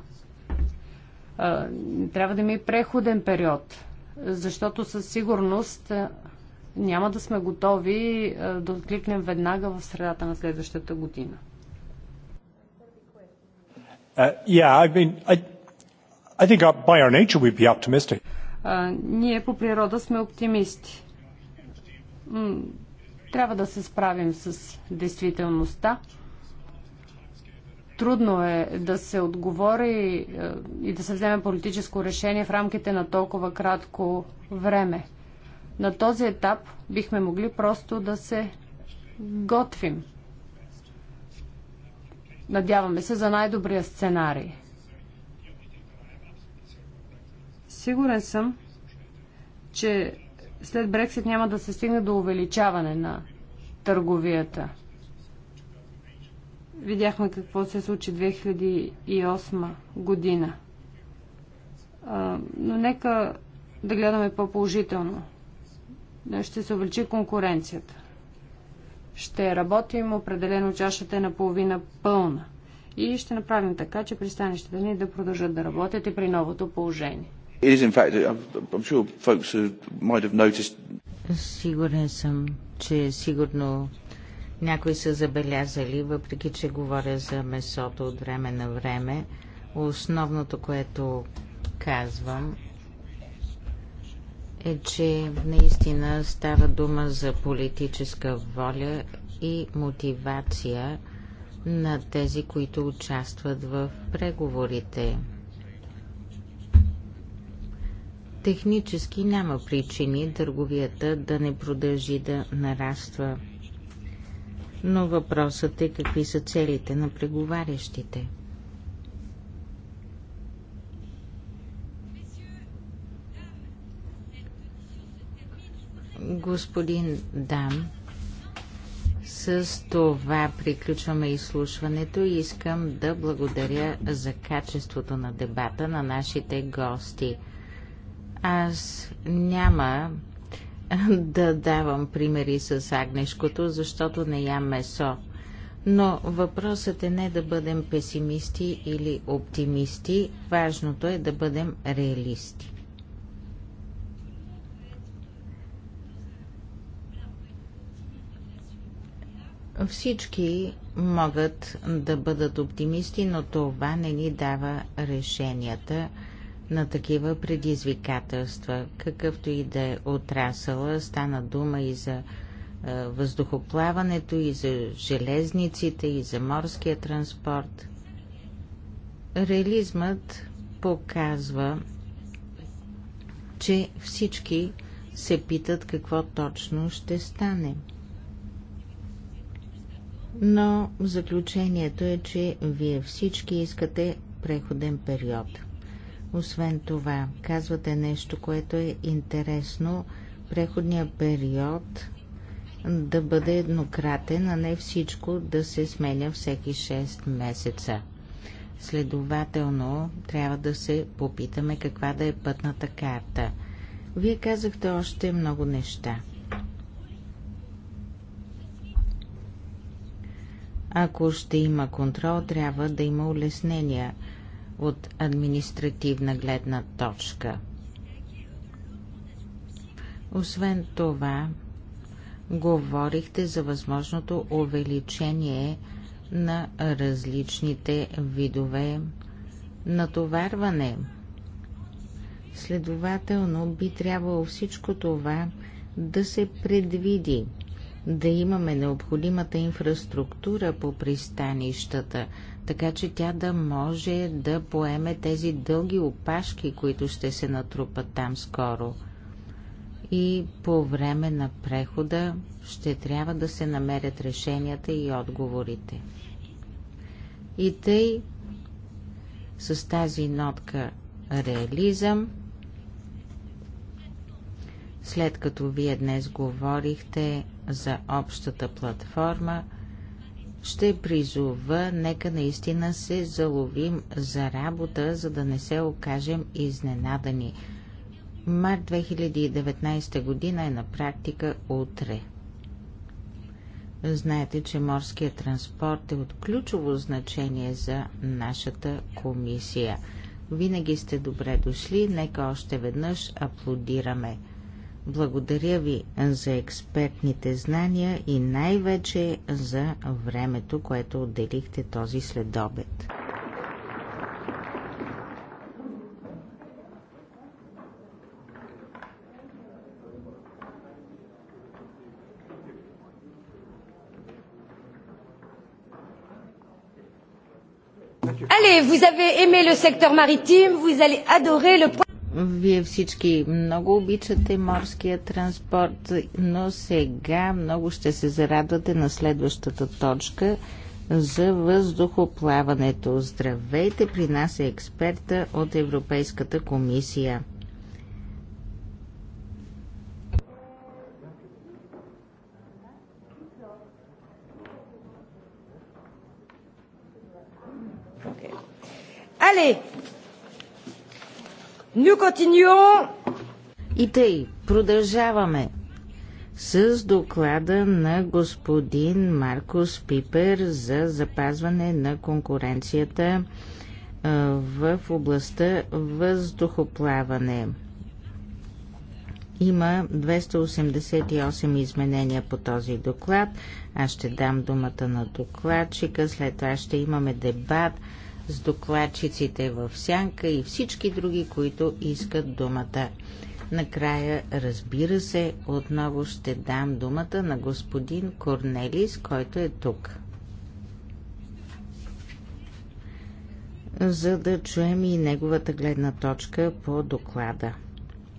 Трябва да има и преходен период, защото със сигурност няма да сме готови е, да откликнем веднага в средата на следващата година. Uh, yeah, I mean, I, I think uh, by our nature we'd be optimistic. Uh, ние по природа сме оптимисти. трябва да се справим с действителността. Трудно е да се отговори е, и да се вземе политическо решение в рамките на толкова кратко време. На този етап бихме могли просто да се готвим. Надяваме се за най-добрия сценарий. Сигурен съм, че след Брексит няма да се стигне до увеличаване на търговията. Видяхме какво се случи 2008 година. Но нека да гледаме по-положително ще се увеличи конкуренцията. Ще работим определено чашата е наполовина пълна и ще направим така, че пристанищата ни да продължат да работят и при новото положение. Сигурен съм, че сигурно някои са забелязали, въпреки че говоря за месото от време на време, основното, което казвам е, че наистина става дума за политическа воля и мотивация на тези, които участват в преговорите. Технически няма причини търговията да не продължи да нараства. Но въпросът е какви са целите на преговарящите. Господин Дам, с това приключваме изслушването и искам да благодаря за качеството на дебата на нашите гости. Аз няма да давам примери с агнешкото, защото не ям месо. Но въпросът е не да бъдем песимисти или оптимисти, важното е да бъдем реалисти. Всички могат да бъдат оптимисти, но това не ни дава решенията на такива предизвикателства, какъвто и да е отрасъла. Стана дума и за въздухоплаването, и за железниците, и за морския транспорт. Реализмът показва, че всички се питат какво точно ще стане но заключението е, че вие всички искате преходен период. Освен това, казвате нещо, което е интересно. Преходният период да бъде еднократен, а не всичко да се сменя всеки 6 месеца. Следователно, трябва да се попитаме каква да е пътната карта. Вие казахте още много неща. Ако ще има контрол, трябва да има улеснения от административна гледна точка. Освен това, говорихте за възможното увеличение на различните видове натоварване. Следователно би трябвало всичко това да се предвиди да имаме необходимата инфраструктура по пристанищата, така че тя да може да поеме тези дълги опашки, които ще се натрупат там скоро. И по време на прехода ще трябва да се намерят решенията и отговорите. И тъй с тази нотка реализъм, след като вие днес говорихте за общата платформа, ще призова, нека наистина се заловим за работа, за да не се окажем изненадани. Март 2019 година е на практика утре. Знаете, че морският транспорт е от ключово значение за нашата комисия. Винаги сте добре дошли, нека още веднъж аплодираме – благодаря ви за експертните знания и най-вече за времето, което отделихте този следобед. Allez, vous avez aimé le secteur maritime, vous allez adorer le вие всички много обичате морския транспорт, но сега много ще се зарадвате на следващата точка за въздухоплаването. Здравейте, при нас е експерта от Европейската комисия. Allez, и тъй, продължаваме с доклада на господин Маркус Пипер за запазване на конкуренцията в областта въздухоплаване. Има 288 изменения по този доклад. Аз ще дам думата на докладчика, след това ще имаме дебат с докладчиците в Сянка и всички други, които искат думата. Накрая, разбира се, отново ще дам думата на господин Корнелис, който е тук. За да чуем и неговата гледна точка по доклада.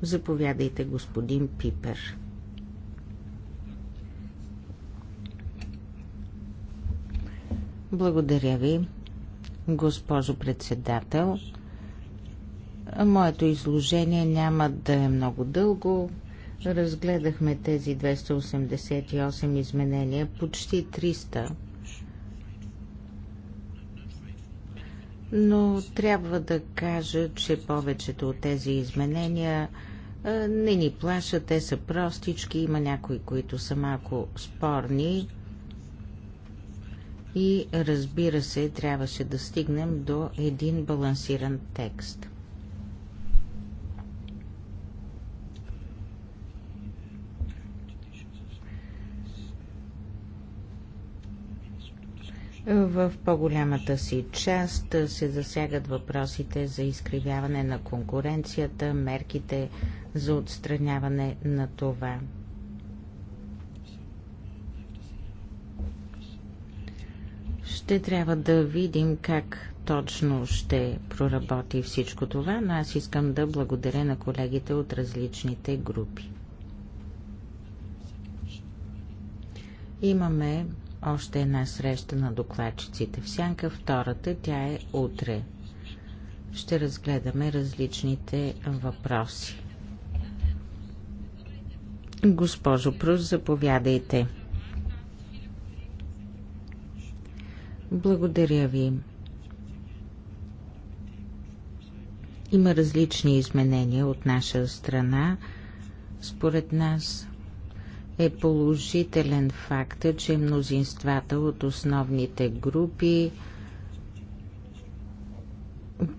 Заповядайте, господин Пипер. Благодаря ви госпожо председател. Моето изложение няма да е много дълго. Разгледахме тези 288 изменения, почти 300. Но трябва да кажа, че повечето от тези изменения не ни плашат, те са простички, има някои, които са малко спорни и разбира се, трябваше да стигнем до един балансиран текст. В по-голямата си част се засягат въпросите за изкривяване на конкуренцията, мерките за отстраняване на това. Ще трябва да видим как точно ще проработи всичко това, но аз искам да благодаря на колегите от различните групи. Имаме още една среща на докладчиците в Сянка. Втората тя е утре. Ще разгледаме различните въпроси. Госпожо Прус, заповядайте. Благодаря ви. Има различни изменения от наша страна. Според нас е положителен факт, че мнозинствата от основните групи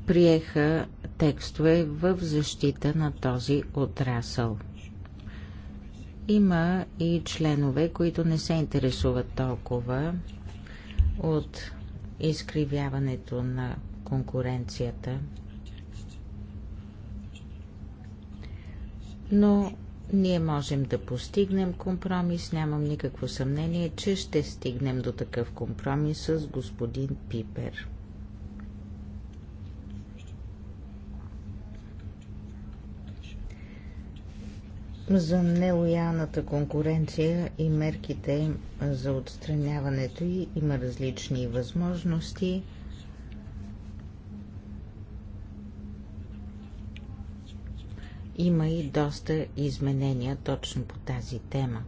приеха текстове в защита на този отрасъл. Има и членове, които не се интересуват толкова от изкривяването на конкуренцията. Но ние можем да постигнем компромис. Нямам никакво съмнение, че ще стигнем до такъв компромис с господин Пипер. за нелоялната конкуренция и мерките за отстраняването й има различни възможности. Има и доста изменения точно по тази тема.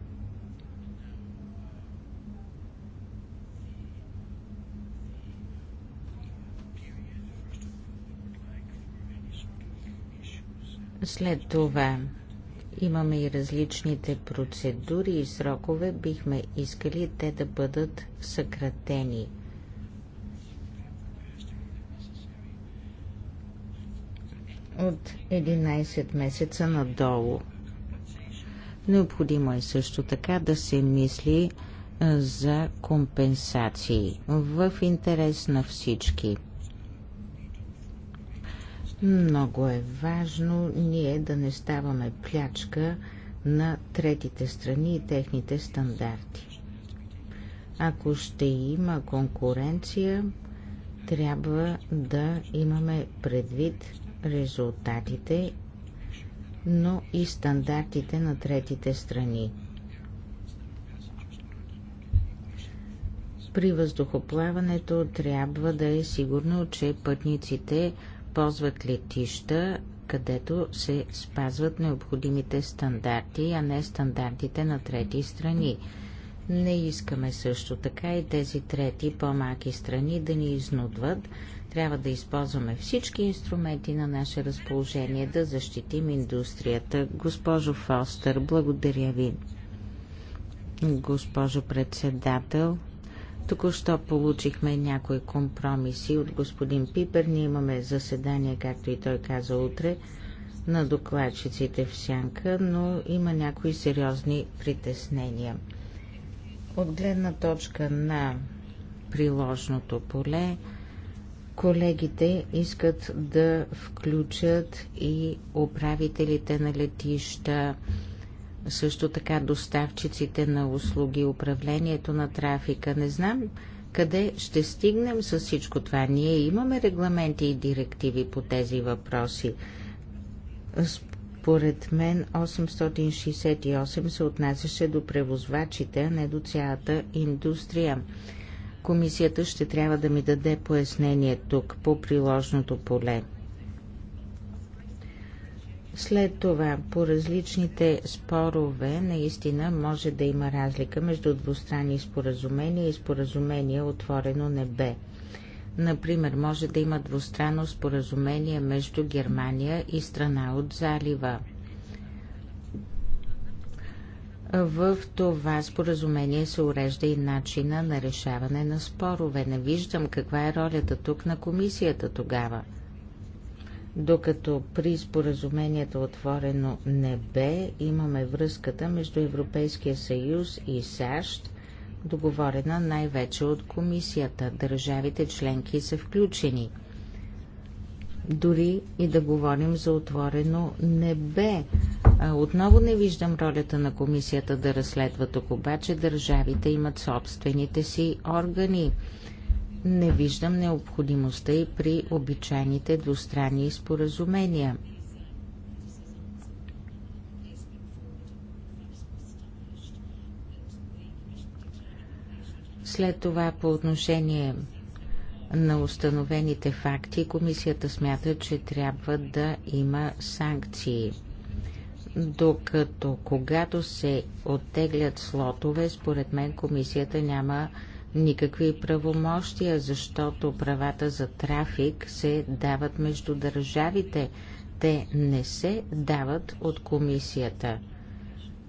След това Имаме и различните процедури и срокове. Бихме искали те да бъдат съкратени. От 11 месеца надолу. Необходимо е също така да се мисли за компенсации в интерес на всички – много е важно ние да не ставаме плячка на третите страни и техните стандарти. Ако ще има конкуренция, трябва да имаме предвид резултатите, но и стандартите на третите страни. При въздухоплаването трябва да е сигурно, че пътниците ползват летища, където се спазват необходимите стандарти, а не стандартите на трети страни. Не искаме също така и тези трети по-малки страни да ни изнудват. Трябва да използваме всички инструменти на наше разположение да защитим индустрията. Госпожо Фостер, благодаря ви. Госпожо председател, Току-що получихме някои компромиси от господин Пипер. Ние имаме заседание, както и той каза утре, на докладчиците в сянка, но има някои сериозни притеснения. От гледна точка на приложното поле, колегите искат да включат и управителите на летища, също така доставчиците на услуги, управлението на трафика. Не знам къде ще стигнем с всичко това. Ние имаме регламенти и директиви по тези въпроси. Според мен 868 се отнасяше до превозвачите, а не до цялата индустрия. Комисията ще трябва да ми даде пояснение тук по приложното поле. След това, по различните спорове, наистина може да има разлика между двустранни споразумения и споразумения отворено небе. Например, може да има двустранно споразумение между Германия и страна от залива. В това споразумение се урежда и начина на решаване на спорове. Не виждам каква е ролята тук на комисията тогава докато при споразумението отворено небе имаме връзката между Европейския съюз и САЩ, договорена най-вече от комисията. Държавите членки са включени. Дори и да говорим за отворено небе. Отново не виждам ролята на комисията да разследва тук, обаче държавите имат собствените си органи не виждам необходимостта и при обичайните двустранни споразумения. След това по отношение на установените факти, комисията смята, че трябва да има санкции. Докато когато се оттеглят слотове, според мен комисията няма никакви правомощия, защото правата за трафик се дават между държавите. Те не се дават от комисията.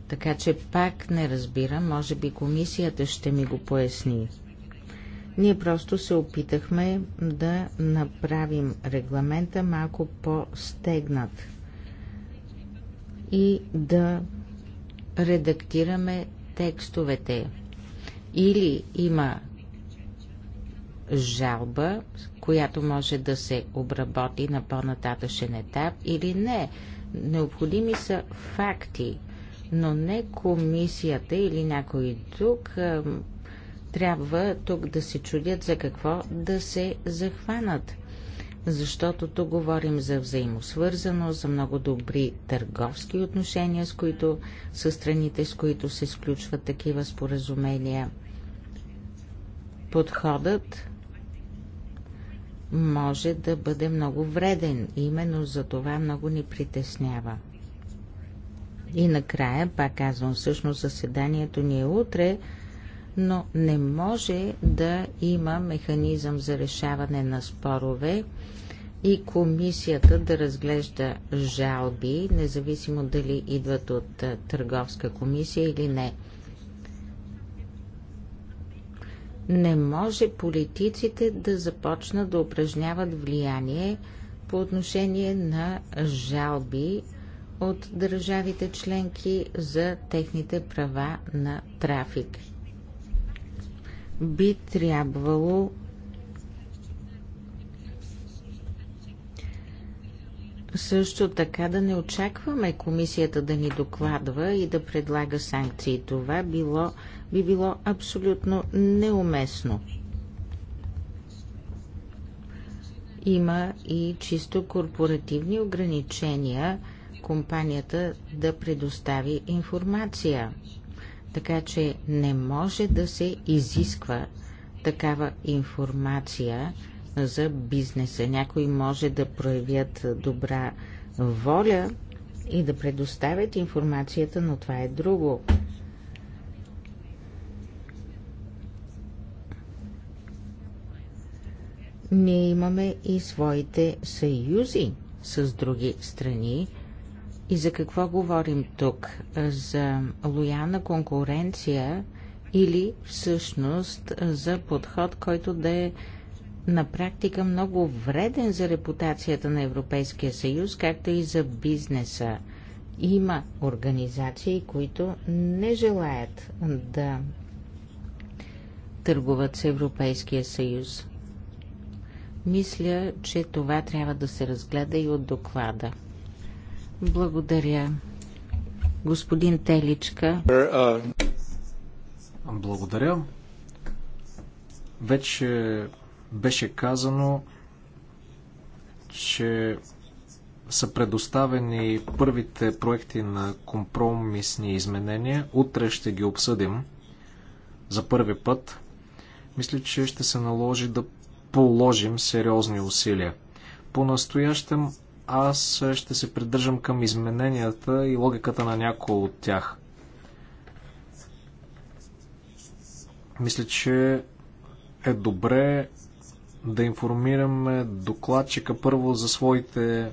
Така че пак не разбира, може би комисията ще ми го поясни. Ние просто се опитахме да направим регламента малко по-стегнат и да редактираме текстовете. Или има жалба, която може да се обработи на по-нататъчен етап или не. Необходими са факти, но не комисията или някой друг трябва тук да се чудят за какво да се захванат. Защото тук говорим за взаимосвързано, за много добри търговски отношения, с които, с страните, с които се сключват такива споразумения – подходът може да бъде много вреден. Именно за това много ни притеснява. И накрая, пак казвам, всъщност заседанието ни е утре, но не може да има механизъм за решаване на спорове и комисията да разглежда жалби, независимо дали идват от търговска комисия или не. не може политиците да започнат да упражняват влияние по отношение на жалби от държавите членки за техните права на трафик. Би трябвало също така да не очакваме комисията да ни докладва и да предлага санкции. Това било би било абсолютно неуместно. Има и чисто корпоративни ограничения компанията да предостави информация. Така че не може да се изисква такава информация за бизнеса. Някои може да проявят добра воля и да предоставят информацията, но това е друго. ние имаме и своите съюзи с други страни. И за какво говорим тук? За лоялна конкуренция или всъщност за подход, който да е на практика много вреден за репутацията на Европейския съюз, както и за бизнеса. Има организации, които не желаят да търгуват с Европейския съюз. Мисля, че това трябва да се разгледа и от доклада. Благодаря. Господин Теличка. Благодаря. Вече беше казано, че са предоставени първите проекти на компромисни изменения. Утре ще ги обсъдим за първи път. Мисля, че ще се наложи да положим сериозни усилия. По-настоящем аз ще се придържам към измененията и логиката на някои от тях. Мисля, че е добре да информираме докладчика първо за своите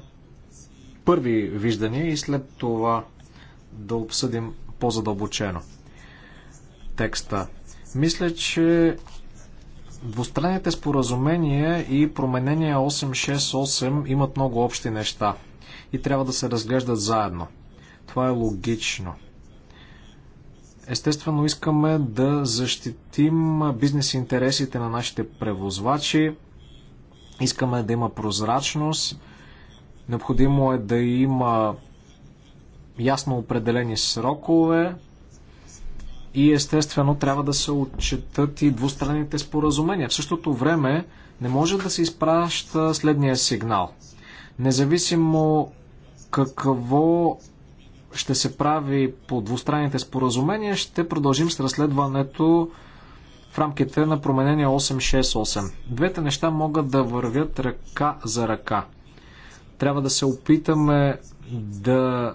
първи виждания и след това да обсъдим по-задълбочено текста. Мисля, че Двустранните споразумения и променения 868 имат много общи неща и трябва да се разглеждат заедно. Това е логично. Естествено, искаме да защитим бизнес интересите на нашите превозвачи. Искаме да има прозрачност. Необходимо е да има ясно определени срокове и естествено трябва да се отчетат и двустранните споразумения. В същото време не може да се изпраща следния сигнал. Независимо какво ще се прави по двустранните споразумения, ще продължим с разследването в рамките на променение 868. Двете неща могат да вървят ръка за ръка. Трябва да се опитаме да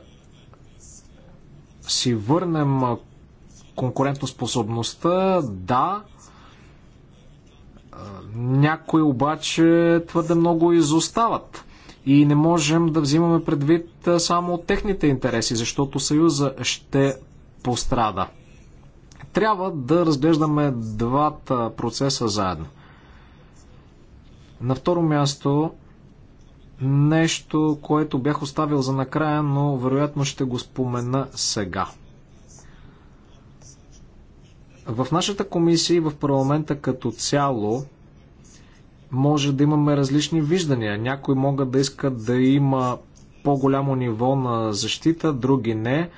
си върнем конкурентоспособността, да. Някои обаче твърде много изостават и не можем да взимаме предвид само техните интереси, защото Съюза ще пострада. Трябва да разглеждаме двата процеса заедно. На второ място, нещо, което бях оставил за накрая, но вероятно ще го спомена сега. В нашата комисия и в парламента като цяло може да имаме различни виждания. Някои могат да искат да има по-голямо ниво на защита, други не.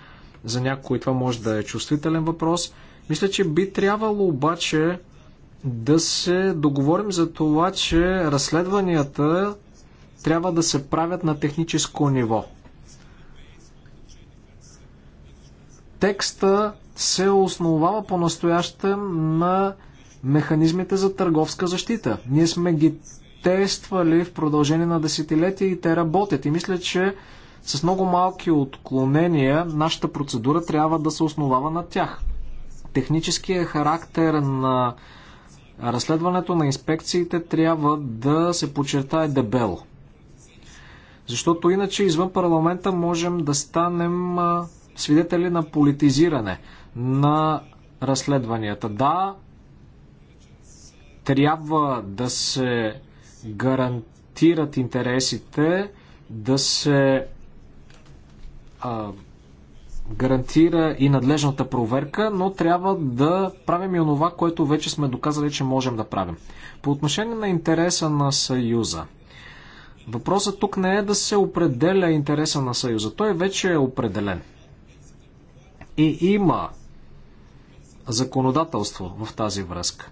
За някои това може да е чувствителен въпрос. Мисля, че би трябвало обаче да се договорим за това, че разследванията трябва да се правят на техническо ниво. Текста се основава по-настоящем на механизмите за търговска защита. Ние сме ги тествали в продължение на десетилетия и те работят. И мисля, че с много малки отклонения нашата процедура трябва да се основава на тях. Техническият характер на разследването на инспекциите трябва да се подчертае дебело. Защото иначе извън парламента можем да станем свидетели на политизиране на разследванията. Да, трябва да се гарантират интересите, да се а, гарантира и надлежната проверка, но трябва да правим и онова, което вече сме доказали, че можем да правим. По отношение на интереса на Съюза. Въпросът тук не е да се определя интереса на Съюза. Той вече е определен. И има законодателство в тази връзка.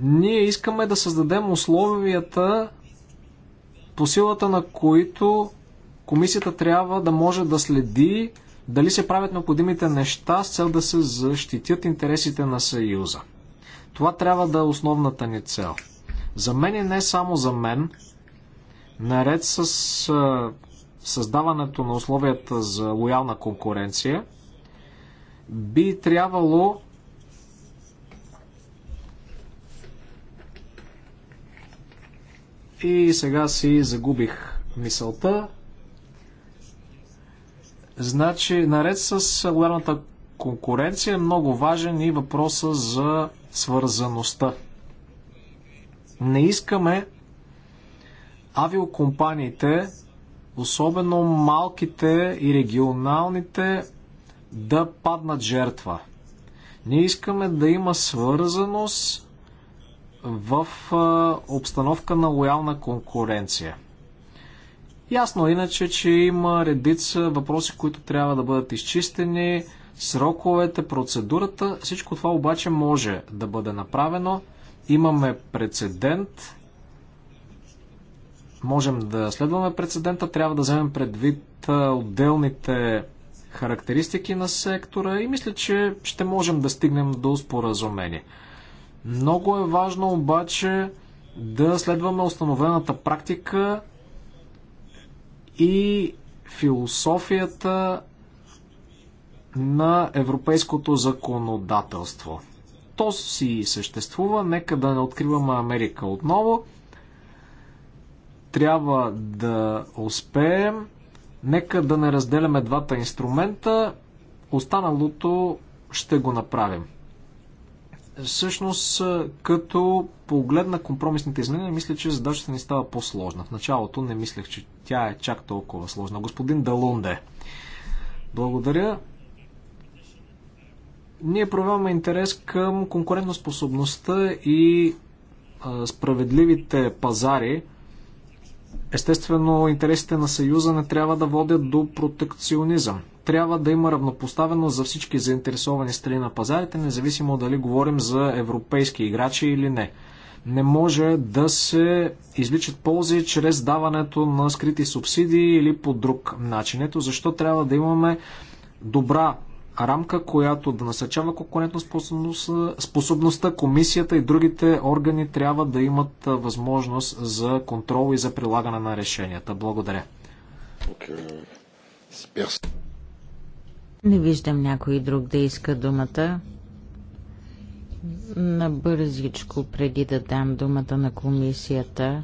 Ние искаме да създадем условията, по силата на които комисията трябва да може да следи дали се правят необходимите неща с цел да се защитят интересите на Съюза. Това трябва да е основната ни цел. За мен и не само за мен, наред с създаването на условията за лоялна конкуренция – би трябвало и сега си загубих мисълта. Значи, наред с голямата конкуренция е много важен и въпроса за свързаността. Не искаме авиокомпаниите, особено малките и регионалните, да паднат жертва. Ние искаме да има свързаност в обстановка на лоялна конкуренция. Ясно е иначе, че има редица въпроси, които трябва да бъдат изчистени, сроковете, процедурата. Всичко това обаче може да бъде направено. Имаме прецедент. Можем да следваме прецедента. Трябва да вземем предвид отделните характеристики на сектора и мисля, че ще можем да стигнем до споразумение. Много е важно обаче да следваме установената практика и философията на европейското законодателство. То си съществува, нека да не откриваме Америка отново. Трябва да успеем Нека да не разделяме двата инструмента, останалото ще го направим. Всъщност, като погледна компромисните изменения, мисля, че задачата ни става по-сложна. В началото не мислех, че тя е чак толкова сложна. Господин Далунде, благодаря. Ние проявяваме интерес към конкурентоспособността и справедливите пазари – Естествено, интересите на Съюза не трябва да водят до протекционизъм. Трябва да има равнопоставеност за всички заинтересовани страни на пазарите, независимо дали говорим за европейски играчи или не. Не може да се изличат ползи чрез даването на скрити субсидии или по друг начин. Ето защо трябва да имаме добра рамка, която да насъчава способността, комисията и другите органи трябва да имат възможност за контрол и за прилагане на решенията. Благодаря. Не виждам някой друг да иска думата. Набързичко, преди да дам думата на комисията,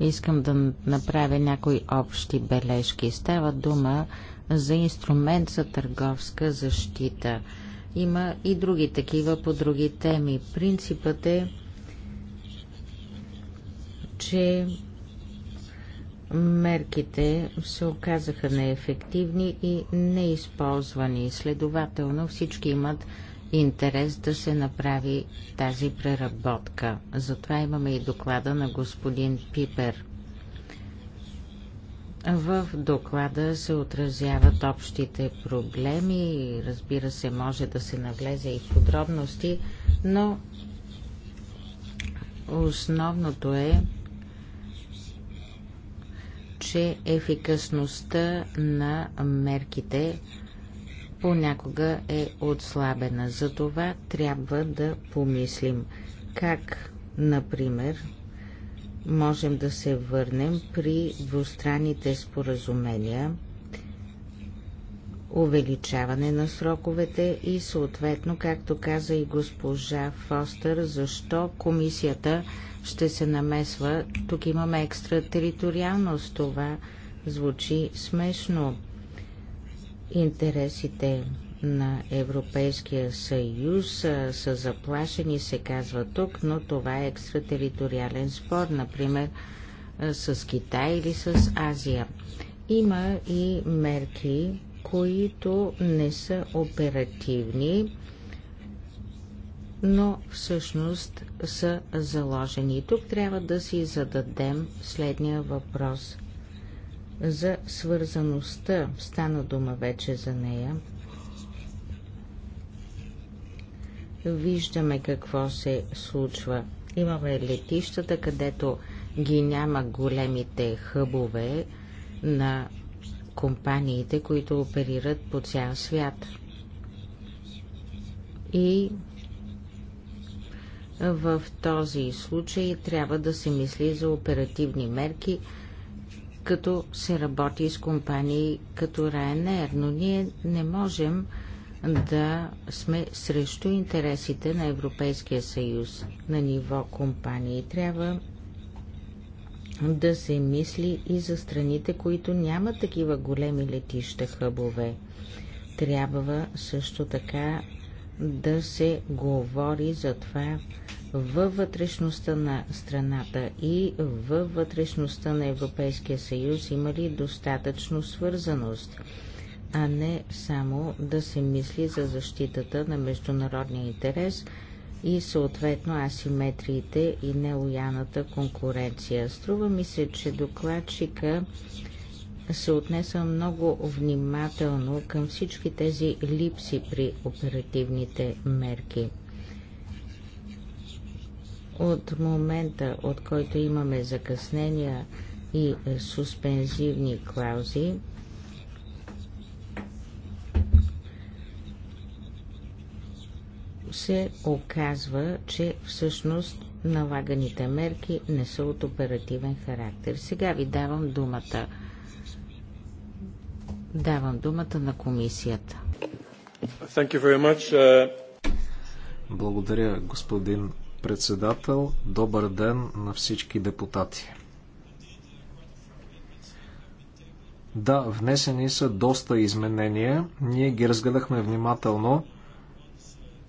искам да направя някои общи бележки. Става дума за инструмент за търговска защита. Има и други такива по други теми. Принципът е, че мерките се оказаха неефективни и неизползвани. Следователно всички имат интерес да се направи тази преработка. Затова имаме и доклада на господин Пипер. В доклада се отразяват общите проблеми и разбира се може да се навлезе и в подробности, но основното е, че ефикасността на мерките понякога е отслабена. За това трябва да помислим как, например, можем да се върнем при двустранните споразумения, увеличаване на сроковете и съответно, както каза и госпожа Фостър, защо комисията ще се намесва. Тук имаме екстратериториалност. Това звучи смешно. Интересите на Европейския съюз а, са заплашени, се казва тук, но това е екстратериториален спор, например а, с Китай или с Азия. Има и мерки, които не са оперативни, но всъщност са заложени. И тук трябва да си зададем следния въпрос – за свързаността, стана дума вече за нея, Виждаме какво се случва. Имаме летищата, където ги няма големите хъбове на компаниите, които оперират по цял свят. И в този случай трябва да се мисли за оперативни мерки, като се работи с компании като Ryanair, но ние не можем да сме срещу интересите на Европейския съюз на ниво компании. Трябва да се мисли и за страните, които нямат такива големи летища хъбове. Трябва също така да се говори за това във вътрешността на страната и във вътрешността на Европейския съюз има ли достатъчно свързаност а не само да се мисли за защитата на международния интерес и съответно асиметриите и нелояната конкуренция. Струва ми се, че докладчика се отнеса много внимателно към всички тези липси при оперативните мерки. От момента, от който имаме закъснения и суспензивни клаузи, се оказва, че всъщност налаганите мерки не са от оперативен характер. Сега ви давам думата. Давам думата на комисията. Thank you very much. Uh... Благодаря, господин председател. Добър ден на всички депутати. Да, внесени са доста изменения. Ние ги разгледахме внимателно.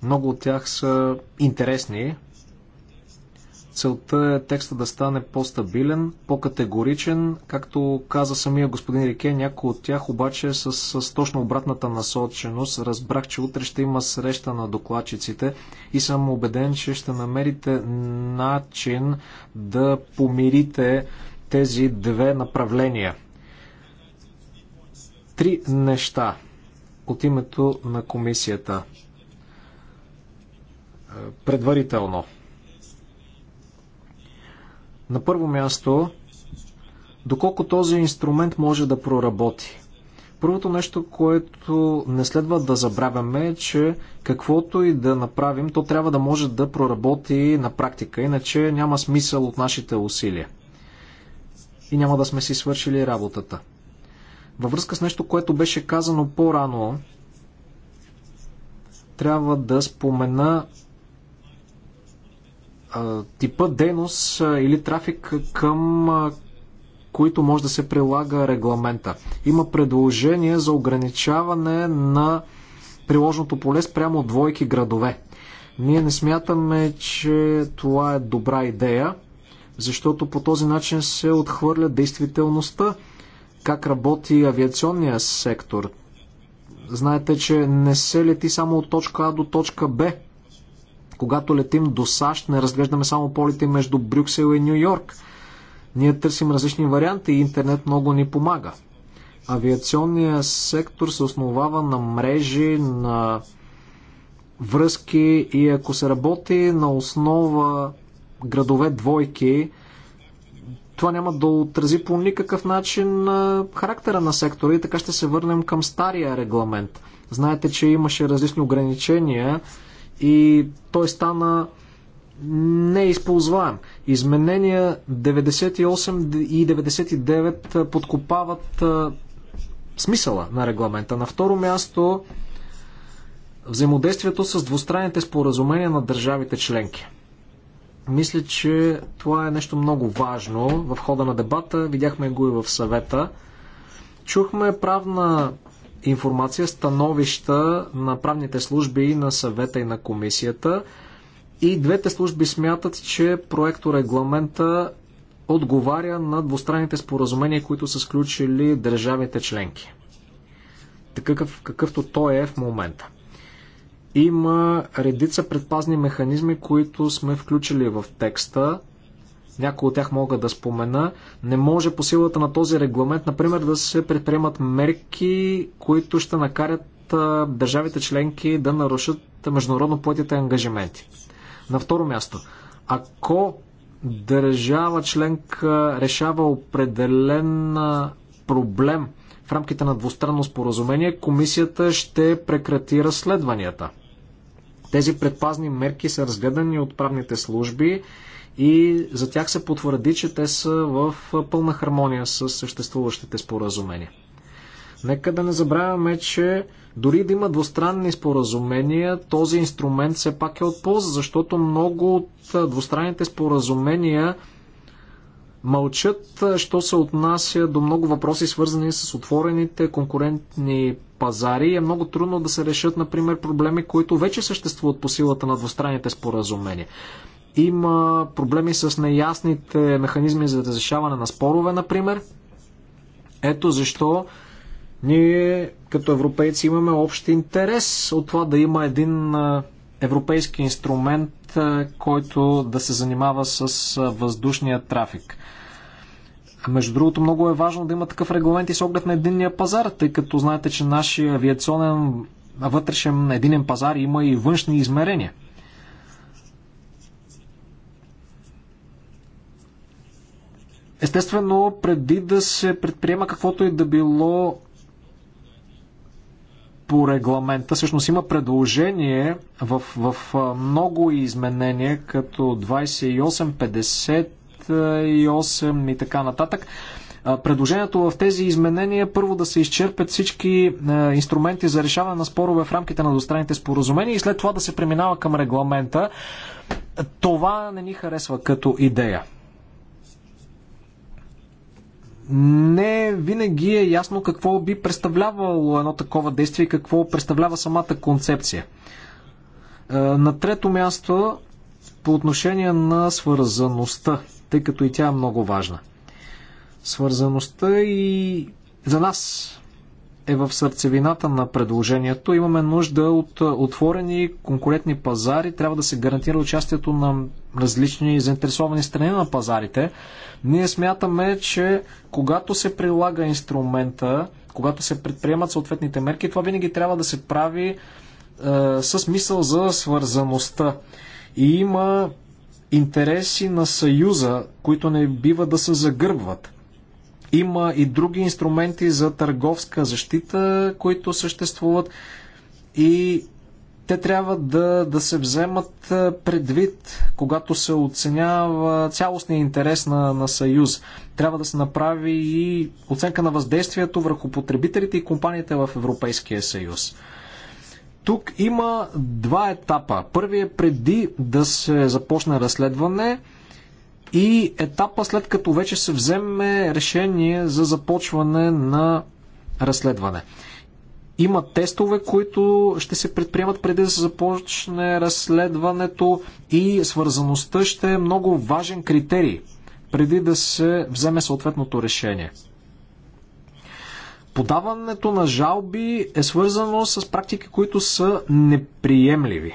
Много от тях са интересни. Целта е текста да стане по-стабилен, по-категоричен. Както каза самия господин Рике, някои от тях обаче с, с точно обратната насоченост. Разбрах, че утре ще има среща на докладчиците и съм убеден, че ще намерите начин да помирите тези две направления. Три неща от името на комисията – предварително. На първо място, доколко този инструмент може да проработи. Първото нещо, което не следва да забравяме е, че каквото и да направим, то трябва да може да проработи на практика, иначе няма смисъл от нашите усилия. И няма да сме си свършили работата. Във връзка с нещо, което беше казано по-рано, трябва да спомена типа дейност или трафик към които може да се прилага регламента. Има предложение за ограничаване на приложното поле спрямо от двойки градове. Ние не смятаме, че това е добра идея, защото по този начин се отхвърля действителността, как работи авиационния сектор. Знаете, че не се лети само от точка А до точка Б. Когато летим до САЩ, не разглеждаме само полите между Брюксел и Нью Йорк. Ние търсим различни варианти и интернет много ни помага. Авиационният сектор се основава на мрежи, на връзки и ако се работи на основа градове двойки, това няма да отрази по никакъв начин характера на сектора и така ще се върнем към стария регламент. Знаете, че имаше различни ограничения и той стана неизползваем. Изменения 98 и 99 подкопават смисъла на регламента. На второ място взаимодействието с двустранните споразумения на държавите членки. Мисля, че това е нещо много важно в хода на дебата. Видяхме го и в съвета. Чухме правна информация, становища на правните служби и на съвета и на комисията. И двете служби смятат, че проекторегламента отговаря на двустранните споразумения, които са сключили държавите членки. Такъв какъвто той е в момента. Има редица предпазни механизми, които сме включили в текста някои от тях мога да спомена, не може по силата на този регламент, например, да се предприемат мерки, които ще накарат държавите членки да нарушат международно платите ангажименти. На второ място, ако държава членка решава определен проблем в рамките на двустранно споразумение, комисията ще прекрати разследванията. Тези предпазни мерки са разгледани от правните служби и за тях се потвърди, че те са в пълна хармония с съществуващите споразумения. Нека да не забравяме, че дори да има двустранни споразумения, този инструмент все пак е от полза, защото много от двустранните споразумения мълчат, що се отнася до много въпроси, свързани с отворените конкурентни пазари. Е много трудно да се решат, например, проблеми, които вече съществуват по силата на двустранните споразумения. Има проблеми с неясните механизми за разрешаване на спорове, например. Ето защо ние като европейци имаме общ интерес от това да има един европейски инструмент, който да се занимава с въздушния трафик. Между другото, много е важно да има такъв регламент и с оглед на единния пазар, тъй като знаете, че нашия авиационен вътрешен единен пазар има и външни измерения – Естествено, преди да се предприема каквото и да било по регламента, всъщност има предложение в, в много изменения, като 28, 58 и така нататък. Предложението в тези изменения е първо да се изчерпят всички инструменти за решаване на спорове в рамките на двустранните споразумения и след това да се преминава към регламента. Това не ни харесва като идея не винаги е ясно какво би представлявало едно такова действие и какво представлява самата концепция. Е, на трето място, по отношение на свързаността, тъй като и тя е много важна. Свързаността и за нас е в сърцевината на предложението. Имаме нужда от отворени конкурентни пазари. Трябва да се гарантира участието на различни заинтересовани страни на пазарите. Ние смятаме, че когато се прилага инструмента, когато се предприемат съответните мерки, това винаги трябва да се прави е, с мисъл за свързаността. И има интереси на Съюза, които не бива да се загърбват. Има и други инструменти за търговска защита, които съществуват и те трябва да, да се вземат предвид, когато се оценява цялостния интерес на, на Съюз. Трябва да се направи и оценка на въздействието върху потребителите и компаниите в Европейския съюз. Тук има два етапа. Първият е преди да се започне разследване – и етапа след като вече се вземе решение за започване на разследване. Има тестове, които ще се предприемат преди да се започне разследването и свързаността ще е много важен критерий преди да се вземе съответното решение. Подаването на жалби е свързано с практики, които са неприемливи.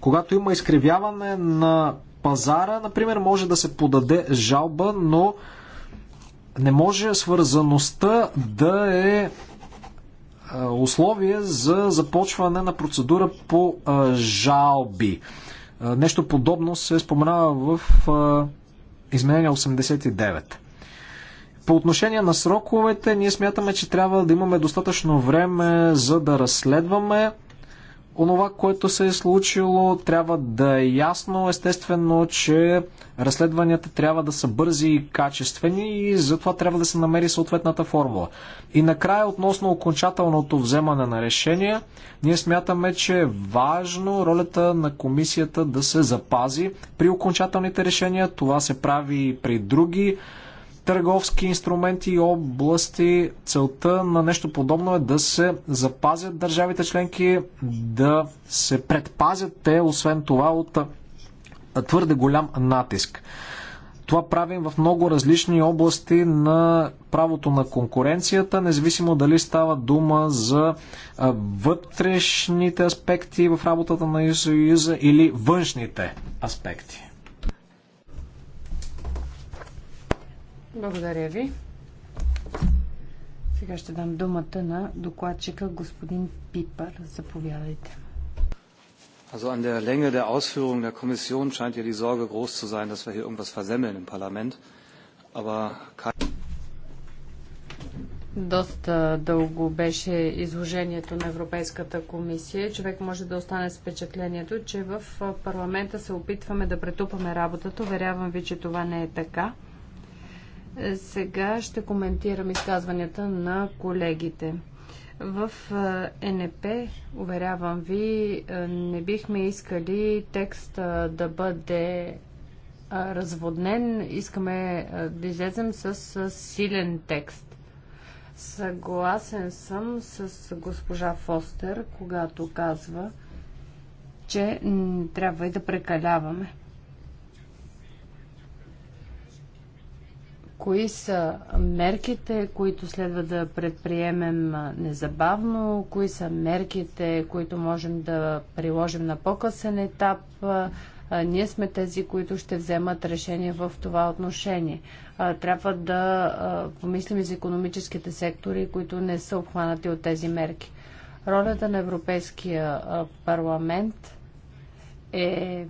Когато има изкривяване на пазара, например, може да се подаде жалба, но не може свързаността да е, е условие за започване на процедура по е, жалби. Е, нещо подобно се споменава в изменение 89. По отношение на сроковете, ние смятаме, че трябва да имаме достатъчно време за да разследваме онова, което се е случило, трябва да е ясно. Естествено, че разследванията трябва да са бързи и качествени и затова трябва да се намери съответната формула. И накрая, относно окончателното вземане на решения, ние смятаме, че е важно ролята на комисията да се запази при окончателните решения. Това се прави и при други търговски инструменти и области. Целта на нещо подобно е да се запазят държавите членки, да се предпазят те, освен това, от твърде голям натиск. Това правим в много различни области на правото на конкуренцията, независимо дали става дума за вътрешните аспекти в работата на Съюза или външните аспекти. Благодаря ви. Сега ще дам думата на докладчика господин Пипър. Заповядайте. Also an der Länge der Ausführungen der Kommission scheint ja die Sorge groß zu sein, dass wir hier irgendwas versemmeln im Parlament. Aber доста дълго беше изложението на Европейската комисия. Човек може да остане с впечатлението, че в парламента се опитваме да претупаме работата. Уверявам ви, че това не е така. Сега ще коментирам изказванията на колегите. В НП, уверявам ви, не бихме искали текст да бъде разводнен. Искаме да излезем с силен текст. Съгласен съм с госпожа Фостер, когато казва, че трябва и да прекаляваме. кои са мерките, които следва да предприемем незабавно, кои са мерките, които можем да приложим на по-късен етап. Ние сме тези, които ще вземат решение в това отношение. Трябва да помислим и за економическите сектори, които не са обхванати от тези мерки. Ролята на Европейския парламент – е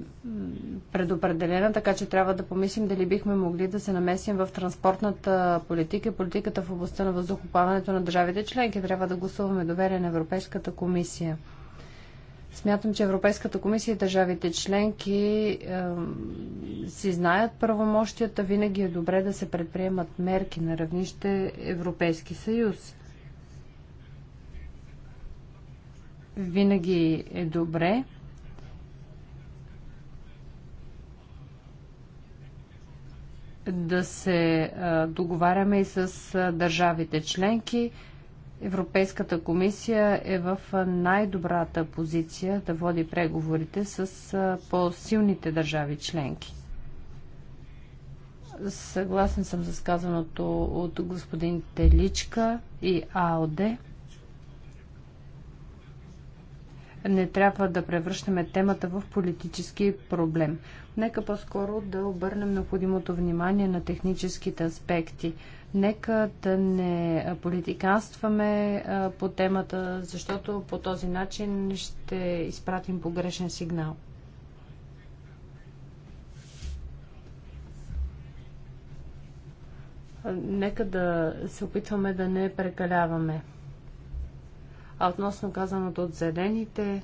предопределена, така че трябва да помислим дали бихме могли да се намесим в транспортната политика и политиката в областта на въздухоплаването на държавите членки. Трябва да гласуваме доверие на Европейската комисия. Смятам, че Европейската комисия и държавите членки е, си знаят правомощията. Винаги е добре да се предприемат мерки на равнище Европейски съюз. Винаги е добре да се договаряме и с държавите членки. Европейската комисия е в най-добрата позиция да води преговорите с по-силните държави членки. Съгласен съм с казаното от господин Теличка и АОД. Не трябва да превръщаме темата в политически проблем. Нека по-скоро да обърнем необходимото внимание на техническите аспекти. Нека да не политиканстваме по темата, защото по този начин ще изпратим погрешен сигнал. Нека да се опитваме да не прекаляваме. А относно казаното от зелените,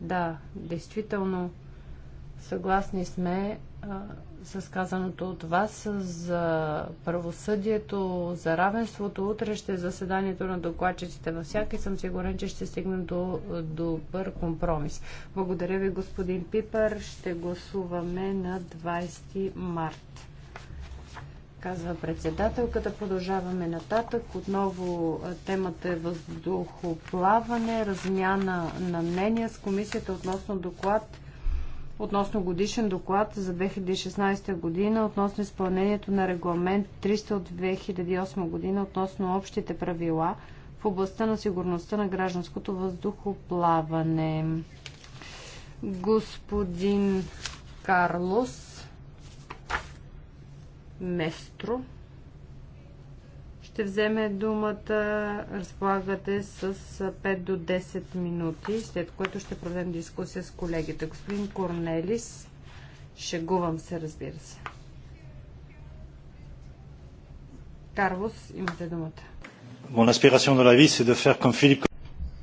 да, действително Съгласни сме а, с казаното от вас за правосъдието, за равенството. Утре ще е заседанието на докладчиците на всяка и съм сигурен, че ще стигнем до добър компромис. Благодаря ви, господин Пипър. Ще гласуваме на 20 март казва председателката. Продължаваме нататък. Отново темата е въздухоплаване, размяна на мнения с комисията относно доклад относно годишен доклад за 2016 година относно изпълнението на регламент 300 от 2008 година относно общите правила в областта на сигурността на гражданското въздухоплаване. Господин Карлос Местро ще вземе думата. Разполагате с 5 до 10 минути, след което ще проведем дискусия с колегите. Господин Корнелис, шегувам се, разбира се. Карлос, имате думата. Mon aspiration de la vie, c'est de faire comme Philippe.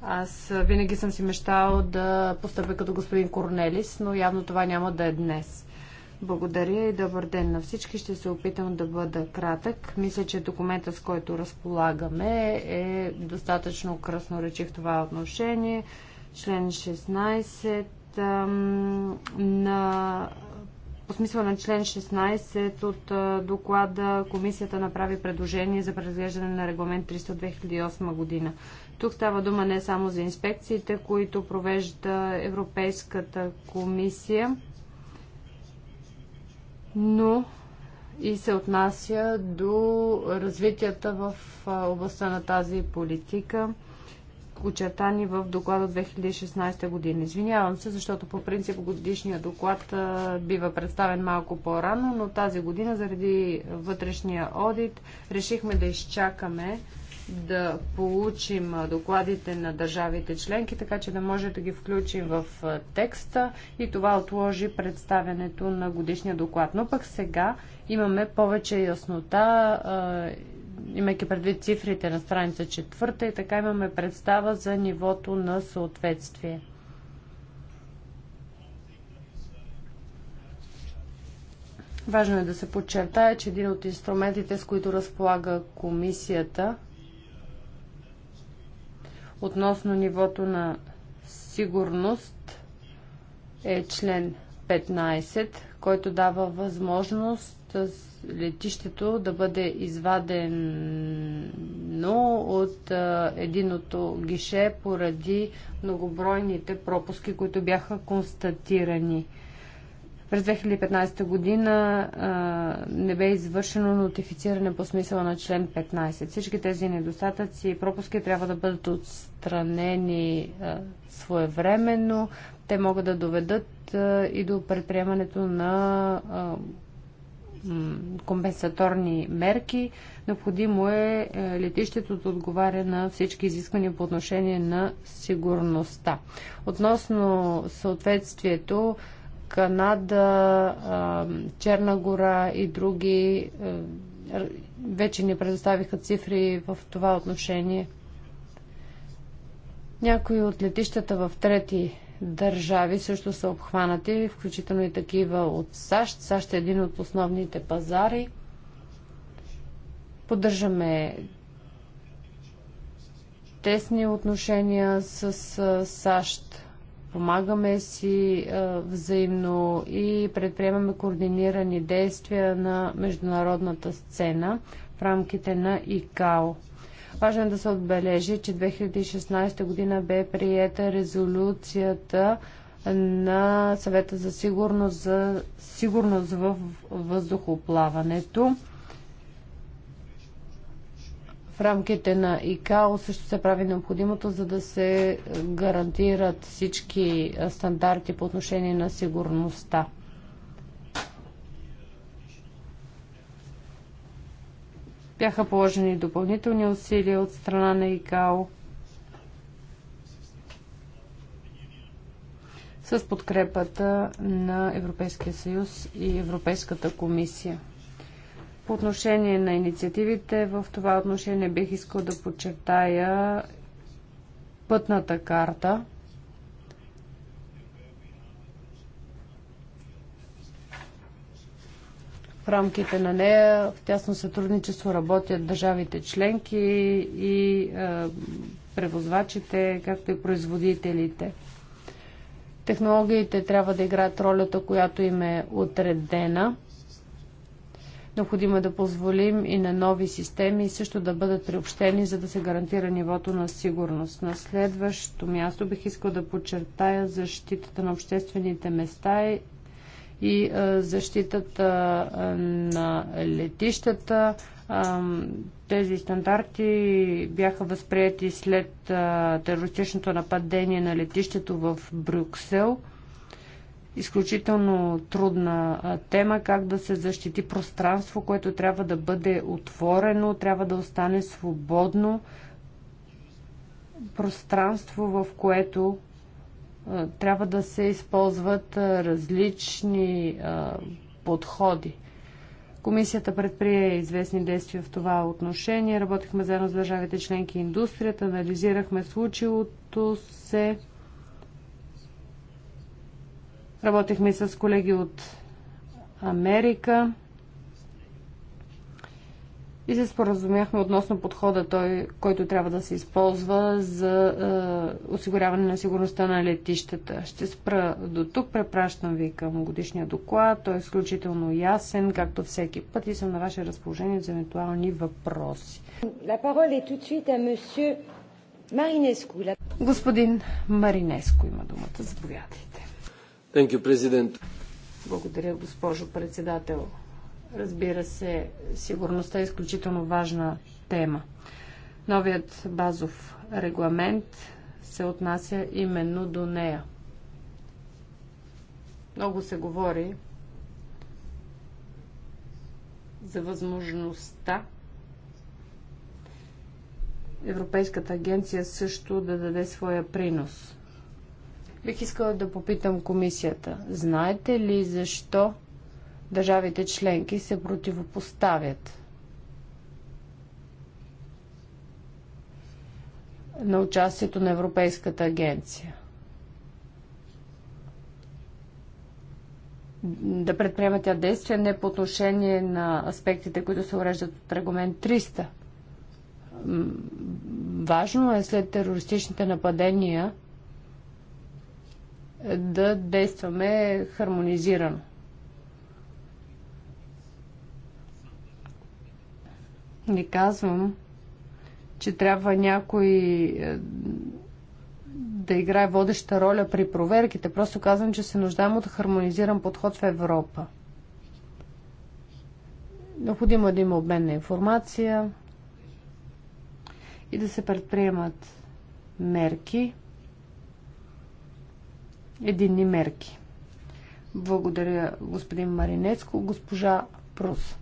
Аз винаги съм си мечтал да постъпя като господин Корнелис, но явно това няма да е днес. Благодаря и добър ден на всички. Ще се опитам да бъда кратък. Мисля, че документът, с който разполагаме, е достатъчно красноречив в това отношение. Член 16 на по смисъл на член 16 от доклада комисията направи предложение за преразглеждане на регламент 300 2008 година. Тук става дума не само за инспекциите, които провежда Европейската комисия, но и се отнася до развитията в областта на тази политика, очертани в доклада от 2016 година. Извинявам се, защото по принцип годишния доклад бива представен малко по-рано, но тази година заради вътрешния одит решихме да изчакаме да получим докладите на държавите членки, така че да може да ги включим в текста и това отложи представянето на годишния доклад. Но пък сега имаме повече яснота, имайки предвид цифрите на страница четвърта и така имаме представа за нивото на съответствие. Важно е да се подчертая, че един от инструментите, с които разполага комисията – относно нивото на сигурност е член 15, който дава възможност летището да бъде извадено от единото гише поради многобройните пропуски, които бяха констатирани. През 2015 година а, не бе извършено нотифициране по смисъла на член 15. Всички тези недостатъци и пропуски трябва да бъдат отстранени а, своевременно. Те могат да доведат а, и до предприемането на а, компенсаторни мерки. Необходимо е, е летището да отговаря на всички изисквания по отношение на сигурността. Относно съответствието, Канада, Черна гора и други вече ни предоставиха цифри в това отношение. Някои от летищата в трети държави също са обхванати, включително и такива от САЩ. САЩ е един от основните пазари. Поддържаме тесни отношения с САЩ Помагаме си взаимно и предприемаме координирани действия на международната сцена в рамките на ИКАО. Важно е да се отбележи, че 2016 година бе приета резолюцията на съвета за сигурност, за сигурност в въздухоплаването. В рамките на ИКАО също се прави необходимото, за да се е, гарантират всички е, стандарти по отношение на сигурността. Бяха положени допълнителни усилия от страна на ИКАО с подкрепата на Европейския съюз и Европейската комисия. По отношение на инициативите, в това отношение бих искал да подчертая пътната карта. В рамките на нея в тясно сътрудничество работят държавите членки и е, превозвачите, както и производителите. Технологиите трябва да играят ролята, която им е отредена – Необходимо е да позволим и на нови системи също да бъдат приобщени, за да се гарантира нивото на сигурност. На следващо място бих искал да подчертая защитата на обществените места и защитата на летищата. Тези стандарти бяха възприяти след терористичното нападение на летището в Брюксел – изключително трудна тема, как да се защити пространство, което трябва да бъде отворено, трябва да остане свободно пространство, в което трябва да се използват различни подходи. Комисията предприе известни действия в това отношение. Работихме заедно с държавите членки и индустрията, анализирахме случилото се Работихме с колеги от Америка и се споразумяхме относно подхода, той, който трябва да се използва за е, осигуряване на сигурността на летищата. Ще спра до тук, препращам ви към годишния доклад. Той е изключително ясен, както всеки път и съм на ваше разположение за евентуални въпроси. Господин Маринеско има думата. Заповядайте. You, Благодаря, госпожо председател. Разбира се, сигурността е изключително важна тема. Новият базов регламент се отнася именно до нея. Много се говори за възможността Европейската агенция също да даде своя принос – Бих искала да попитам комисията. Знаете ли защо държавите членки се противопоставят на участието на Европейската агенция? да предприема тя действия не по отношение на аспектите, които се уреждат от регламент 300. Важно е след терористичните нападения да действаме хармонизирано. Не казвам, че трябва някой е, да играе водеща роля при проверките. Просто казвам, че се нуждаем от хармонизиран подход в Европа. Необходимо е да има обмен на информация и да се предприемат мерки, единни мерки. Благодаря, господин Маринецко. Госпожа Прус.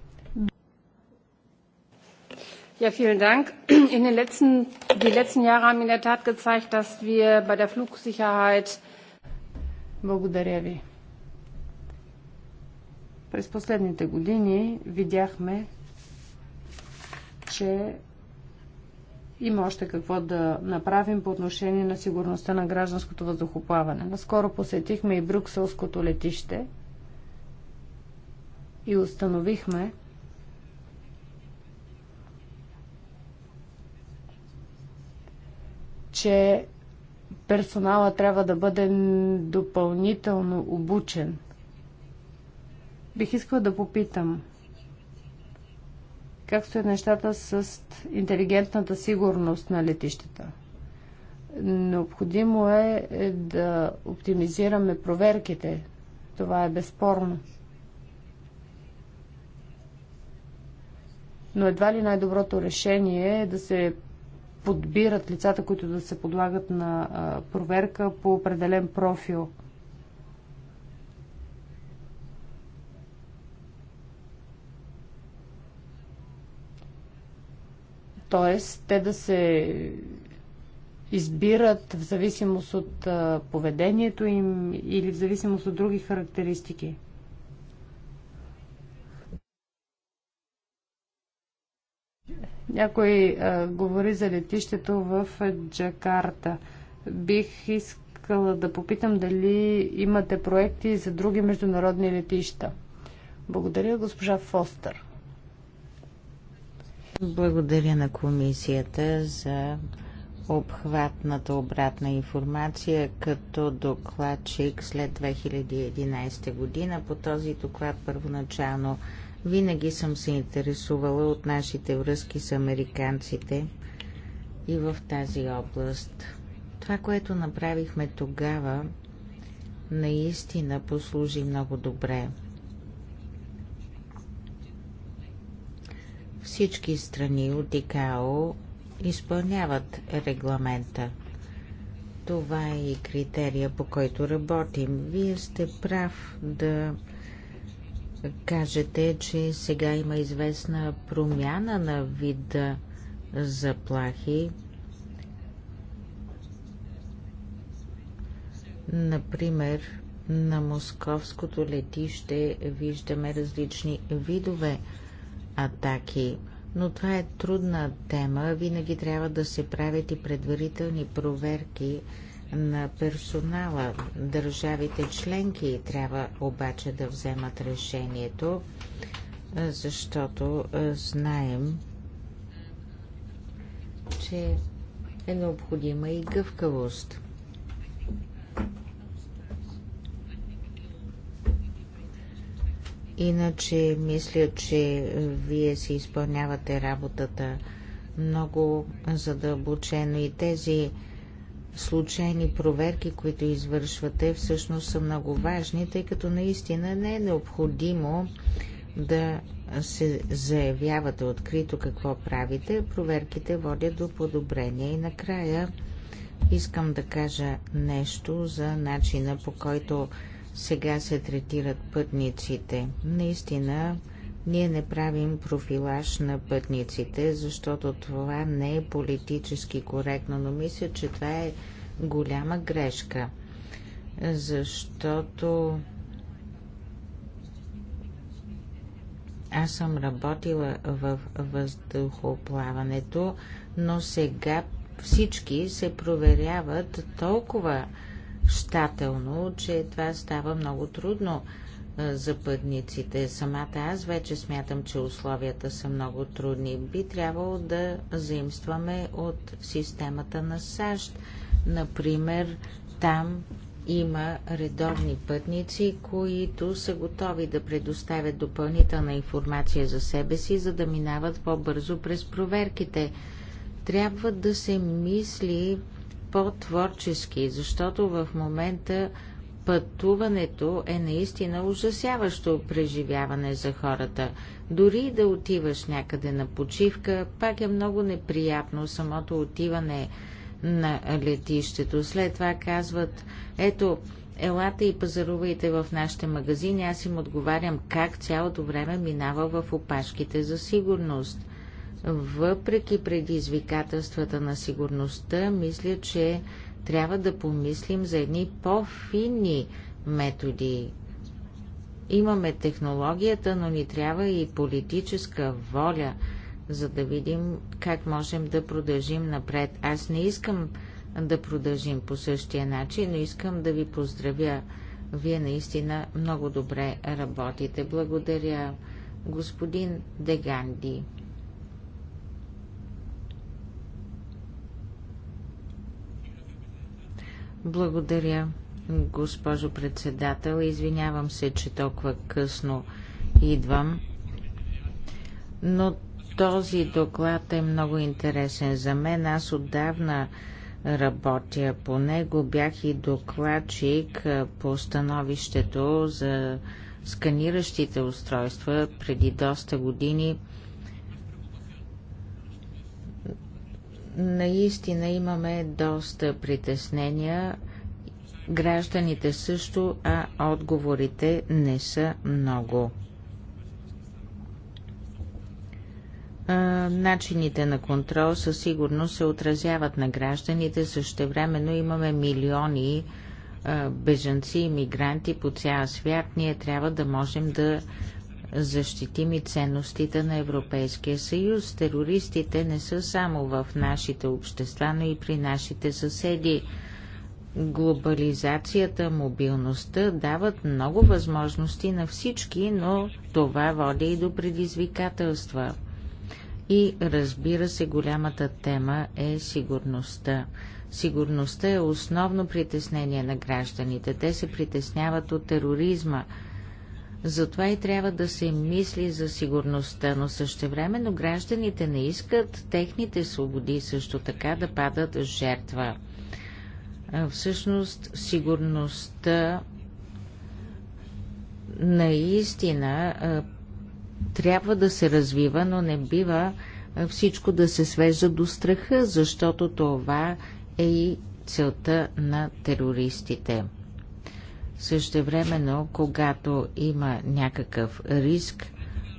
Ja, vielen Dank. In den letzten, die letzten Jahre haben in der Tat gezeigt, dass wir bei der Flugsicherheit. Благодаря ви. През последните години видяхме, че има още какво да направим по отношение на сигурността на гражданското въздухоплаване. Наскоро посетихме и Брюкселското летище и установихме, че персонала трябва да бъде допълнително обучен. Бих искала да попитам, как стоят нещата с интелигентната сигурност на летищата? Необходимо е, е да оптимизираме проверките. Това е безспорно. Но едва ли най-доброто решение е да се подбират лицата, които да се подлагат на проверка по определен профил – т.е. те да се избират в зависимост от поведението им или в зависимост от други характеристики. Някой а, говори за летището в Джакарта. Бих искала да попитам дали имате проекти за други международни летища. Благодаря, госпожа Фостер. Благодаря на комисията за обхватната обратна информация като докладчик след 2011 година. По този доклад първоначално винаги съм се интересувала от нашите връзки с американците и в тази област. Това, което направихме тогава, наистина послужи много добре. Всички страни от ИКАО изпълняват регламента. Това е и критерия, по който работим. Вие сте прав да кажете, че сега има известна промяна на вида заплахи. Например, на московското летище виждаме различни видове атаки. Но това е трудна тема. Винаги трябва да се правят и предварителни проверки на персонала. Държавите членки трябва обаче да вземат решението, защото знаем, че е необходима и гъвкавост. Иначе мисля, че вие си изпълнявате работата много задълбочено и тези случайни проверки, които извършвате, всъщност са много важни, тъй като наистина не е необходимо да се заявявате открито какво правите. Проверките водят до подобрение. И накрая искам да кажа нещо за начина по който сега се третират пътниците. Наистина, ние не правим профилаж на пътниците, защото това не е политически коректно, но мисля, че това е голяма грешка, защото аз съм работила в въздухоплаването, но сега всички се проверяват толкова щателно, че това става много трудно за пътниците. Самата аз вече смятам, че условията са много трудни. Би трябвало да заимстваме от системата на САЩ. Например, там има редовни пътници, които са готови да предоставят допълнителна информация за себе си, за да минават по-бързо през проверките. Трябва да се мисли по-творчески, защото в момента пътуването е наистина ужасяващо преживяване за хората. Дори да отиваш някъде на почивка, пак е много неприятно самото отиване на летището. След това казват, ето, елате и пазарувайте в нашите магазини. Аз им отговарям как цялото време минава в опашките за сигурност. Въпреки предизвикателствата на сигурността, мисля, че трябва да помислим за едни по-финни методи. Имаме технологията, но ни трябва и политическа воля, за да видим как можем да продължим напред. Аз не искам да продължим по същия начин, но искам да ви поздравя. Вие наистина много добре работите. Благодаря, господин Деганди. Благодаря, госпожо председател. Извинявам се, че толкова късно идвам, но този доклад е много интересен за мен. Аз отдавна работя по него. Бях и докладчик по становището за сканиращите устройства преди доста години. Наистина имаме доста притеснения. Гражданите също, а отговорите не са много. начините на контрол със сигурност се отразяват на гражданите. Същевременно имаме милиони бежанци и мигранти по цял свят. Ние трябва да можем да Защитими ценностите на Европейския съюз. Терористите не са само в нашите общества, но и при нашите съседи. Глобализацията, мобилността дават много възможности на всички, но това води и до предизвикателства. И разбира се, голямата тема е сигурността. Сигурността е основно притеснение на гражданите. Те се притесняват от тероризма – затова и трябва да се мисли за сигурността, но същевременно гражданите не искат техните свободи също така да падат жертва. Всъщност сигурността наистина трябва да се развива, но не бива всичко да се свежда до страха, защото това е и целта на терористите. Същевременно, когато има някакъв риск,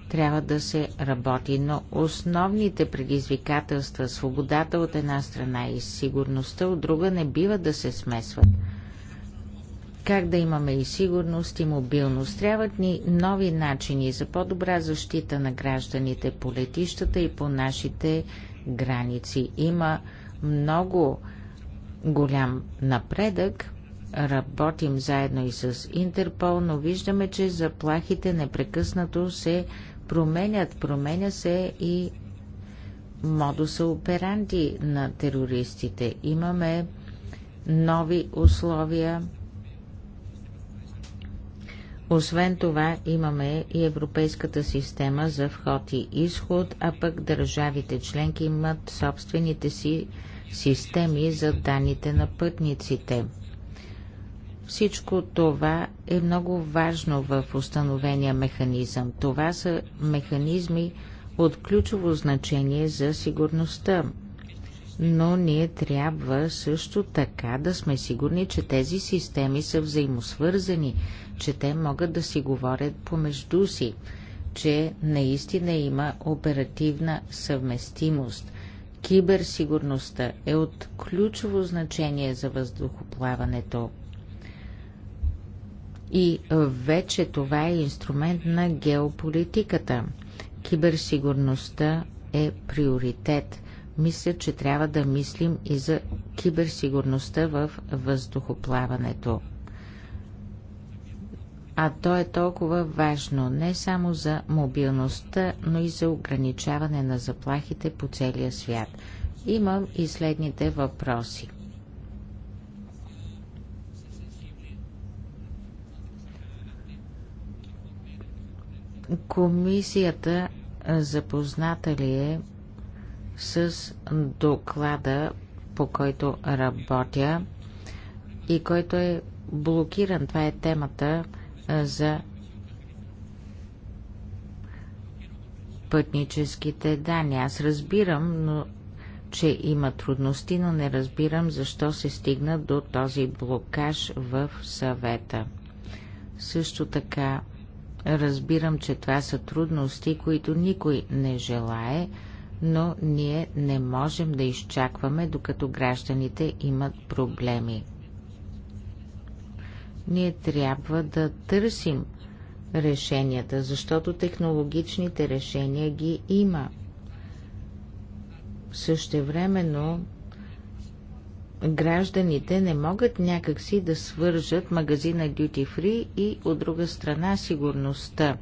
трябва да се работи, но основните предизвикателства, свободата от една страна и сигурността от друга не бива да се смесват. Как да имаме и сигурност, и мобилност? Трябват ни нови начини за по-добра защита на гражданите по летищата и по нашите граници. Има много голям напредък Работим заедно и с Интерпол, но виждаме, че заплахите непрекъснато се променят. Променя се и модуса операнди на терористите. Имаме нови условия. Освен това имаме и Европейската система за вход и изход, а пък държавите членки имат собствените си системи за данните на пътниците – всичко това е много важно в установения механизъм. Това са механизми от ключово значение за сигурността. Но ние трябва също така да сме сигурни, че тези системи са взаимосвързани, че те могат да си говорят помежду си, че наистина има оперативна съвместимост – Киберсигурността е от ключово значение за въздухоплаването. И вече това е инструмент на геополитиката. Киберсигурността е приоритет. Мисля, че трябва да мислим и за киберсигурността в въздухоплаването. А то е толкова важно не само за мобилността, но и за ограничаване на заплахите по целия свят. Имам и следните въпроси. Комисията запозната ли е с доклада, по който работя и който е блокиран? Това е темата за пътническите данни. Аз разбирам, но че има трудности, но не разбирам защо се стигна до този блокаж в съвета. Също така Разбирам, че това са трудности, които никой не желае, но ние не можем да изчакваме, докато гражданите имат проблеми. Ние трябва да търсим решенията, защото технологичните решения ги има. Същевременно гражданите не могат някакси да свържат магазина Duty Free и от друга страна сигурността.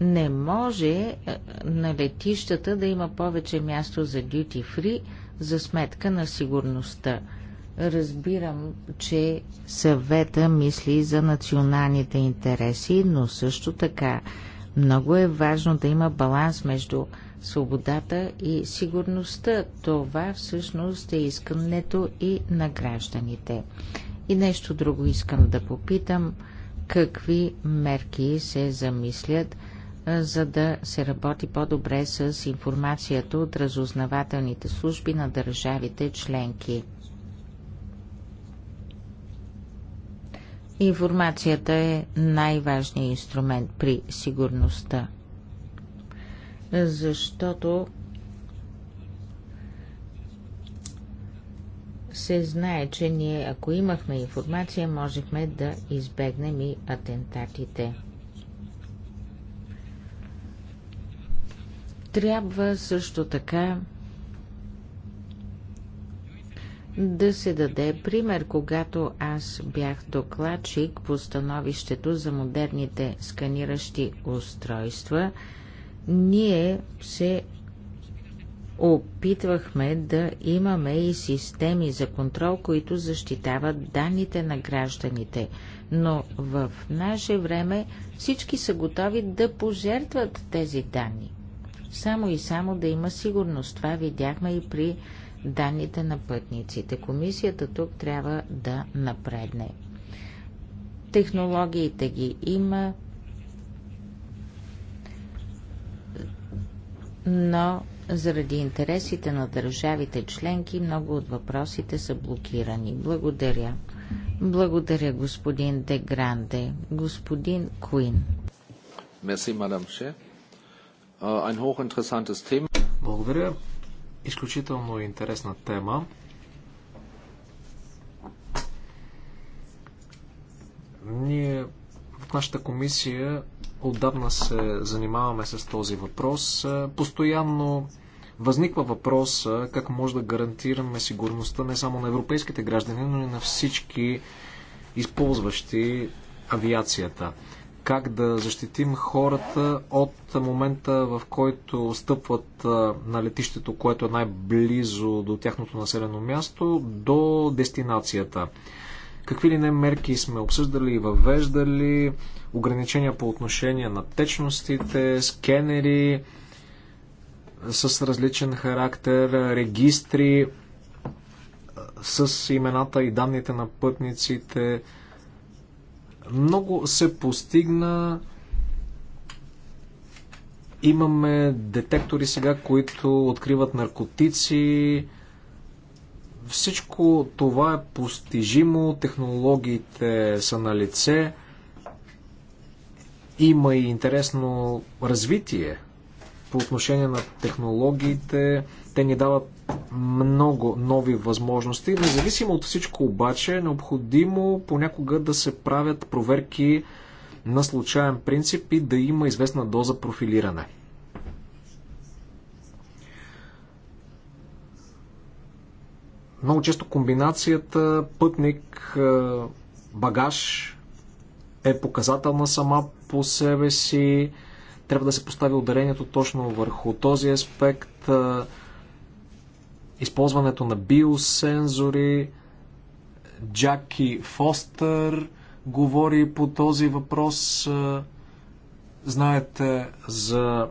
Не може е, на летищата да има повече място за Duty Free за сметка на сигурността. Разбирам, че съвета мисли за националните интереси, но също така много е важно да има баланс между свободата и сигурността. Това всъщност е искането и на гражданите. И нещо друго искам да попитам. Какви мерки се замислят, за да се работи по-добре с информацията от разузнавателните служби на държавите членки? Информацията е най-важният инструмент при сигурността защото се знае, че ние, ако имахме информация, можехме да избегнем и атентатите. Трябва също така да се даде пример, когато аз бях докладчик по становището за модерните сканиращи устройства – ние се опитвахме да имаме и системи за контрол, които защитават данните на гражданите. Но в наше време всички са готови да пожертват тези данни. Само и само да има сигурност. Това видяхме и при данните на пътниците. Комисията тук трябва да напредне. Технологиите ги има, но заради интересите на държавите членки много от въпросите са блокирани. Благодаря. Благодаря, господин Де Гранде. Господин Куин. Мерси, мадам Ше. Ein hochinteressantes Thema. Благодаря. Изключително интересна тема. Ние в нашата комисия Отдавна се занимаваме с този въпрос. Е, постоянно възниква въпрос е, как може да гарантираме сигурността не само на европейските граждани, но и на всички използващи авиацията. Как да защитим хората от момента, в който стъпват е, на летището, което е най-близо до тяхното населено място, до дестинацията. Какви ли не мерки сме обсъждали и въвеждали, ограничения по отношение на течностите, скенери с различен характер, регистри с имената и данните на пътниците. Много се постигна имаме детектори сега, които откриват наркотици, всичко това е постижимо, технологиите са на лице, има и интересно развитие по отношение на технологиите. Те ни дават много нови възможности. Независимо от всичко обаче е необходимо понякога да се правят проверки на случайен принцип и да има известна доза профилиране. Много често комбинацията пътник, е, багаж е показателна сама по себе си. Трябва да се постави ударението точно върху този аспект. Е, използването на биосензори. Джаки Фостър говори по този въпрос. Е, знаете за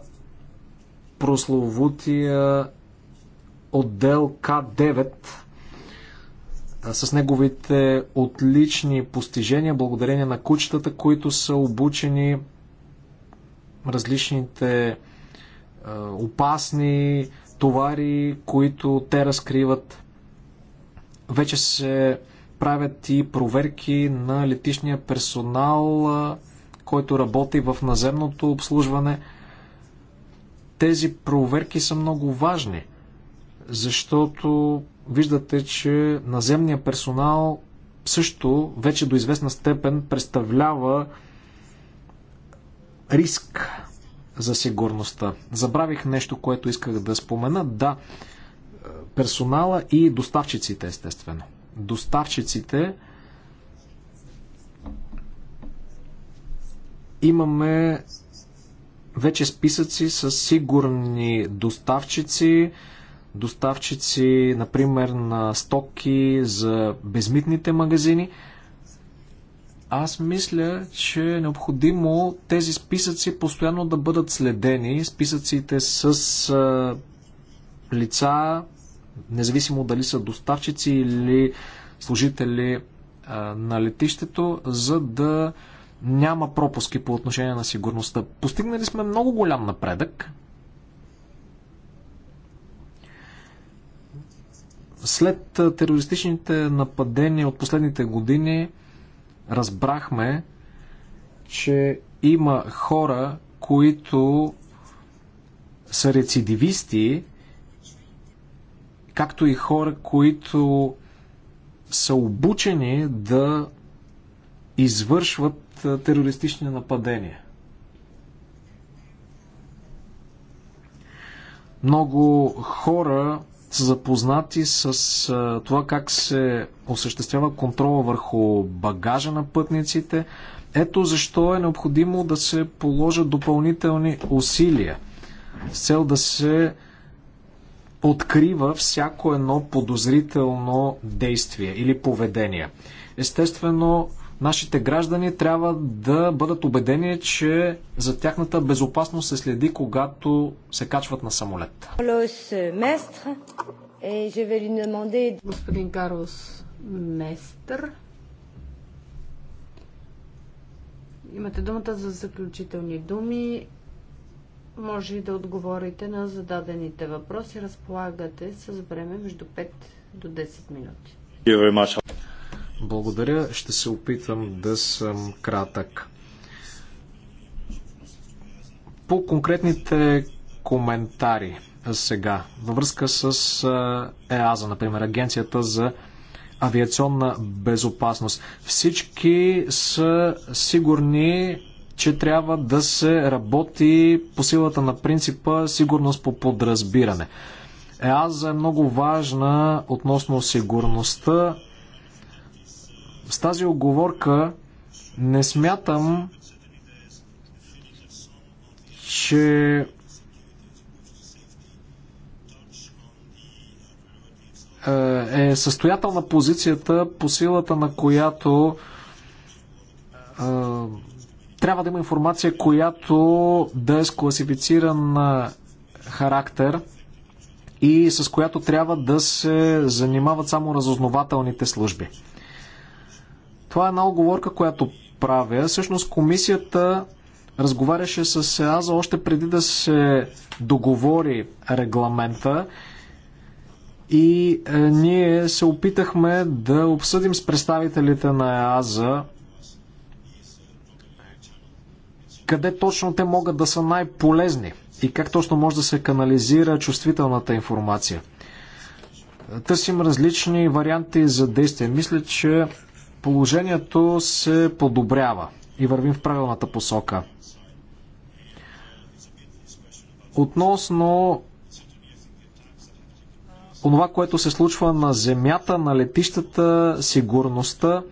прословутия отдел К9 с неговите отлични постижения, благодарение на кучетата, които са обучени различните опасни товари, които те разкриват. Вече се правят и проверки на летишния персонал, който работи в наземното обслужване. Тези проверки са много важни, защото виждате, че наземният персонал също вече до известна степен представлява риск за сигурността. Забравих нещо, което исках да спомена. Да, персонала и доставчиците, естествено. Доставчиците имаме вече списъци с сигурни доставчици, доставчици, например, на стоки за безмитните магазини. Аз мисля, че е необходимо тези списъци постоянно да бъдат следени, списъците с а, лица, независимо дали са доставчици или служители а, на летището, за да няма пропуски по отношение на сигурността. Постигнали сме много голям напредък, След терористичните нападения от последните години разбрахме, че има хора, които са рецидивисти, както и хора, които са обучени да извършват терористични нападения. Много хора са запознати с това как се осъществява контрола върху багажа на пътниците. Ето защо е необходимо да се положат допълнителни усилия с цел да се открива всяко едно подозрително действие или поведение. Естествено, Нашите граждани трябва да бъдат убедени, че за тяхната безопасност се следи, когато се качват на самолет. Е, Господин Карлос Местър, имате думата за заключителни думи. Може и да отговорите на зададените въпроси. Разполагате с време между 5 до 10 минути. Благодаря. Ще се опитам да съм кратък. По конкретните коментари сега, във връзка с ЕАЗа, например, Агенцията за авиационна безопасност. Всички са сигурни, че трябва да се работи по силата на принципа сигурност по подразбиране. ЕАЗа е много важна относно сигурността с тази оговорка не смятам, че е, е състоятелна позицията, по силата на която е, трябва да има информация, която да е с класифициран е, характер и с която трябва да се занимават само разузнавателните служби. Това е една оговорка, която правя. Всъщност комисията разговаряше с ЕАЗа още преди да се договори регламента и е, ние се опитахме да обсъдим с представителите на ЕАЗа къде точно те могат да са най-полезни и как точно може да се канализира чувствителната информация. Търсим различни варианти за действие. Мисля, че положението се подобрява и вървим в правилната посока. Относно онова, което се случва на земята, на летищата, сигурността,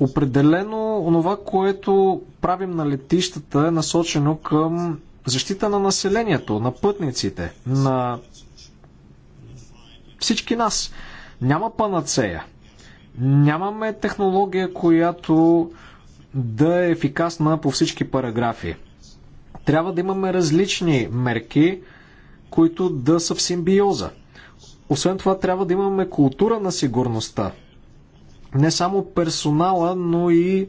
определено онова, което правим на летищата е насочено към защита на населението, на пътниците, на всички нас. Няма панацея. Нямаме технология, която да е ефикасна по всички параграфи. Трябва да имаме различни мерки, които да са в симбиоза. Освен това, трябва да имаме култура на сигурността. Не само персонала, но и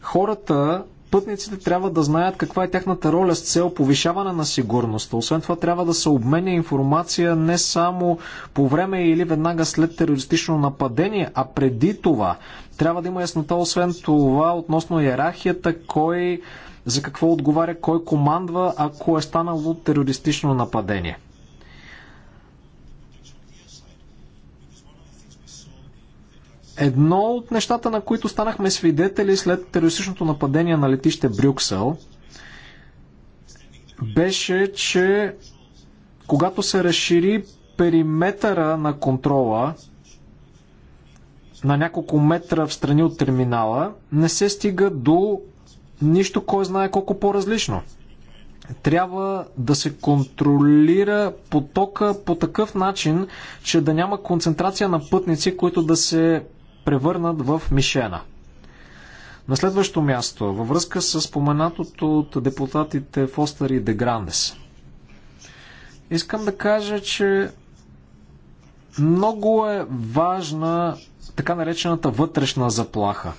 хората пътниците трябва да знаят каква е тяхната роля с цел повишаване на сигурността. Освен това трябва да се обменя информация не само по време или веднага след терористично нападение, а преди това. Трябва да има яснота, освен това, относно иерархията, кой за какво отговаря, кой командва, ако е станало терористично нападение. Едно от нещата, на които станахме свидетели след терористичното нападение на летище Брюксел, беше, че когато се разшири периметъра на контрола на няколко метра в страни от терминала, не се стига до нищо, кой знае колко по-различно. Трябва да се контролира потока по такъв начин, че да няма концентрация на пътници, които да се превърнат в мишена. На следващо място, във връзка с споменатото от депутатите Фостер и Деграндес. Искам да кажа, че много е важна така наречената вътрешна заплаха.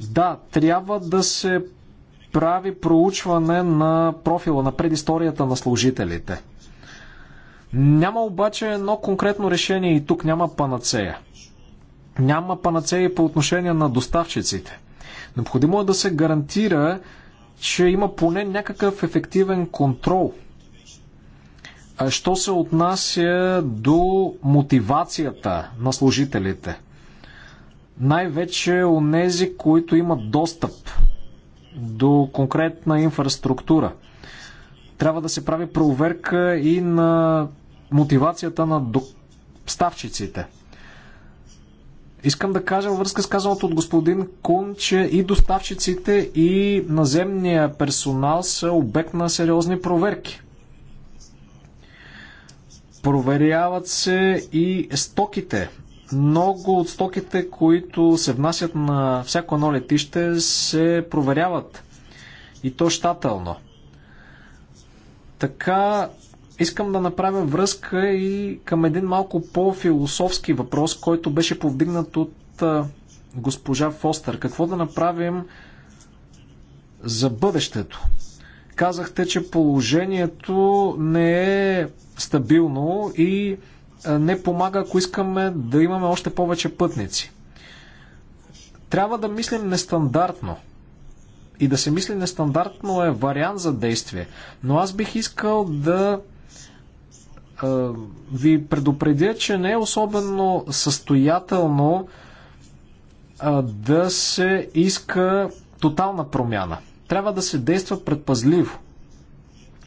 Да, трябва да се прави проучване на профила, на предисторията на служителите. Няма обаче едно конкретно решение и тук няма панацея. Няма панацеи по отношение на доставчиците. Необходимо е да се гарантира, че има поне някакъв ефективен контрол. А що се отнася до мотивацията на служителите? Най-вече у нези, които имат достъп до конкретна инфраструктура. Трябва да се прави проверка и на мотивацията на доставчиците. Искам да кажа във връзка с казаното от господин Кун, че и доставчиците, и наземния персонал са обект на сериозни проверки. Проверяват се и стоките. Много от стоките, които се внасят на всяко едно летище, се проверяват. И то щателно. Така Искам да направя връзка и към един малко по-философски въпрос, който беше повдигнат от госпожа Фостер. Какво да направим за бъдещето? Казахте, че положението не е стабилно и не помага, ако искаме да имаме още повече пътници. Трябва да мислим нестандартно. И да се мисли нестандартно е вариант за действие. Но аз бих искал да е, ви предупредя, че не е особено състоятелно е, да се иска тотална промяна. Трябва да се действа предпазливо.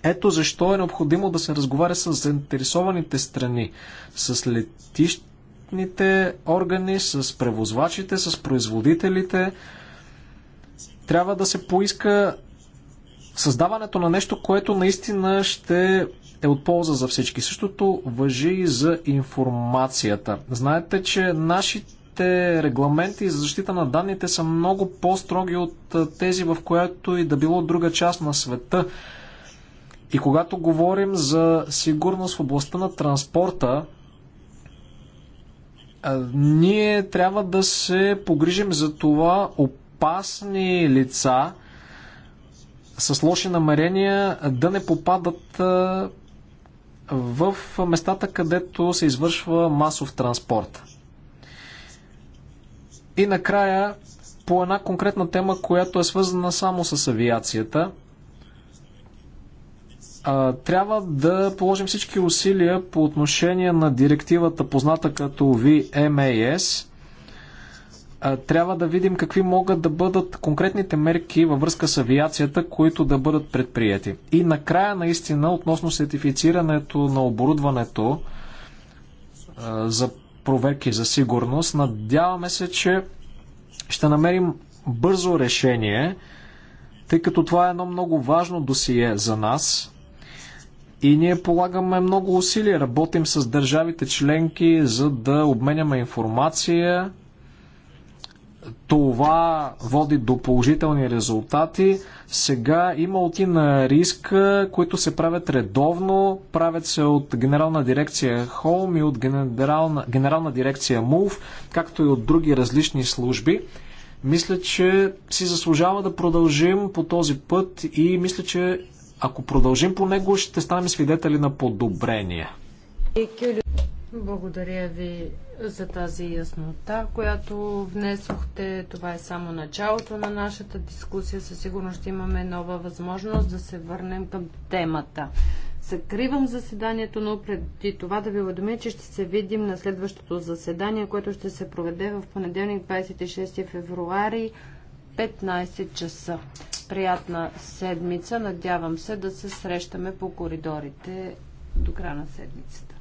Ето защо е необходимо да се разговаря с заинтересованите страни, с летищните органи, с превозвачите, с производителите. Трябва да се поиска създаването на нещо, което наистина ще е от полза за всички. Същото въжи и за информацията. Знаете, че нашите регламенти за защита на данните са много по-строги от тези, в която и да било друга част на света. И когато говорим за сигурност в областта на транспорта, ние трябва да се погрижим за това опасни лица с лоши намерения да не попадат в местата, където се извършва масов транспорт. И накрая по една конкретна тема, която е свързана само с авиацията. трябва да положим всички усилия по отношение на директивата, позната като VMAS – трябва да видим какви могат да бъдат конкретните мерки във връзка с авиацията, които да бъдат предприяти. И накрая, наистина, относно сертифицирането на оборудването за проверки за сигурност, надяваме се, че ще намерим бързо решение, тъй като това е едно много важно досие за нас. И ние полагаме много усилия, работим с държавите членки, за да обменяме информация, това води до положителни резултати. Сега има оти на риск, които се правят редовно. Правят се от Генерална дирекция Home и от Генерална, Генерална дирекция Move, както и от други различни служби. Мисля, че си заслужава да продължим по този път и мисля, че ако продължим по него, ще станем свидетели на подобрения. Благодаря ви за тази яснота, която внесохте. Това е само началото на нашата дискусия. Със сигурност ще имаме нова възможност да се върнем към темата. Закривам заседанието, но преди това да ви уведомя, че ще се видим на следващото заседание, което ще се проведе в понеделник 26 февруари 15 часа. Приятна седмица. Надявам се да се срещаме по коридорите до края на седмицата.